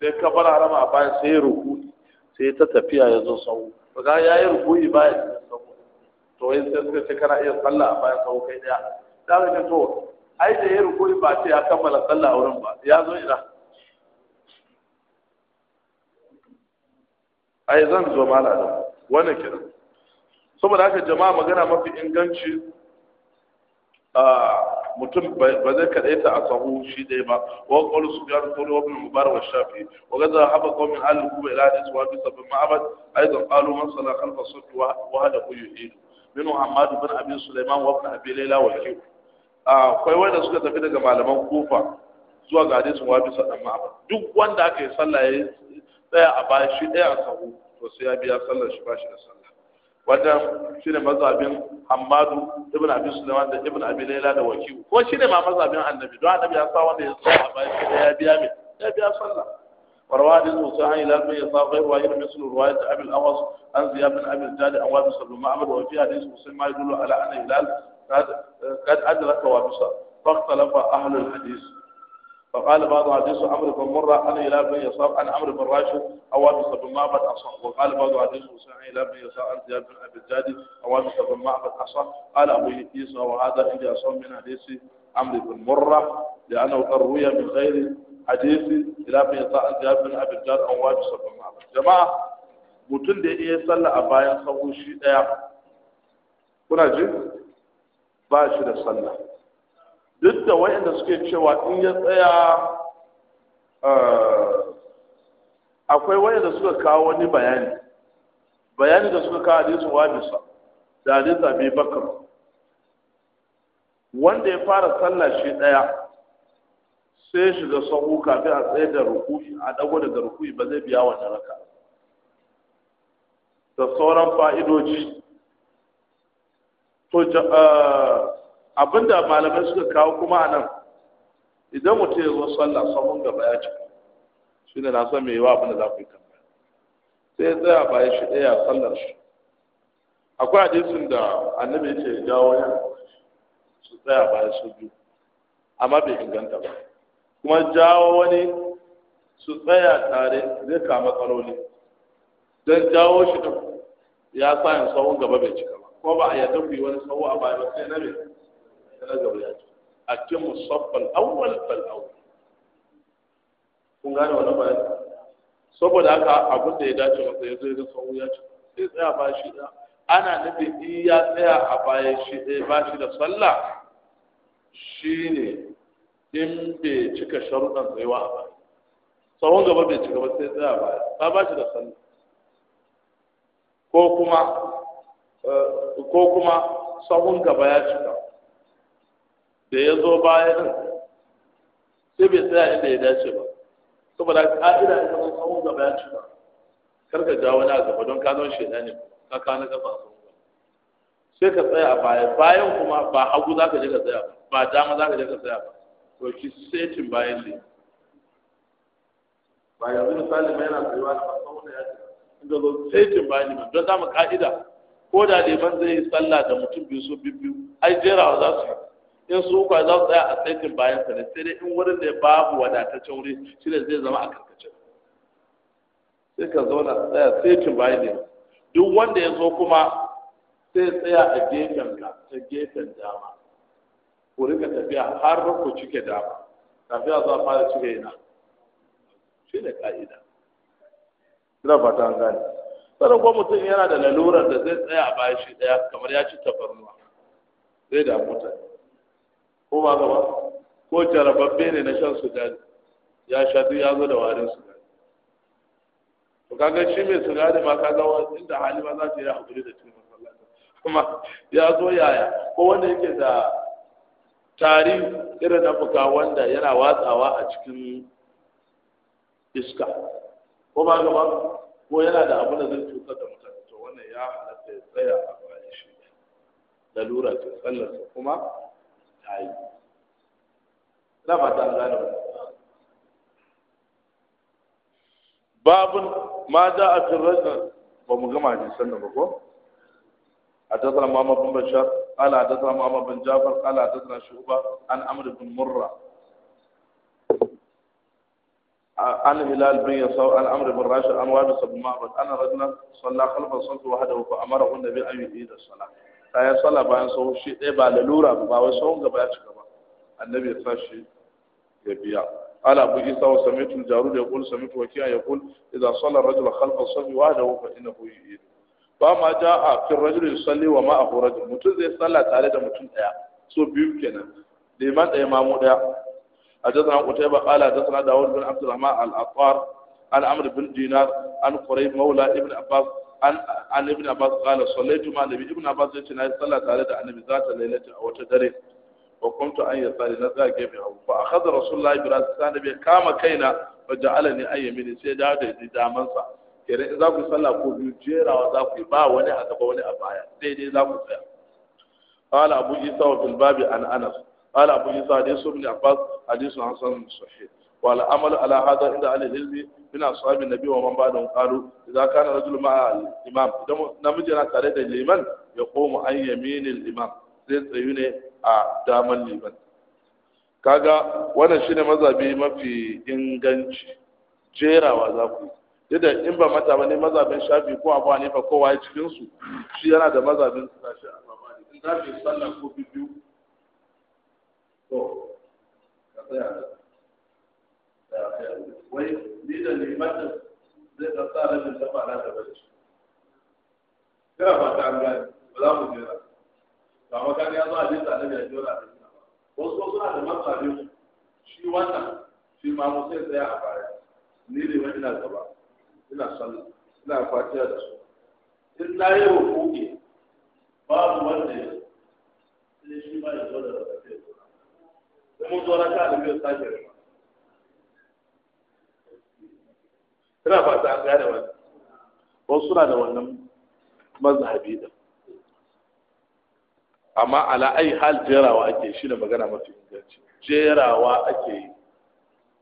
sai ka bar harama a bayan sai ya ruku sai ta tafiya ya zo sau kaga ya yi ruku bayan sau to yin sai suka ce kana iya sallah a bayan sau kai daya da ka ce to ai da ya ruku ba ce ya kammala sallah a wurin ba ya zo ina ai zan zo mala da wannan kiran saboda haka jama'a magana mafi inganci a ah, mutum ba zai kaɗai ta a sahu shi ɗaya ba wa ƙwalu su biyar kori wa bin mubarak wa shafi wa gaza haɓa ƙwamin alin kuma ila hadis wa bisa bin ma'abad aizan ƙalu man sana kalfa sadu wa hada ku yu'idu minu hamadu bin abin suleiman wa bin abin laila wa a kwai wanda suka tafi daga malaman kufa zuwa ga hadisin wa bisa ɗan ma'abad duk wanda aka yi sallah ya tsaya a bashi ɗaya a sahu to sai ya biya sallar shi ba shi da sallah wannan shine mazhabin Hammadu ibn Abi Sulaiman da ibn Abi da Wakiu ko shine ma mazhabin Annabi don Annabi ya sa wanda ya sa a bayan ya biya mai ya biya sallah ورواد المساعي لازم يصاب غير واحد مثل رواية أبي الأوس عن زياد بن أبي الجاد أو أبي سلمى معبد وفي حديث مسلم ما يدل على أن هلال قد أدرك وابصر فاختلف أهل الحديث فقال بعض حديث عمرو بن مرة أنا إلى بن يسار عن عمرو بن راشد أو أوامس بن معبد أصح وقال بعض حديث أسامة إلى بن يسار عن زياد بن أبي الجادي أوامس بن معبد أصح قال أبو عيسى وهذا إلي أصح من حديث عمرو بن مرة لأنه قد روي من غير حديث إلى بن يسار عن زياد بن أبي الجاد أوامس بن معبد جماعة mutum da إيه sallah a bayan sahu shi ɗaya kuna ji ba shi da sallah duk da wayanda suke cewa in ya tsaya eh, akwai wayanda suka kawo wani bayani bayani da suka kawo hadisin wabisa da hadisin abi bakar wanda ya fara sallah shi daya sai shiga sahu kafin a tsaye da ruku'i a dago daga ruku'i ba zai biya wani raka da sauran fa'idoji to eh, abinda malamai suka kawo kuma a nan idan mutum ya zo sallah sahun gaba ya ci shi ne na san me yawa abinda za ku yi tambaya sai tsaya ba ya shi ɗaya sallar shi akwai hadisin da annabi ya jawo ya su tsaya baya su biyu amma bai inganta ba kuma jawo wani su tsaya tare zai kama matsaloli don jawo shi ya sa yin sahun gaba bai cika ba ko ba a yadda ku yi wani sahu a bayan sai na bai talagar ya ce a ce musaffal awwal fal awwal kun gane wani bayani saboda haka abin da ya dace masa ya zo ya ga sahu ya ci sai tsaya ba shi da ana nufin in ya tsaya a bayan shi ɗaya ba shi da sallah shine in bai cika sharuɗan tsayuwa a baya Tsawon gaba bai cika ba sai tsaya baya ba ba shi da sallah ko kuma eh, ko kuma sahun gaba ya cika da ya zo bayan sai bai tsaya inda ya dace ba saboda ka'ida ya zama tsawo ga bayan cika kar ka ja wani a gaba don kano shi ne ka kano kafa ba sai ka tsaya a baya bayan kuma ba hagu za ka je ka tsaya ba dama za ka je ka tsaya ba to shi setin bayan ne ba yanzu misali mai yana tsayuwa da masu da ya ce inda zo setin bayan ne don dama ka'ida ko da neman zai yi sallah da mutum biyu su biyu ai jerawa za su yi in su kwa za su tsaya a tsakin bayan sa ne sai dai in wurin da babu wadataccen wuri shi ne zai zama a karkace sai ka zauna tsaya tsakin bayan ne duk wanda ya zo kuma sai tsaya a gefen ka ta gefen dama ku rika tafiya har ku cike dama tafiya za a fara cike yana shi ne ka'ida ina fata an gane sannan kuma mutum yana da lalurar da zai tsaya a bayan shi ɗaya kamar ya ci tafarnuwa zai da mutane ko ba gaba ko jarababbe ne na shan sigari ya sha duk ya zo da warin sigari to kaga shi mai sigari ma kaga inda ma za ta yi hakuri da cikin masallaci kuma ya zo yaya ko wanda yake da tari irin na fuka wanda yana watsawa a cikin iska ko ba gaba ko yana da abin da zai cutar da mutane to wannan ya halatta ya tsaya a bayan shi lalura ce tsallarsa kuma ayi ba fata an gane babun ma da a turrasa ba mu gama ji nan ba ko حدثنا محمد بن بشار قال حدثنا محمد بن جعفر قال حدثنا شعبة عن عمرو بن bin عن هلال بن يسار عن عمرو بن راشد عن وابس بن معبد أن رجلا صلى خلف الصلاة وحده فأمره النبي أن يعيد الصلاة ta yi sallah bayan sahun shi ɗaya ba lalura ba wai sahun gaba ya ci gaba annabi ya sa shi ya biya ala abu isa wa samitu jaru da ya samitu wakiya ya kul idan sallar rajula khalfa sabi wa da wufa ina ko yi iri ba ma ja a fin rajula salli wa ma a horajin mutum zai sallah tare da mutum ɗaya so biyu kenan liman ɗaya ma mu ɗaya a jazana kutai ba ala jazana da wani bin abdulrahman al-aqar al-amr bin dinar an kurai maula ibn abbas an ibn abbas qala sallaitu ma nabi ibn abbas yace na sallah tare da annabi zata lailata a wata dare wa kuntu an yasali na tsaya gefe abu fa akhadha rasulullahi bi rasi annabi kama kaina fa ja'alani ayyamini sai da da daman sa kire za ku sallah ko biyu jerawa za ku ba wani a gaba wani a baya sai dai za ku tsaya qala abu isa wa fil babi an anas qala abu isa hadithu ibn abbas hadithu hasan sahih والعمل على هذا عند أهل العلم من أصحاب النبي ومن بعدهم قالوا إذا كان رجل مع الإمام نمجنا تريد الإمام يقوم عن يمين imam, sai tsayu ne a daman liman kaga wannan shine mazabi mafi inganci jerawa za ku yadda in ba mata ba ne mazabin shafi ko abu ne fa kowa ya cikin su shi yana da mazabin sashi a babani in za ku sallah ko biyu to ka tsaya wai ni da limanin zai ka sa rabin zama na da bari kira ba ta an gani ba za mu jira ba ma kan ya zo a jinta na biya jira da ba wasu suna da matsalin shi wannan shi ma mu sai tsaya a baya ni liman ina gaba ina sallah ina fatiya da su in na yi wa koke babu wanda ya sai shi ma ya zo da rabe kuma zo raka da biyu sake ina fata an gane wannan wasu suna da wannan mazhabi din amma ala ai hal jerawa ake shi da magana mafi inganci jerawa ake yi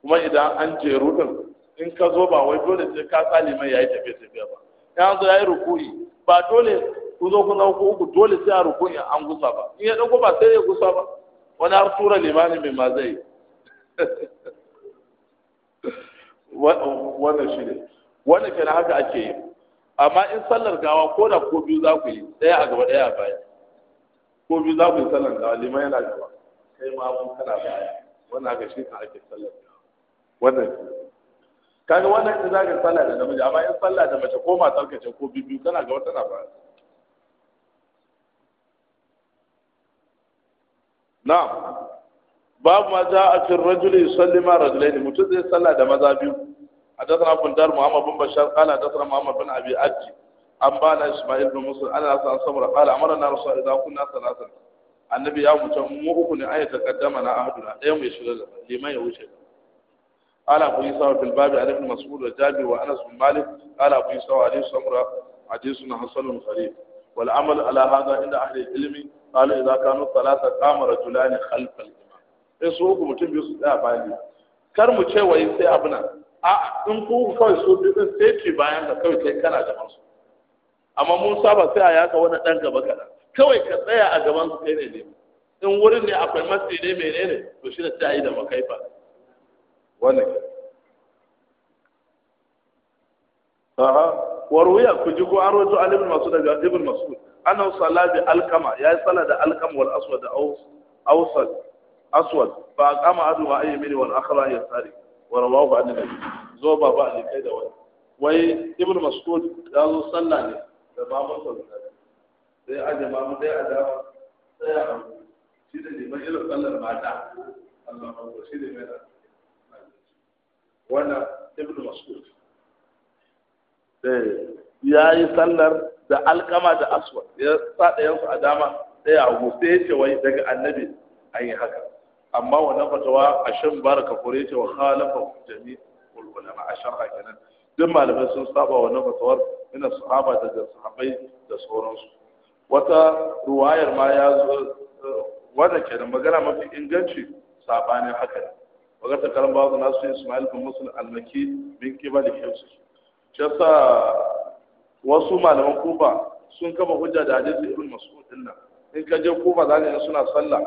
kuma idan an jeru din in ka zo ba wai dole sai ka tsali mai yayi tafiye tafiye ba ya zo yayi ruku'i ba dole ku zo kuna ku uku dole sai a ruku'i an gusa ba in ya dauko ba sai ya gusa ba wani har tura limanin mai ma zai wannan shi ne wannan kenan haka ake yi amma in sallar gawa ko da ko biyu za ku yi ɗaya a gaba ɗaya a baya ko biyu za ku yi sallar gawa liman yana gaba kai ma mun kana baya wannan haka shi ka ake sallar gawa wannan kaga wannan in za ka sallar da namiji amma in sallar da mace ko ma tsarkace ce ko biyu kana gaba tana baya na'am babu ma za a cin rajuli yusalli ma rajulaini mutum zai sallah da maza biyu حدثنا ابو الدار محمد بن بشار قال حدثنا محمد بن ابي عدي أنبانا إسماعيل بن موسى أنا أسأل صبر قال أمرنا رسول إذا كنا ثلاثة النبي يا متموه من أن يتقدمنا أهدنا يوم يشهد لما يوجد قال أبو يسوع في الباب عن ابن مسعود وجابر وأنس بن مالك قال أبو يسوع عليه سمرة حديث حسن غريب والعمل على هذا عند أهل العلم قال إذا كانوا ثلاثة قام رجلان خلف الإمام sai su uku mutum biyu su tsaya bayan kar mu ce wai sai abu nan a in ku kawai su biyu din sai ce bayan ka kawai kai kana gaban su amma mun saba sai a yaka wani dan gaba kaɗan kawai ka tsaya a gaban su kai ne ne in wurin ne akwai matsi ne ne to shi da sai yi da makaifa wannan aha waruya ku ji ko an rawaito an masu masud daga ibn masud annahu salla bi alkama yayi salla da alkama wal aswad da awsal aswad fa qama adu wa ayyamini wal akhra yasari wa rawahu an nabi zo ba ba ne kai da wani wai ibnu mas'ud ya zo sallah ne da baban sa sai a jama'a mu dai a dawa sai a shi da liman irin sallar mata Allah ya shi da mai wannan ibnu mas'ud eh, ya yi sallar da alkama da aswad ya sa da yansu a dama sai a gusa ya ce wai daga annabi an yi haka amma wannan fatawa a shan baraka kore ta wa khalafa jami ulama a shar'a kenan duk malamai sun saba wannan fatawar ina sahaba da sahabbai da sauransu wata ruwayar ma ya zo wanda ke da magana mafi inganci sabanin haka ne wagar ta karan bawa na su Ismail bin Musul al-Maki bin Kibali Hafsu shi wasu malaman Kufa sun kama hujja da hadisi Ibn Mas'ud din nan in ka je Kufa zaka suna sallah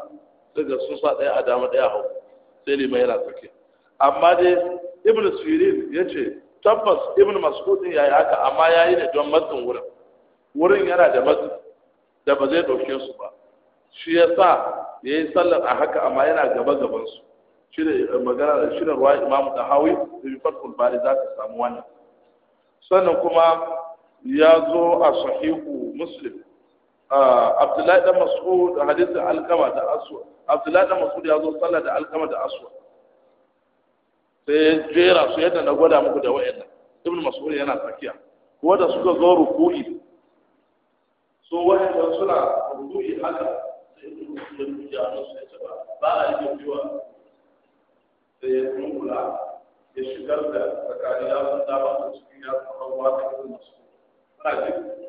daga sun sa ɗaya a dama ɗaya hau sai liman yana tsake amma dai ibn sirin ya ce tabbas ibn Mas'udin ya yi haka amma ya yi ne don matsin wurin wurin yana da matsin da ba zai ɗauke su ba shi ya sa ya yi sallar a haka amma yana gaba gabansu shi da eh, magana da ruwa imamu da hawi da bi bari za ka samu wannan sannan kuma ya zo a sahihu muslim abdullahi dan mas'ud hadisin alkama da aswa abdullahi dan mas'ud ya zo sallah da alkama da aswa sai jera su yadda na gwada muku da wa'annan ibn mas'ud yana tsakiya ko da suka zo ruku'i so wa'annan suna ruku'i haka sai ibn mas'ud ya zo ya ba a yi biwa sai ya kula ya shigar da tsakanin yawon dama da cikin yawon ruwa da ibn mas'ud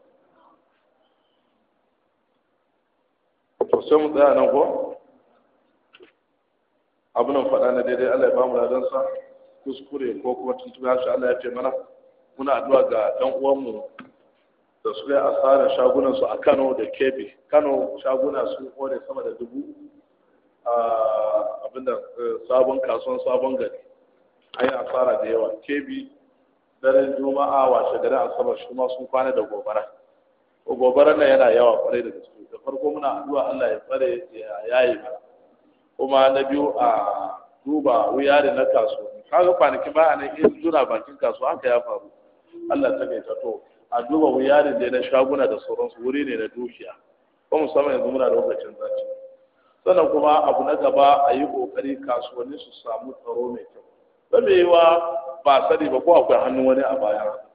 sai mu tsaya nan ko abu nan faɗa na daidai Allah ya mu ladan sa kuskure ko kuma tuntuɓe harshe Allah ya ce mana muna addu'a ga ɗan uwanmu da su yi asarar shagunan su a Kano da Kebbi Kano shaguna su kore sama da dubu a abinda eh, sabon kasuwan sabon gari an yi asara da yawa Kebbi daren juma'a washe gari asabar shi ma sun kwana da gobara gobarar nan yana yawa kwarai da gaske da farko muna addu'a Allah ya tsare ya yayi ba kuma na biyu a duba wuyari na kasuwa kaga kwanaki ba a nan in jura bakin kaso haka ya faru Allah ta kai ta to a duba wuya da na shaguna da sauransu wuri ne na dukiya ko musamman yanzu muna da lokacin zaci sannan kuma abu na gaba a yi kokari kasuwanni su samu tsaro mai kyau Ba me wa ba sani ba ko akwai hannun wani a bayan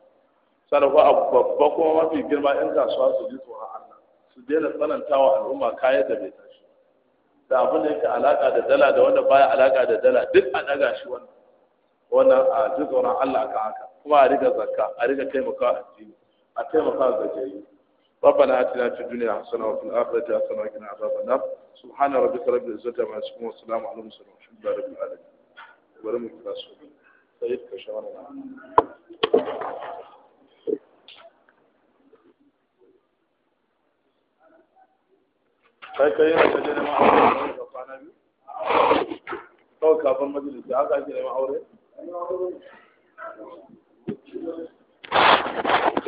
sarrafa a babba kuma mafi girma yan kasuwa su ji tsoron Allah su daina tsanantawa al'umma kayan da bai tashi da abin da yake alaka da dala da wanda baya alaka da dala duk a daga shi wannan wannan a ji tsoron Allah akan haka kuma a riga zakka a riga taimakawa addini a taimakawa gajiyayyu ربنا اتنا في الدنيا حسنه وفي الاخره حسنه وقنا عذاب النار سبحان ربك رب العزه عما يصفون والسلام على المرسلين والحمد لله رب العالمين ولم يكن سيدك شرعنا ka yi yana kaje neman aure ka kwana biyu kawai kafin majalisi haka ake neman aure